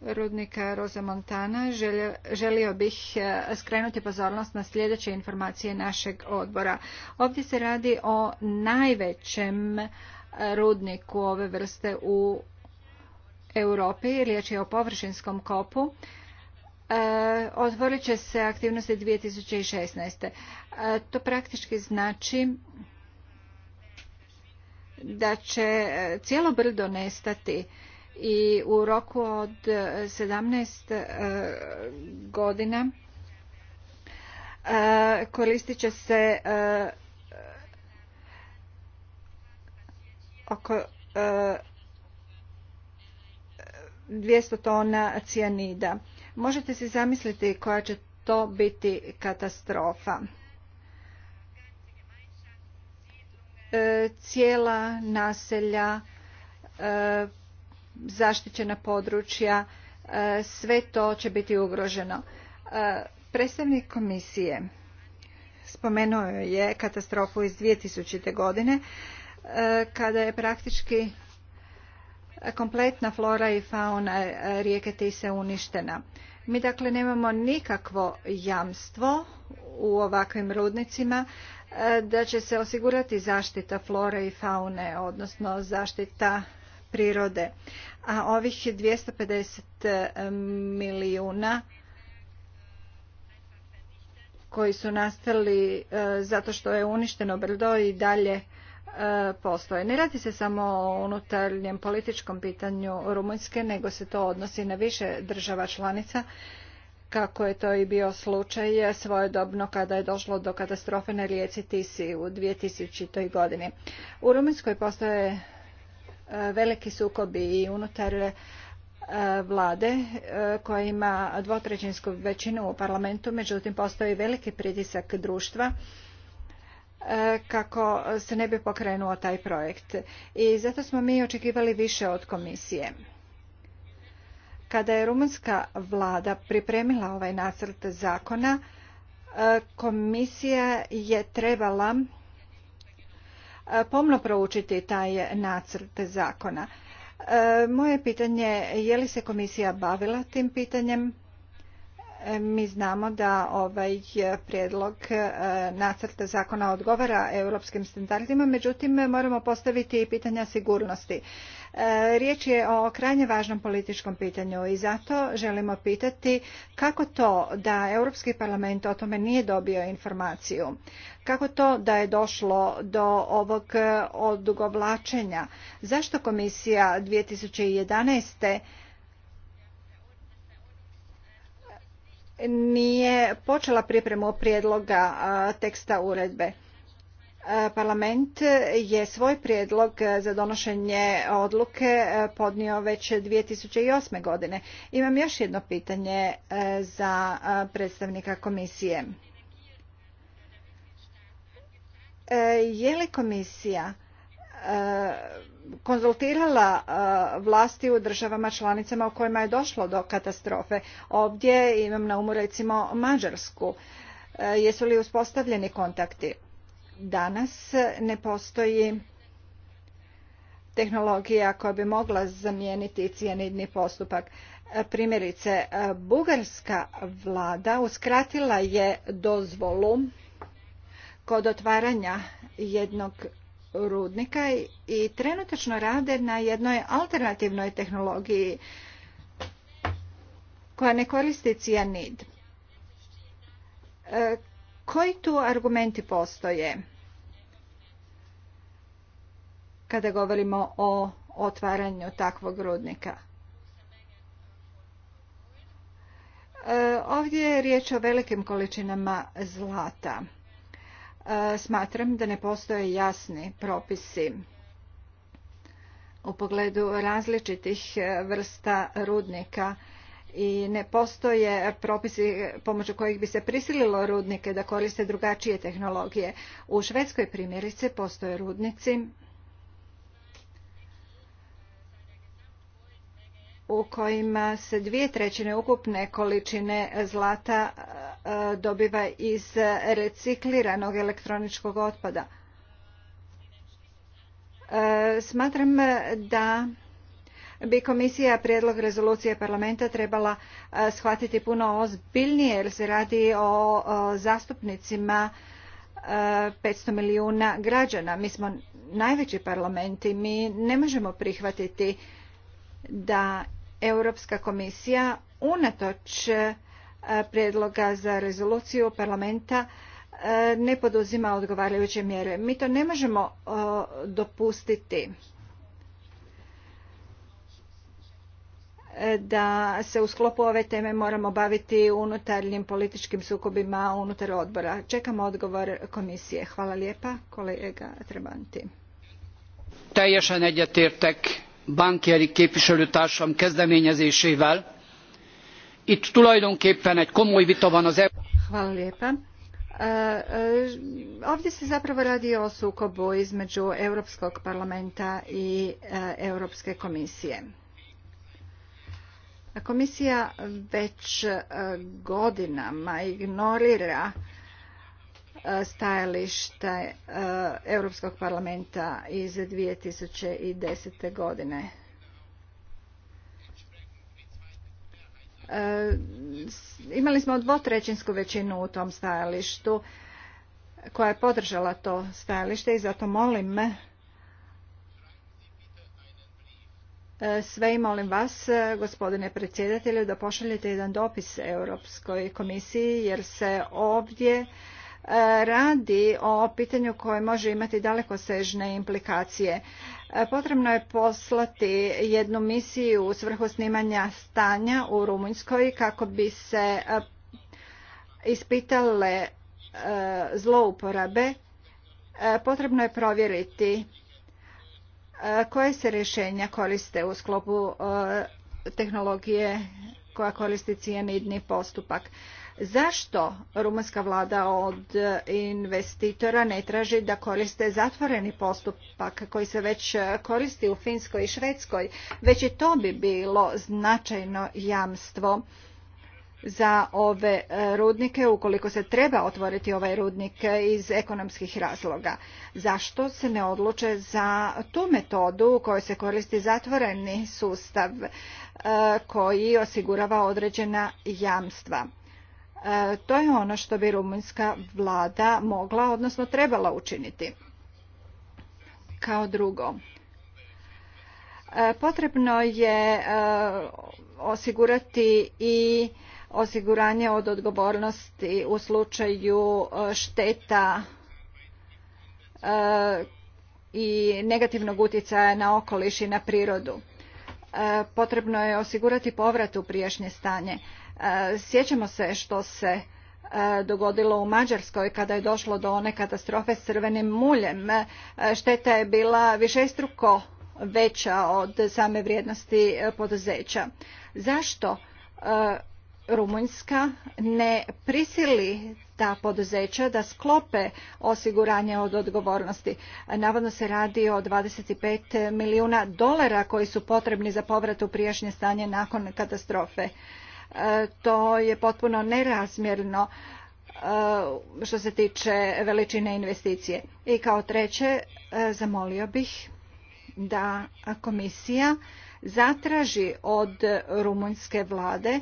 rudnika Rosa Montana želio bih skrenuti pozornost na sljedeće informacije našeg odbora. Ovdje se radi o najvećem rudniku ove vrste u Europi, riječ je o površinskom kopu, e, otvorit će se aktivnosti 2016. E, to praktički znači da će e, cijelo brdo nestati i u roku od 17 godina koristit će se oko 200 tona cijanida. Možete si zamisliti koja će to biti katastrofa. E, cijela naselja, e, zaštićena područja, e, sve to će biti ugroženo. Predstavnik komisije spomenuo je katastrofu iz 2000. godine kada je praktički kompletna flora i fauna rijeke Tise uništena. Mi dakle nemamo nikakvo jamstvo u ovakvim rudnicima e, da će se osigurati zaštita flore i faune, odnosno zaštita prirode. A ovih 250 e, milijuna koji su nastali e, zato što je uništeno brdo i dalje postoje. Ne radi se samo o unutarnjem političkom pitanju Rumunjske, nego se to odnosi na više država članica, kako je to i bio slučaj svojedobno kada je došlo do katastrofe na rijeci Tisi u 2000. godini. U Rumunjskoj postoje e, veliki sukobi i unutar e, vlade e, koja ima dvotrećinsku većinu u parlamentu, međutim postoji veliki pritisak društva E, kako se ne bi pokrenuo taj projekt. I zato smo mi očekivali više od komisije. Kada je rumunska vlada pripremila ovaj nacrt zakona, e, komisija je trebala e, pomno proučiti taj nacrt zakona. Moje pitanje je je li se komisija bavila tim pitanjem? Mi znamo da ovaj prijedlog e, nacrta zakona odgovara europskim standardima, međutim moramo postaviti i pitanja sigurnosti. E, riječ je o krajnje važnom političkom pitanju i zato želimo pitati kako to da Europski parlament o tome nije dobio informaciju, kako to da je došlo do ovog odugovlačenja, zašto komisija 2011 nije počela pripremu prijedloga teksta uredbe. Parlament je svoj prijedlog za donošenje odluke podnio već 2008. godine. Imam još jedno pitanje za predstavnika komisije. E, je li komisija E, konzultirala e, vlasti u državama članicama u kojima je došlo do katastrofe. Ovdje imam na umu recimo Mađarsku. E, jesu li uspostavljeni kontakti? Danas ne postoji tehnologija koja bi mogla zamijeniti cijenidni postupak. Primjerice, bugarska vlada uskratila je dozvolu kod otvaranja jednog rudnika i trenutačno rade na jednoj alternativnoj tehnologiji koja ne koristi cijanid. E, koji tu argumenti postoje kada govorimo o otvaranju takvog rudnika? E, ovdje je riječ o velikim količinama zlata smatram da ne postoje jasni propisi u pogledu različitih e, vrsta rudnika i ne postoje propisi pomoću kojih bi se prisililo rudnike da koriste drugačije tehnologije. U Švedskoj primjerice postoje rudnici u kojima se dvije trećine ukupne količine zlata E, dobiva iz recikliranog elektroničkog otpada. E, smatram da bi komisija prijedlog rezolucije parlamenta trebala e, shvatiti puno ozbiljnije jer se radi o zastupnicima 500 milijuna građana. Mi smo najveći parlament i mi ne možemo prihvatiti da Europska komisija unatoč prijedloga za rezoluciju parlamenta e, ne poduzima odgovarajuće mjere. Mi to ne možemo e, dopustiti e, da se u sklopu ove teme moramo baviti unutarnjim političkim sukobima unutar odbora. Čekamo odgovor komisije. Hvala lijepa, kolega Trebanti. Teljesen egyetértek képviselőtársam kezdeményezésével, itt egy komoly vita van az Hvala lijepa. E, e, ovdje se zapravo radi o sukobu između Europskog parlamenta i e, Europske komisije. Komisija već godinama ignorira stajalište Europskog parlamenta iz 2010. godine E, imali smo dvotrećinsku većinu u tom stajalištu koja je podržala to stajalište i zato molim e, sve i molim vas, e, gospodine predsjedatelju, da pošaljete jedan dopis Europskoj komisiji jer se ovdje radi o pitanju koje može imati dalekosežne implikacije. Potrebno je poslati jednu misiju u svrhu snimanja stanja u Rumunjskoj kako bi se e, ispitale e, zlouporabe. E, potrebno je provjeriti koje se rješenja koriste u sklopu tehnologije koja koristi cijenidni postupak. Zašto rumunska vlada od investitora ne traži da koriste zatvoreni postupak koji se već koristi u Finskoj i Švedskoj? Već i to bi bilo značajno jamstvo za ove rudnike ukoliko se treba otvoriti ovaj rudnik iz ekonomskih razloga. Zašto se ne odluče za tu metodu u kojoj se koristi zatvoreni sustav e, koji osigurava određena jamstva? E, to je ono što bi rumunjska vlada mogla, odnosno trebala učiniti. Kao drugo, e, potrebno je e, osigurati i osiguranje od odgovornosti u slučaju šteta i negativnog utjecaja na okoliš i na prirodu. Potrebno je osigurati povrat u prijašnje stanje. E, sjećamo se što se e, dogodilo u Mađarskoj kada je došlo do one katastrofe s crvenim muljem. E, šteta je bila višestruko veća od same vrijednosti poduzeća. Zašto Rumunjska ne prisili ta poduzeća da sklope osiguranje od odgovornosti. Navodno se radi o 25 milijuna dolara koji su potrebni za povrat u prijašnje stanje nakon katastrofe to je potpuno nerazmjerno e, što se tiče veličine investicije. I kao treće, e, zamolio bih da komisija zatraži od rumunjske vlade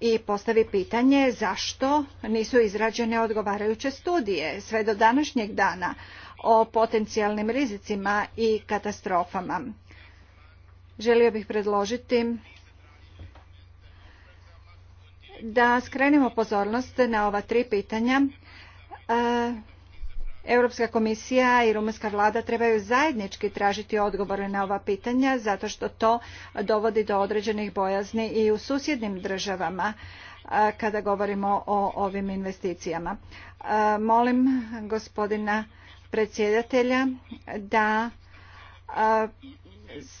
i postavi pitanje zašto nisu izrađene odgovarajuće studije sve do današnjeg dana o potencijalnim rizicima i katastrofama. Želio bih predložiti da skrenemo pozornost na ova tri pitanja. E, Europska komisija i rumunska vlada trebaju zajednički tražiti odgovore na ova pitanja zato što to dovodi do određenih bojazni i u susjednim državama e, kada govorimo o ovim investicijama. E, molim gospodina predsjedatelja da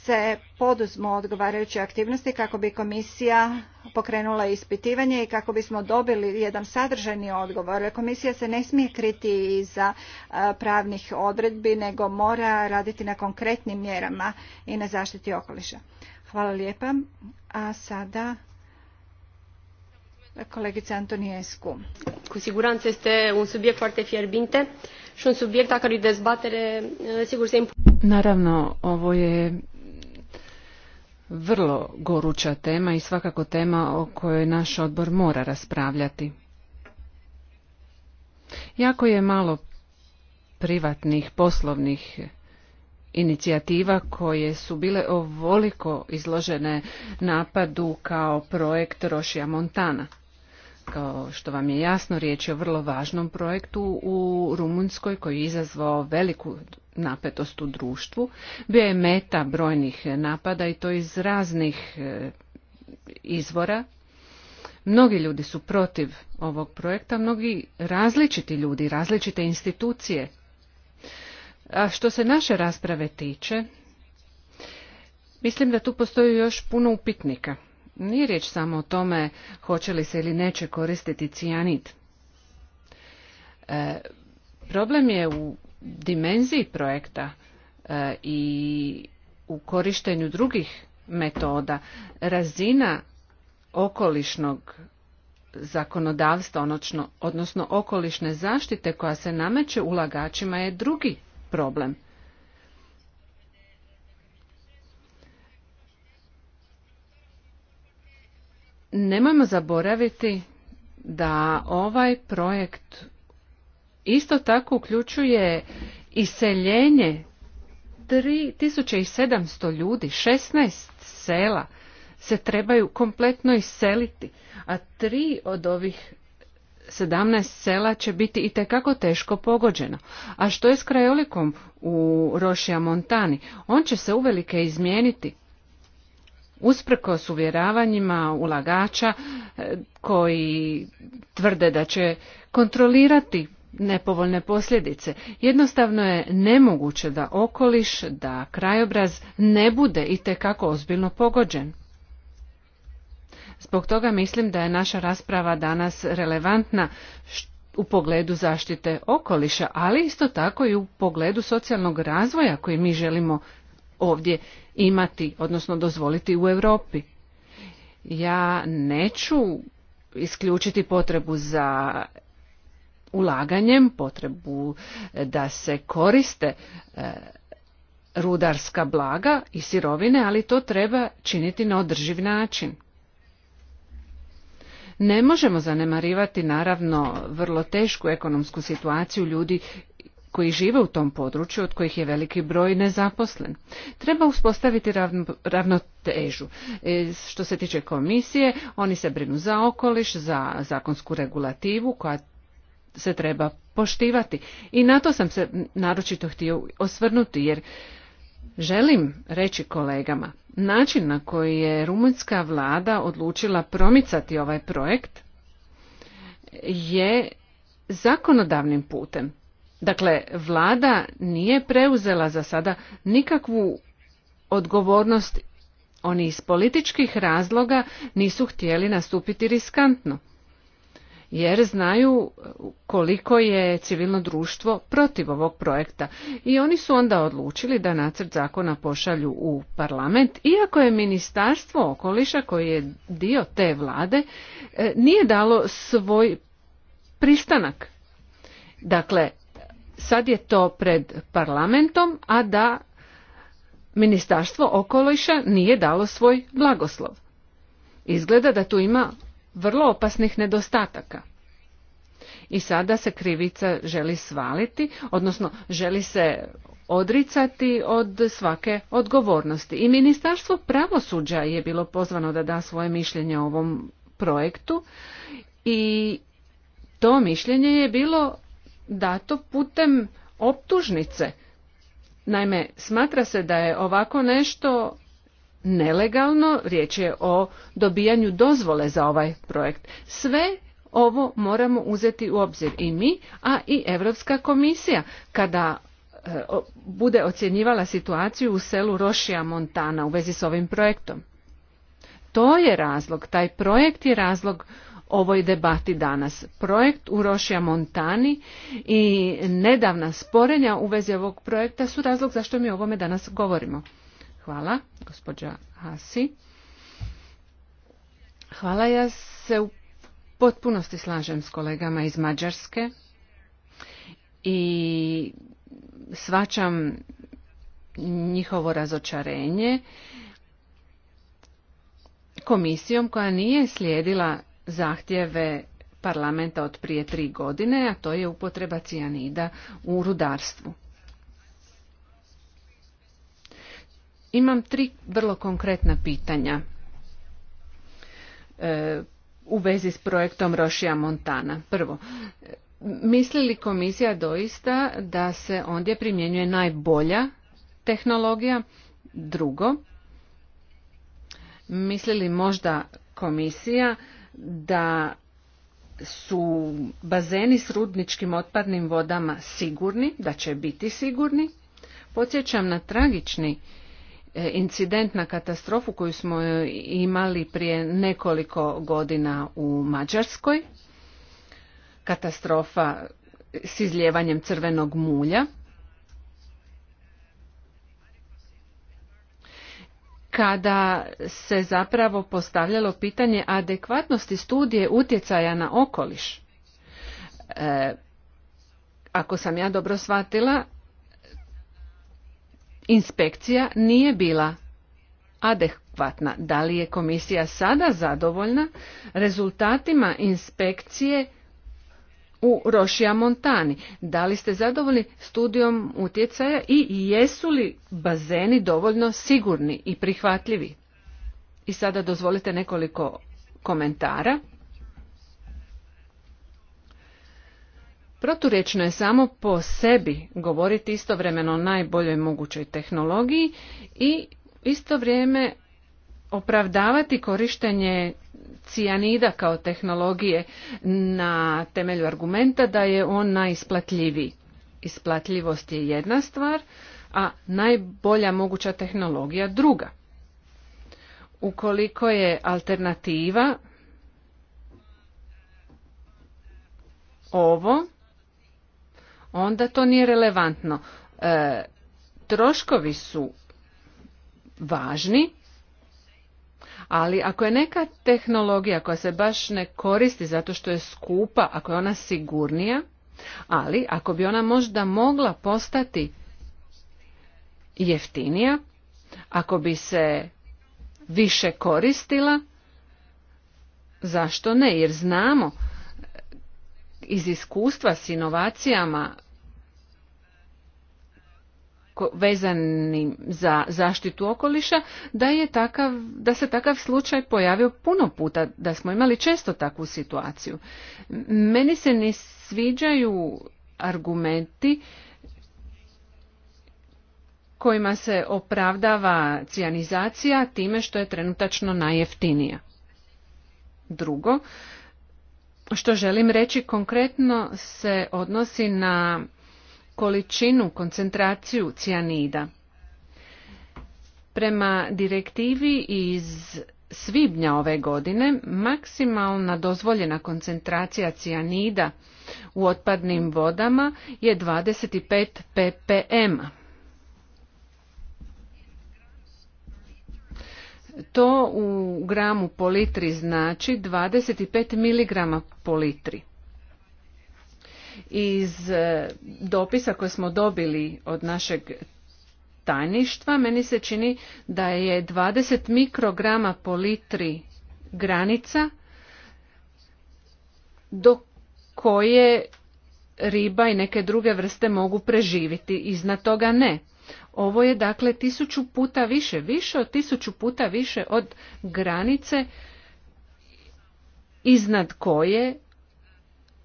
se poduzmu odgovarajuće aktivnosti kako bi komisija pokrenula ispitivanje i kako bismo dobili jedan sadržajni odgovor. Komisija se ne smije kriti iza e, pravnih odredbi, nego mora raditi na konkretnim mjerama i na zaštiti okoliša. Hvala lijepa. A sada kolegica Antonijesku. Cu siguranță este un subiect foarte fierbinte și un subiect a cărui dezbatere, eh, sigur, se Naravno, ovo je vrlo goruća tema i svakako tema o kojoj naš odbor mora raspravljati. Jako je malo privatnih poslovnih inicijativa koje su bile ovoliko izložene napadu kao projekt Rošija Montana. Kao što vam je jasno, riječ je o vrlo važnom projektu u Rumunjskoj koji je izazvao veliku napetost u društvu. Bio je meta brojnih napada i to iz raznih e, izvora. Mnogi ljudi su protiv ovog projekta, mnogi različiti ljudi, različite institucije. A što se naše rasprave tiče, mislim da tu postoji još puno upitnika. Nije riječ samo o tome hoće li se ili neće koristiti cijanid. E, problem je u dimenziji projekta e, i u korištenju drugih metoda. Razina okolišnog zakonodavstva, odnosno okolišne zaštite koja se nameće ulagačima je drugi problem. Nemojmo zaboraviti da ovaj projekt isto tako uključuje iseljenje 3700 ljudi, 16 sela se trebaju kompletno iseliti, a tri od ovih 17 sela će biti i itekako teško pogođeno. A što je s krajolikom u Rošija Montani? On će se uvelike izmijeniti usprkos uvjeravanjima ulagača e, koji tvrde da će kontrolirati nepovoljne posljedice. Jednostavno je nemoguće da okoliš, da krajobraz ne bude i tekako ozbiljno pogođen. Zbog toga mislim da je naša rasprava danas relevantna u pogledu zaštite okoliša, ali isto tako i u pogledu socijalnog razvoja koji mi želimo ovdje imati, odnosno dozvoliti u Europi. Ja neću isključiti potrebu za ulaganjem, potrebu e, da se koriste e, rudarska blaga i sirovine, ali to treba činiti na održiv način. Ne možemo zanemarivati naravno vrlo tešku ekonomsku situaciju ljudi koji žive u tom području, od kojih je veliki broj nezaposlen. Treba uspostaviti ravnotežu. E, što se tiče komisije, oni se brinu za okoliš, za zakonsku regulativu koja se treba poštivati. I na to sam se naročito htio osvrnuti, jer Želim reći kolegama, način na koji je rumunjska vlada odlučila promicati ovaj projekt je zakonodavnim putem. Dakle, vlada nije preuzela za sada nikakvu odgovornost. Oni iz političkih razloga nisu htjeli nastupiti riskantno, jer znaju koliko je civilno društvo protiv ovog projekta. I oni su onda odlučili da nacrt zakona pošalju u parlament, iako je ministarstvo okoliša, koji je dio te vlade, eh, nije dalo svoj pristanak. Dakle, sad je to pred parlamentom, a da Ministarstvo okoliša nije dalo svoj blagoslov. Izgleda da tu ima vrlo opasnih nedostataka. I sada se krivica želi svaliti, odnosno želi se odricati od svake odgovornosti. I Ministarstvo pravosuđa je bilo pozvano da da svoje mišljenje o ovom projektu i to mišljenje je bilo dato putem optužnice. Naime, smatra se da je ovako nešto nelegalno, riječ je o dobijanju dozvole za ovaj projekt. Sve ovo moramo uzeti u obzir i mi, a i Europska komisija kada e, bude ocjenjivala situaciju u selu Rošija Montana u vezi s ovim projektom. To je razlog, taj projekt je razlog ovoj debati danas. Projekt u Rošija Montani i nedavna sporenja u vezi ovog projekta su razlog zašto mi o ovome danas govorimo. Hvala, gospođa Hasi. Hvala, ja se u potpunosti slažem s kolegama iz Mađarske i svačam njihovo razočarenje komisijom koja nije slijedila zahtjeve parlamenta od prije tri godine, a to je upotreba cijanida u rudarstvu. Imam tri vrlo konkretna pitanja e, u vezi s projektom Rošija Montana. Prvo, misli li komisija doista da se ondje primjenjuje najbolja tehnologija? Drugo, misli li možda komisija da su bazeni s rudničkim otpadnim vodama sigurni, da će biti sigurni. Podsjećam na tragični e, incident na katastrofu koju smo e, imali prije nekoliko godina u Mađarskoj. Katastrofa s izljevanjem crvenog mulja. kada se zapravo postavljalo pitanje adekvatnosti studije utjecaja na okoliš. E, ako sam ja dobro shvatila, inspekcija nije bila adekvatna. Da li je komisija sada zadovoljna rezultatima inspekcije u Rošija Montani. Da li ste zadovoljni studijom utjecaja i jesu li bazeni dovoljno sigurni i prihvatljivi? I sada dozvolite nekoliko komentara. Proturječno je samo po sebi govoriti istovremeno o najboljoj mogućoj tehnologiji i isto vrijeme opravdavati korištenje cijanida kao tehnologije na temelju argumenta da je on najisplatljiviji. Isplatljivost je jedna stvar, a najbolja moguća tehnologija druga. Ukoliko je alternativa ovo, onda to nije relevantno. E, troškovi su važni, ali ako je neka tehnologija koja se baš ne koristi zato što je skupa, ako je ona sigurnija, ali ako bi ona možda mogla postati jeftinija, ako bi se više koristila, zašto ne? Jer znamo iz iskustva s inovacijama vezanim za zaštitu okoliša da je takav da se takav slučaj pojavio puno puta da smo imali često takvu situaciju meni se ne sviđaju argumenti kojima se opravdava cijanizacija time što je trenutačno najjeftinija drugo što želim reći konkretno se odnosi na količinu, koncentraciju cijanida. Prema direktivi iz svibnja ove godine maksimalna dozvoljena koncentracija cijanida u otpadnim vodama je 25 ppm. To u gramu po litri znači 25 mg po litri. Iz e, dopisa koje smo dobili od našeg tajništva meni se čini da je 20 mikrograma po litri granica do koje riba i neke druge vrste mogu preživjeti, iznad toga ne. Ovo je dakle tisuću puta više, više od tisuću puta više od granice iznad koje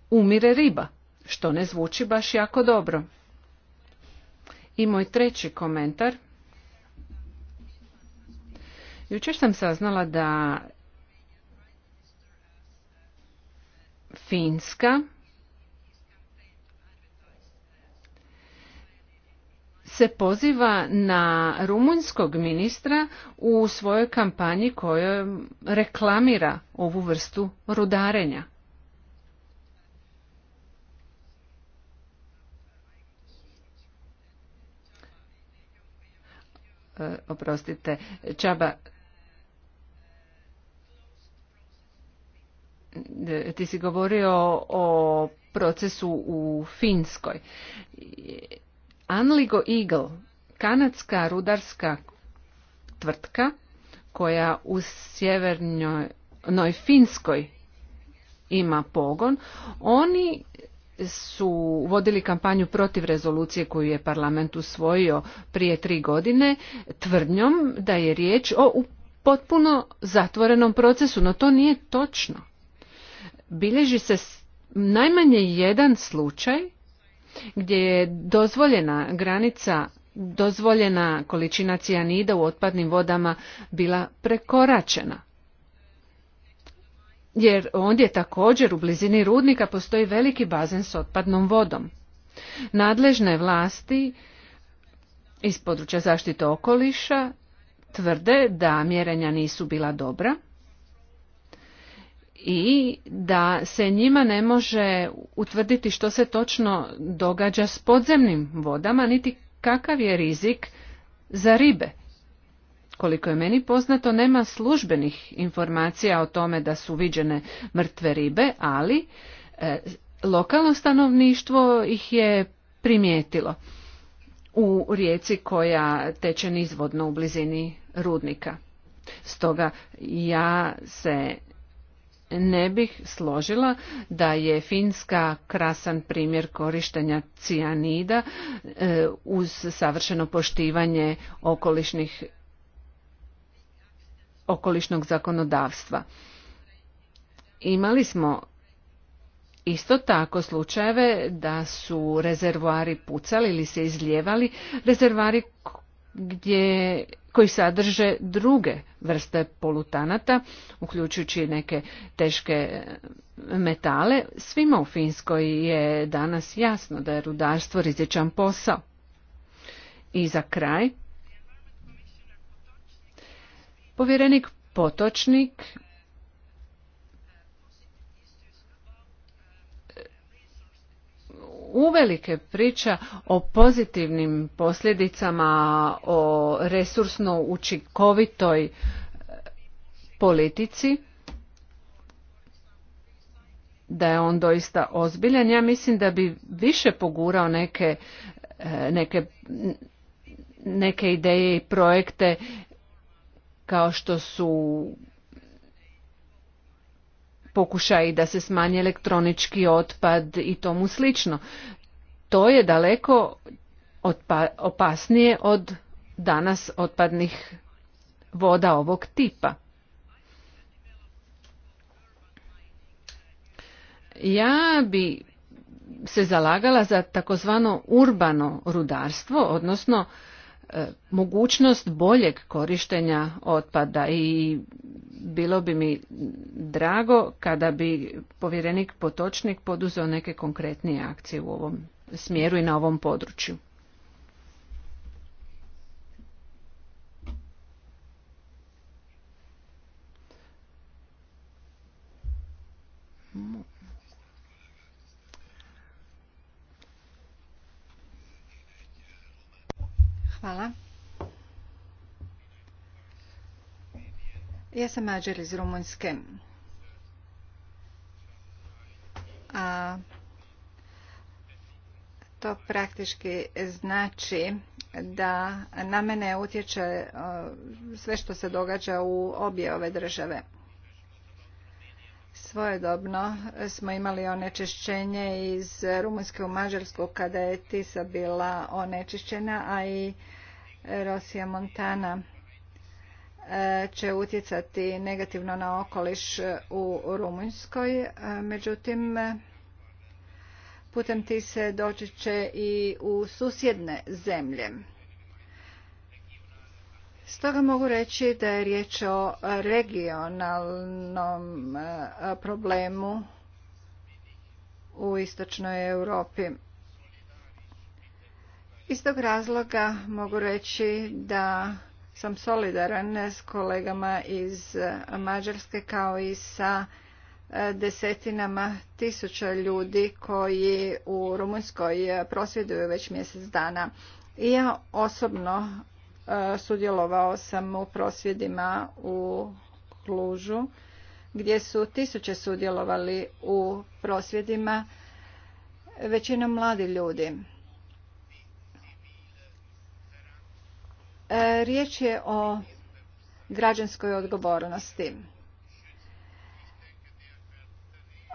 umire riba što ne zvuči baš jako dobro. I moj treći komentar. Jučer sam saznala da Finska se poziva na rumunjskog ministra u svojoj kampanji koja reklamira ovu vrstu rudarenja. E, oprostite, Čaba, e, ti si govorio o procesu u Finskoj. Anligo Eagle, kanadska rudarska tvrtka koja u sjevernoj Finskoj ima pogon, oni su vodili kampanju protiv rezolucije koju je parlament usvojio prije tri godine tvrdnjom da je riječ o potpuno zatvorenom procesu, no to nije točno. Bilježi se najmanje jedan slučaj gdje je dozvoljena granica, dozvoljena količina cijanida u otpadnim vodama bila prekoračena jer ondje također u blizini rudnika postoji veliki bazen s otpadnom vodom. Nadležne vlasti iz područja zaštite okoliša tvrde da mjerenja nisu bila dobra i da se njima ne može utvrditi što se točno događa s podzemnim vodama, niti kakav je rizik za ribe koliko je meni poznato, nema službenih informacija o tome da su viđene mrtve ribe, ali e, lokalno stanovništvo ih je primijetilo u rijeci koja teče nizvodno u blizini rudnika. Stoga ja se ne bih složila da je Finska krasan primjer korištenja cijanida e, uz savršeno poštivanje okolišnih okolišnog zakonodavstva. Imali smo Isto tako slučajeve da su rezervoari pucali ili se izljevali, rezervari gdje, koji sadrže druge vrste polutanata, uključujući neke teške e, metale. Svima u Finskoj je danas jasno da je rudarstvo rizičan posao. I za kraj, Povjerenik Potočnik uvelike priča o pozitivnim posljedicama, o resursno učinkovitoj e, politici, da je on doista ozbiljan. Ja mislim da bi više pogurao neke, e, neke, neke ideje i projekte kao što su pokušaji da se smanji elektronički otpad i tomu slično. To je daleko opasnije od danas otpadnih voda ovog tipa. Ja bi se zalagala za takozvano urbano rudarstvo, odnosno E, mogućnost boljeg korištenja otpada i bilo bi mi drago kada bi povjerenik Potočnik poduzeo neke konkretnije akcije u ovom smjeru i na ovom području. Hvala. Ja sam Mađer iz Rumunjske. A to praktički znači da na mene utječe e, sve što se događa u obje ove države. Svojedobno smo imali onečišćenje iz Rumunjske u Mađarsku kada je Tisa bila onečišćena, a i Rosija Montana e, će utjecati negativno na okoliš u Rumunjskoj. E, međutim, putem ti se doći će i u susjedne zemlje. Stoga mogu reći da je riječ o regionalnom e, problemu u istočnoj Europi. Iz tog razloga mogu reći da sam solidaran s kolegama iz Mađarske kao i sa e, desetinama tisuća ljudi koji u Rumunjskoj e, prosvjeduju već mjesec dana. I ja osobno e, sudjelovao sam u prosvjedima u Klužu gdje su tisuće sudjelovali u prosvjedima većinom mladi ljudi. E, riječ je o građanskoj odgovornosti.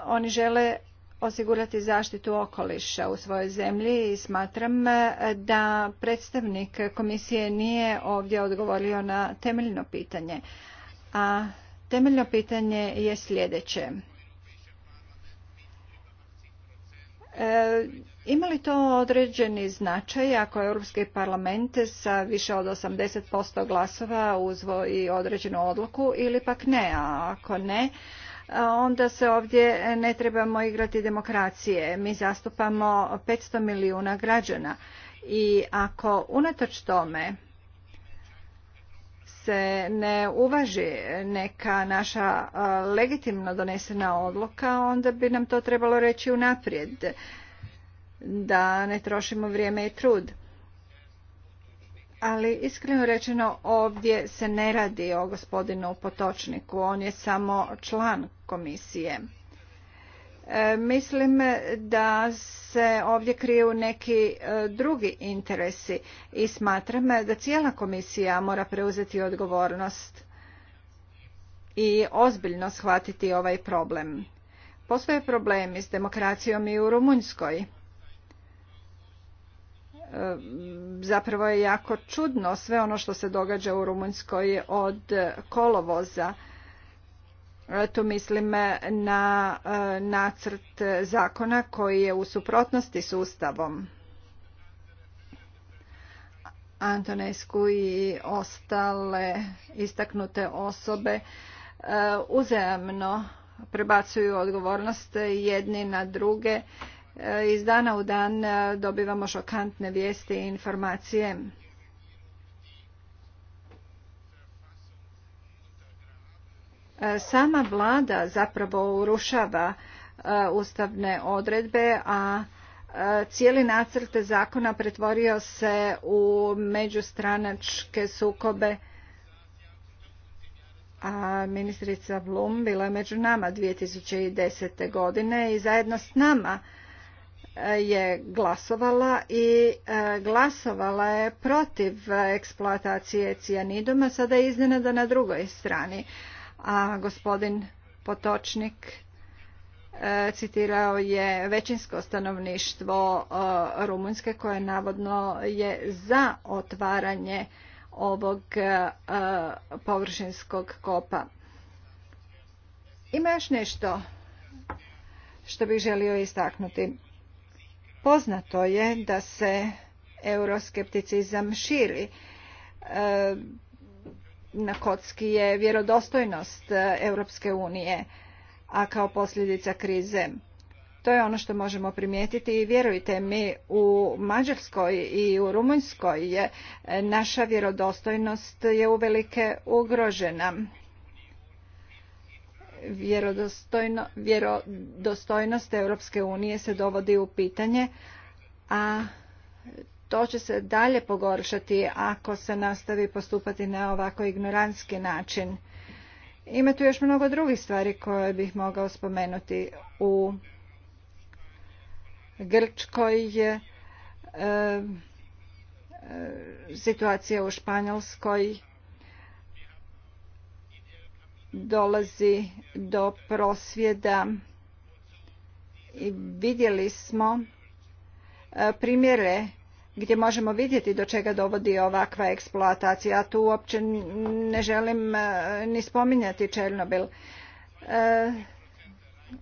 Oni žele osigurati zaštitu okoliša u svojoj zemlji i smatram e, da predstavnik komisije nije ovdje odgovorio na temeljno pitanje. A temeljno pitanje je sljedeće. E, ima li to određeni značaj ako Europski parlament sa više od 80% glasova uzvoji određenu odluku ili pak ne? A ako ne, onda se ovdje ne trebamo igrati demokracije. Mi zastupamo 500 milijuna građana i ako unatoč tome se ne uvaži neka naša legitimno donesena odluka, onda bi nam to trebalo reći unaprijed. naprijed da ne trošimo vrijeme i trud. Ali iskreno rečeno ovdje se ne radi o gospodinu Potočniku, on je samo član komisije. E, mislim da se ovdje kriju neki e, drugi interesi i smatram da cijela komisija mora preuzeti odgovornost i ozbiljno shvatiti ovaj problem. Postoje problemi s demokracijom i u Rumunjskoj zapravo je jako čudno sve ono što se događa u Rumunjskoj od kolovoza. E, tu mislim na e, nacrt zakona koji je u suprotnosti s Ustavom. Antonescu i ostale istaknute osobe e, uzajamno prebacuju odgovornost jedni na druge Eh, iz dana u dan eh, dobivamo šokantne vijesti i informacije. Eh, sama vlada zapravo urušava ustavne odredbe, a cijeli nacrt zakona pretvorio se u međustranačke sukobe a ministrica Blum bila je među nama 2010. godine i zajedno s nama je glasovala i e, glasovala je protiv eksploatacije cijanidoma, sada je iznenada na drugoj strani. A gospodin Potočnik e, citirao je većinsko stanovništvo e, Rumunjske koje navodno je za otvaranje ovog površinskog kopa. Ima još nešto što bih želio istaknuti. Poznato je da se euroskepticizam širi. E, na kocki je vjerodostojnost e, Europske unije, a kao posljedica krize. To je ono što možemo primijetiti i vjerujte mi u Mađarskoj i u Rumunjskoj je e, naša vjerodostojnost je uvelike ugrožena vjerodostojnost Europske unije se dovodi u pitanje, a to će se dalje pogoršati ako se nastavi postupati na ovako ignorantski način. Ima tu još mnogo drugih stvari koje bih mogao spomenuti. U Grčkoj je e, e, situacija u Španjolskoj dolazi do prosvjeda i vidjeli smo e, primjere gdje možemo vidjeti do čega dovodi ovakva eksploatacija. Ja tu uopće ne želim e, ni spominjati Černobil. E,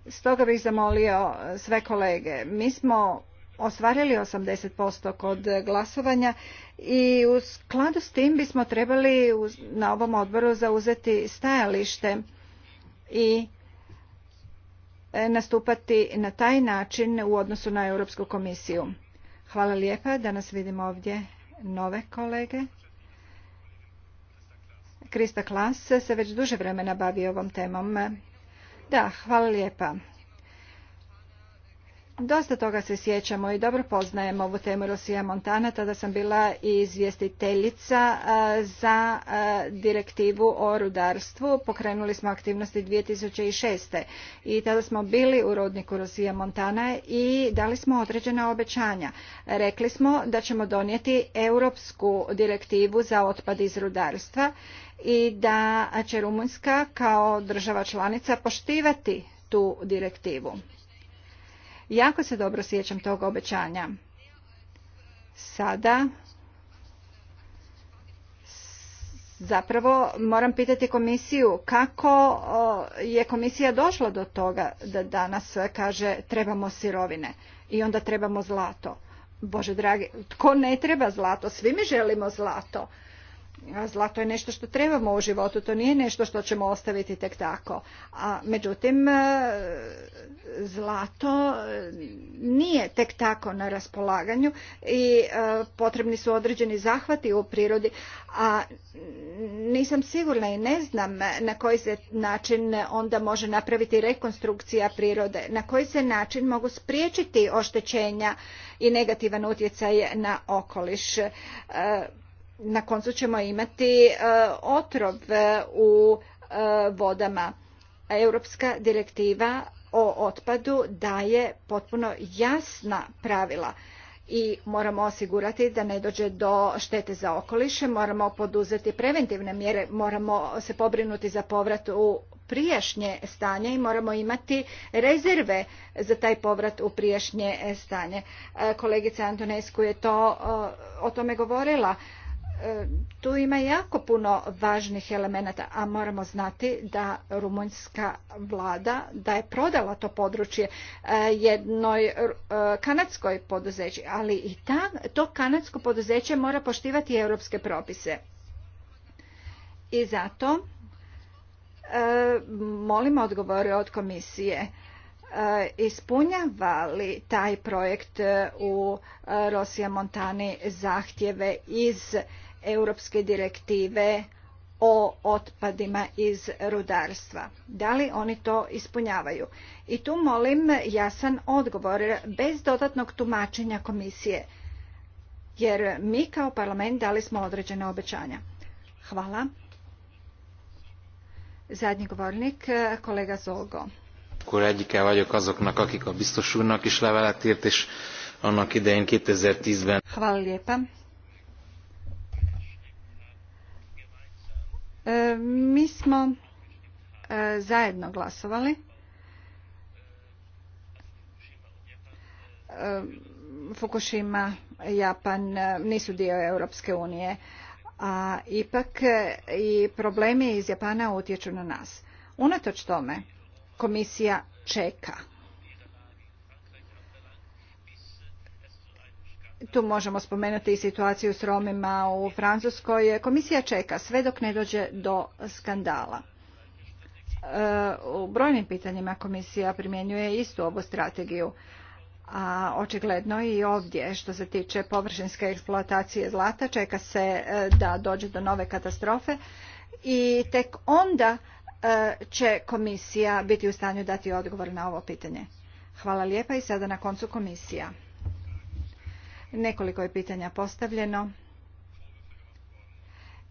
stoga bih zamolio sve kolege. Mi smo ostvarili 80% kod glasovanja i u skladu s tim bismo trebali na ovom odboru zauzeti stajalište i e, nastupati na taj način u odnosu na Europsku komisiju. Hvala lijepa. Danas vidimo ovdje nove kolege. Krista Klas se već duže vremena bavi ovom temom. Da, hvala lijepa. Dosta toga se sjećamo i dobro poznajem ovu temu Rosija Montana. Tada sam bila i izvjestiteljica za direktivu o rudarstvu. Pokrenuli smo aktivnosti 2006. I tada smo bili u rodniku Rosija Montana i dali smo određena obećanja. Rekli smo da ćemo donijeti europsku direktivu za otpad iz rudarstva i da će Rumunjska kao država članica poštivati tu direktivu. Jako se dobro sjećam tog obećanja. Sada zapravo moram pitati komisiju kako je komisija došla do toga da danas kaže trebamo sirovine i onda trebamo zlato. Bože dragi, tko ne treba zlato? Svi mi želimo zlato Zlato je nešto što trebamo u životu, to nije nešto što ćemo ostaviti tek tako. A međutim, e, zlato e, nije tek tako na raspolaganju i e, potrebni su određeni zahvati u prirodi, a nisam sigurna i ne znam na koji se način onda može napraviti rekonstrukcija prirode, na koji se način mogu spriječiti oštećenja i negativan utjecaj na okoliš na koncu ćemo imati e, otrov u e, vodama. Europska direktiva o otpadu daje potpuno jasna pravila i moramo osigurati da ne dođe do štete za okoliše, moramo poduzeti preventivne mjere, moramo se pobrinuti za povrat u prijašnje stanje i moramo imati rezerve za taj povrat u prijašnje stanje. E, kolegica Antonescu je to o tome govorila E, tu ima jako puno važnih elemenata, a moramo znati da rumunjska vlada da je prodala to područje e, jednoj e, kanadskoj poduzeći, ali i ta, to kanadsko poduzeće mora poštivati europske propise. I zato molimo odgovore od komisije ispunjava li taj projekt u Rosija Montani zahtjeve iz europske direktive o otpadima iz rudarstva. Da li oni to ispunjavaju? I tu molim jasan odgovor bez dodatnog tumačenja komisije. Jer mi kao parlament dali smo određene obećanja. Hvala. Zadnji govornik, kolega zogo Akkor egyike vagyok azoknak, akik a biztos úrnak is levelet és annak idején 2010-ben. Hvala lijepa. E, mi smo e, zajedno glasovali. E, Fukushima, Japan nisu dio Europske unije, a ipak i problemi iz Japana utječu na nas. Unatoč tome, komisija čeka tu možemo spomenuti i situaciju s Romima u Francuskoj. Komisija čeka sve dok ne dođe do skandala. E, u brojnim pitanjima komisija primjenjuje istu ovu strategiju, a očigledno i ovdje što se tiče površinske eksploatacije zlata čeka se e, da dođe do nove katastrofe i tek onda e, će komisija biti u stanju dati odgovor na ovo pitanje. Hvala lijepa i sada na koncu komisija. Nekoliko je pitanja postavljeno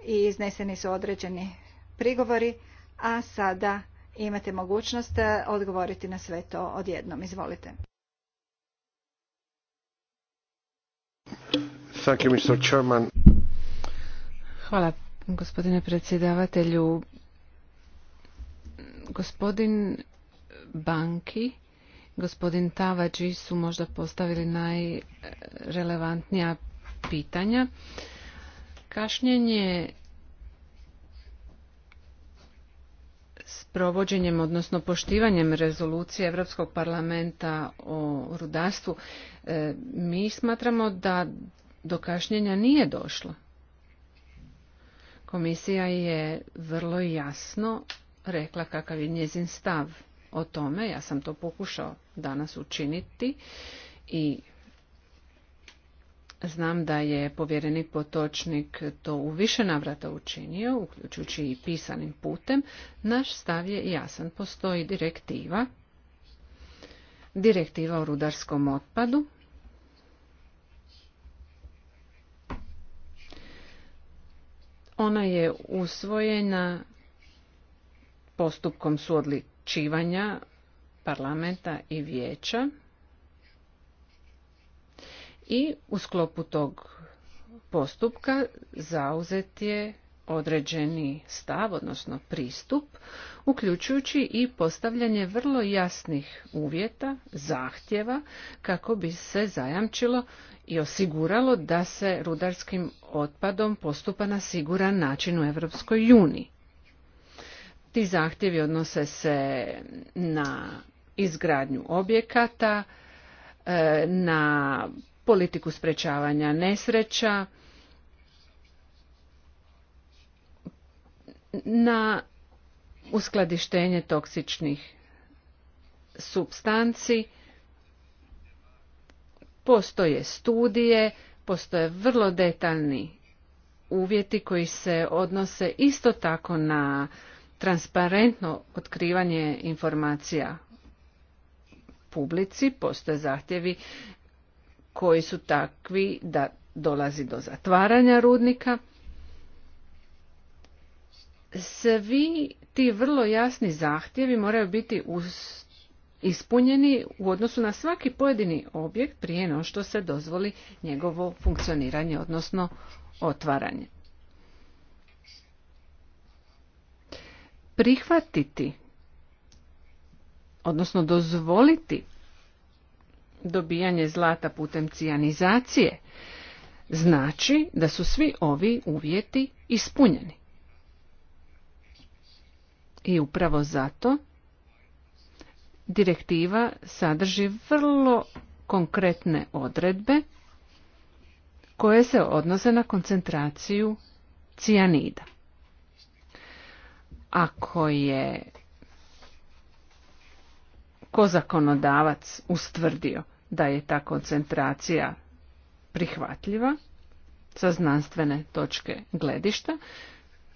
i izneseni su određeni prigovori, a sada imate mogućnost e, odgovoriti na sve to odjednom. Izvolite. Hvala gospodine predsjedavatelju. Gospodin Banki gospodin Tavađi su možda postavili najrelevantnija pitanja. Kašnjenje s provođenjem, odnosno poštivanjem rezolucije Europskog parlamenta o rudarstvu, e, mi smatramo da do kašnjenja nije došlo. Komisija je vrlo jasno rekla kakav je njezin stav o tome. Ja sam to pokušao danas učiniti i znam da je povjerenik Potočnik to u više navrata učinio, uključujući i pisanim putem. Naš stav je jasan. Postoji direktiva, direktiva o rudarskom otpadu, Ona je usvojena postupkom suodlik odlučivanja parlamenta i vijeća i u sklopu tog postupka zauzet je određeni stav, odnosno pristup, uključujući i postavljanje vrlo jasnih uvjeta, zahtjeva, kako bi se zajamčilo i osiguralo da se rudarskim otpadom postupa na siguran način u Europskoj uniji. Ti zahtjevi odnose se na izgradnju objekata, e, na politiku sprečavanja nesreća, na uskladištenje toksičnih substanci. Postoje studije, postoje vrlo detaljni uvjeti koji se odnose isto tako na transparentno otkrivanje informacija publici, postoje zahtjevi koji su takvi da dolazi do zatvaranja rudnika. Svi ti vrlo jasni zahtjevi moraju biti ispunjeni u odnosu na svaki pojedini objekt prije no što se dozvoli njegovo funkcioniranje, odnosno otvaranje. prihvatiti, odnosno dozvoliti dobijanje zlata putem cijanizacije, znači da su svi ovi uvjeti ispunjeni. I upravo zato direktiva sadrži vrlo konkretne odredbe koje se odnose na koncentraciju cijanida ako je ko zakonodavac ustvrdio da je ta koncentracija prihvatljiva sa znanstvene točke gledišta,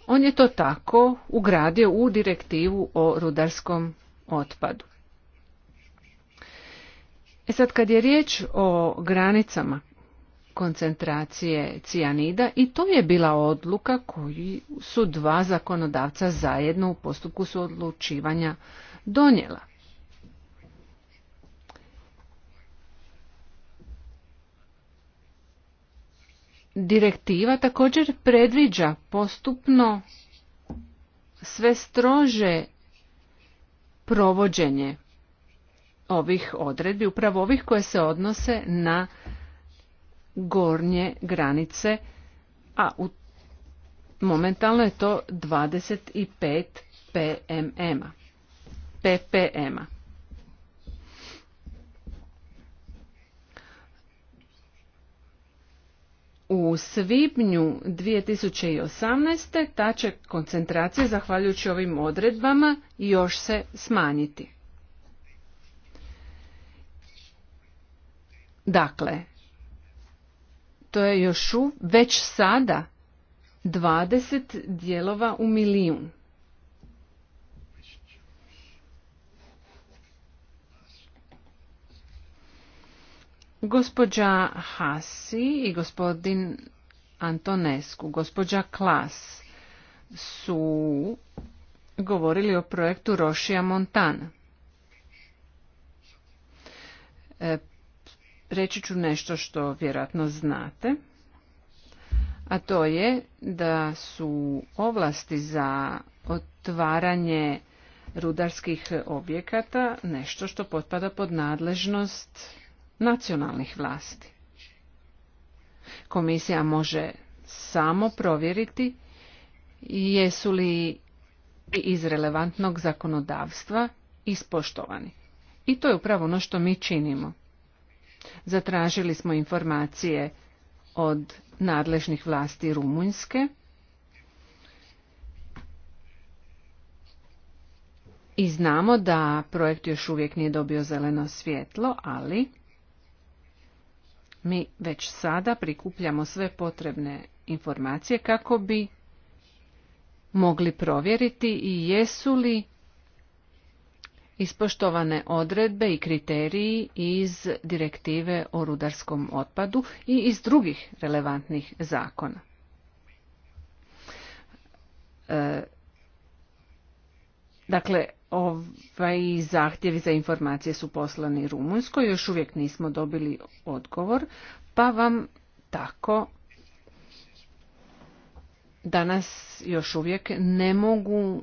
on je to tako ugradio u direktivu o rudarskom otpadu. E sad kad je riječ o granicama koncentracije cijanida i to je bila odluka koju su dva zakonodavca zajedno u postupku su odlučivanja donijela. Direktiva također predviđa postupno sve strože provođenje ovih odredbi, upravo ovih koje se odnose na gornje granice, a u momentalno je to 25 PMM-a. ppm U svibnju 2018. ta će koncentracija, zahvaljujući ovim odredbama, još se smanjiti. Dakle, to je još u, već sada 20 dijelova u milijun. Gospođa Hasi i gospodin Antonescu, gospođa Klas su govorili o projektu Rošija Montana. E, reći ću nešto što vjerojatno znate, a to je da su ovlasti za otvaranje rudarskih objekata nešto što potpada pod nadležnost nacionalnih vlasti. Komisija može samo provjeriti jesu li iz relevantnog zakonodavstva ispoštovani. I to je upravo ono što mi činimo. Zatražili smo informacije od nadležnih vlasti Rumunjske. I znamo da projekt još uvijek nije dobio zeleno svjetlo, ali mi već sada prikupljamo sve potrebne informacije kako bi mogli provjeriti i jesu li ispoštovane odredbe i kriteriji iz direktive o rudarskom otpadu i iz drugih relevantnih zakona. E, dakle, ovaj zahtjevi za informacije su poslani Rumunjskoj, još uvijek nismo dobili odgovor, pa vam tako danas još uvijek ne mogu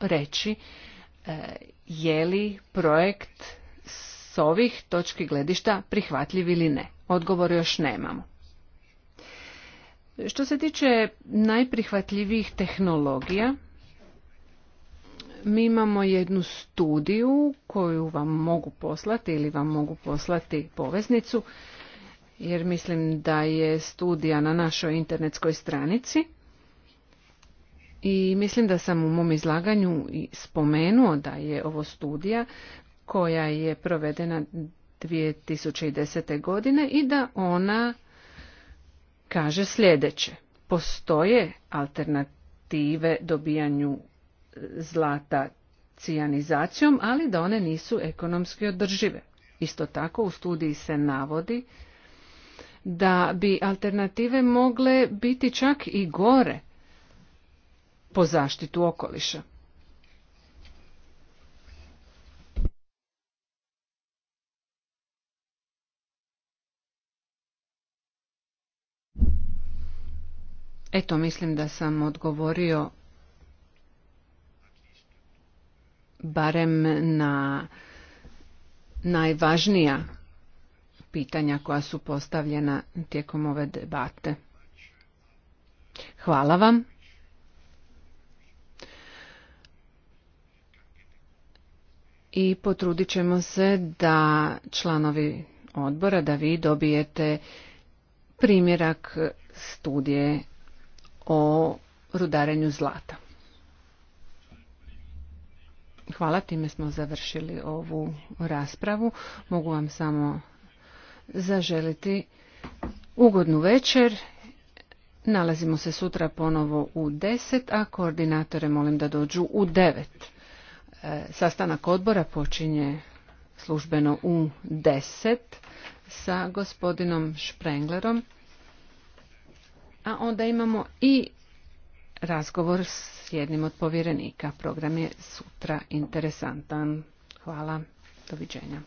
reći je li projekt s ovih točki gledišta prihvatljiv ili ne. Odgovor još nemamo. Što se tiče najprihvatljivijih tehnologija, mi imamo jednu studiju koju vam mogu poslati ili vam mogu poslati poveznicu, jer mislim da je studija na našoj internetskoj stranici i mislim da sam u mom izlaganju spomenuo da je ovo studija koja je provedena 2010. godine i da ona kaže sljedeće. Postoje alternative dobijanju zlata cijanizacijom, ali da one nisu ekonomski održive. Isto tako u studiji se navodi da bi alternative mogle biti čak i gore – po zaštitu okoliša. Eto, mislim da sam odgovorio barem na najvažnija pitanja koja su postavljena tijekom ove debate. Hvala vam. i potrudit ćemo se da članovi odbora, da vi dobijete primjerak studije o rudarenju zlata. Hvala, time smo završili ovu raspravu. Mogu vam samo zaželiti ugodnu večer. Nalazimo se sutra ponovo u 10, a koordinatore molim da dođu u 9. E, sastanak odbora počinje službeno u 10 sa gospodinom Šprenglerom. A onda imamo i razgovor s jednim od povjerenika. Program je sutra interesantan. Hvala. Doviđenja.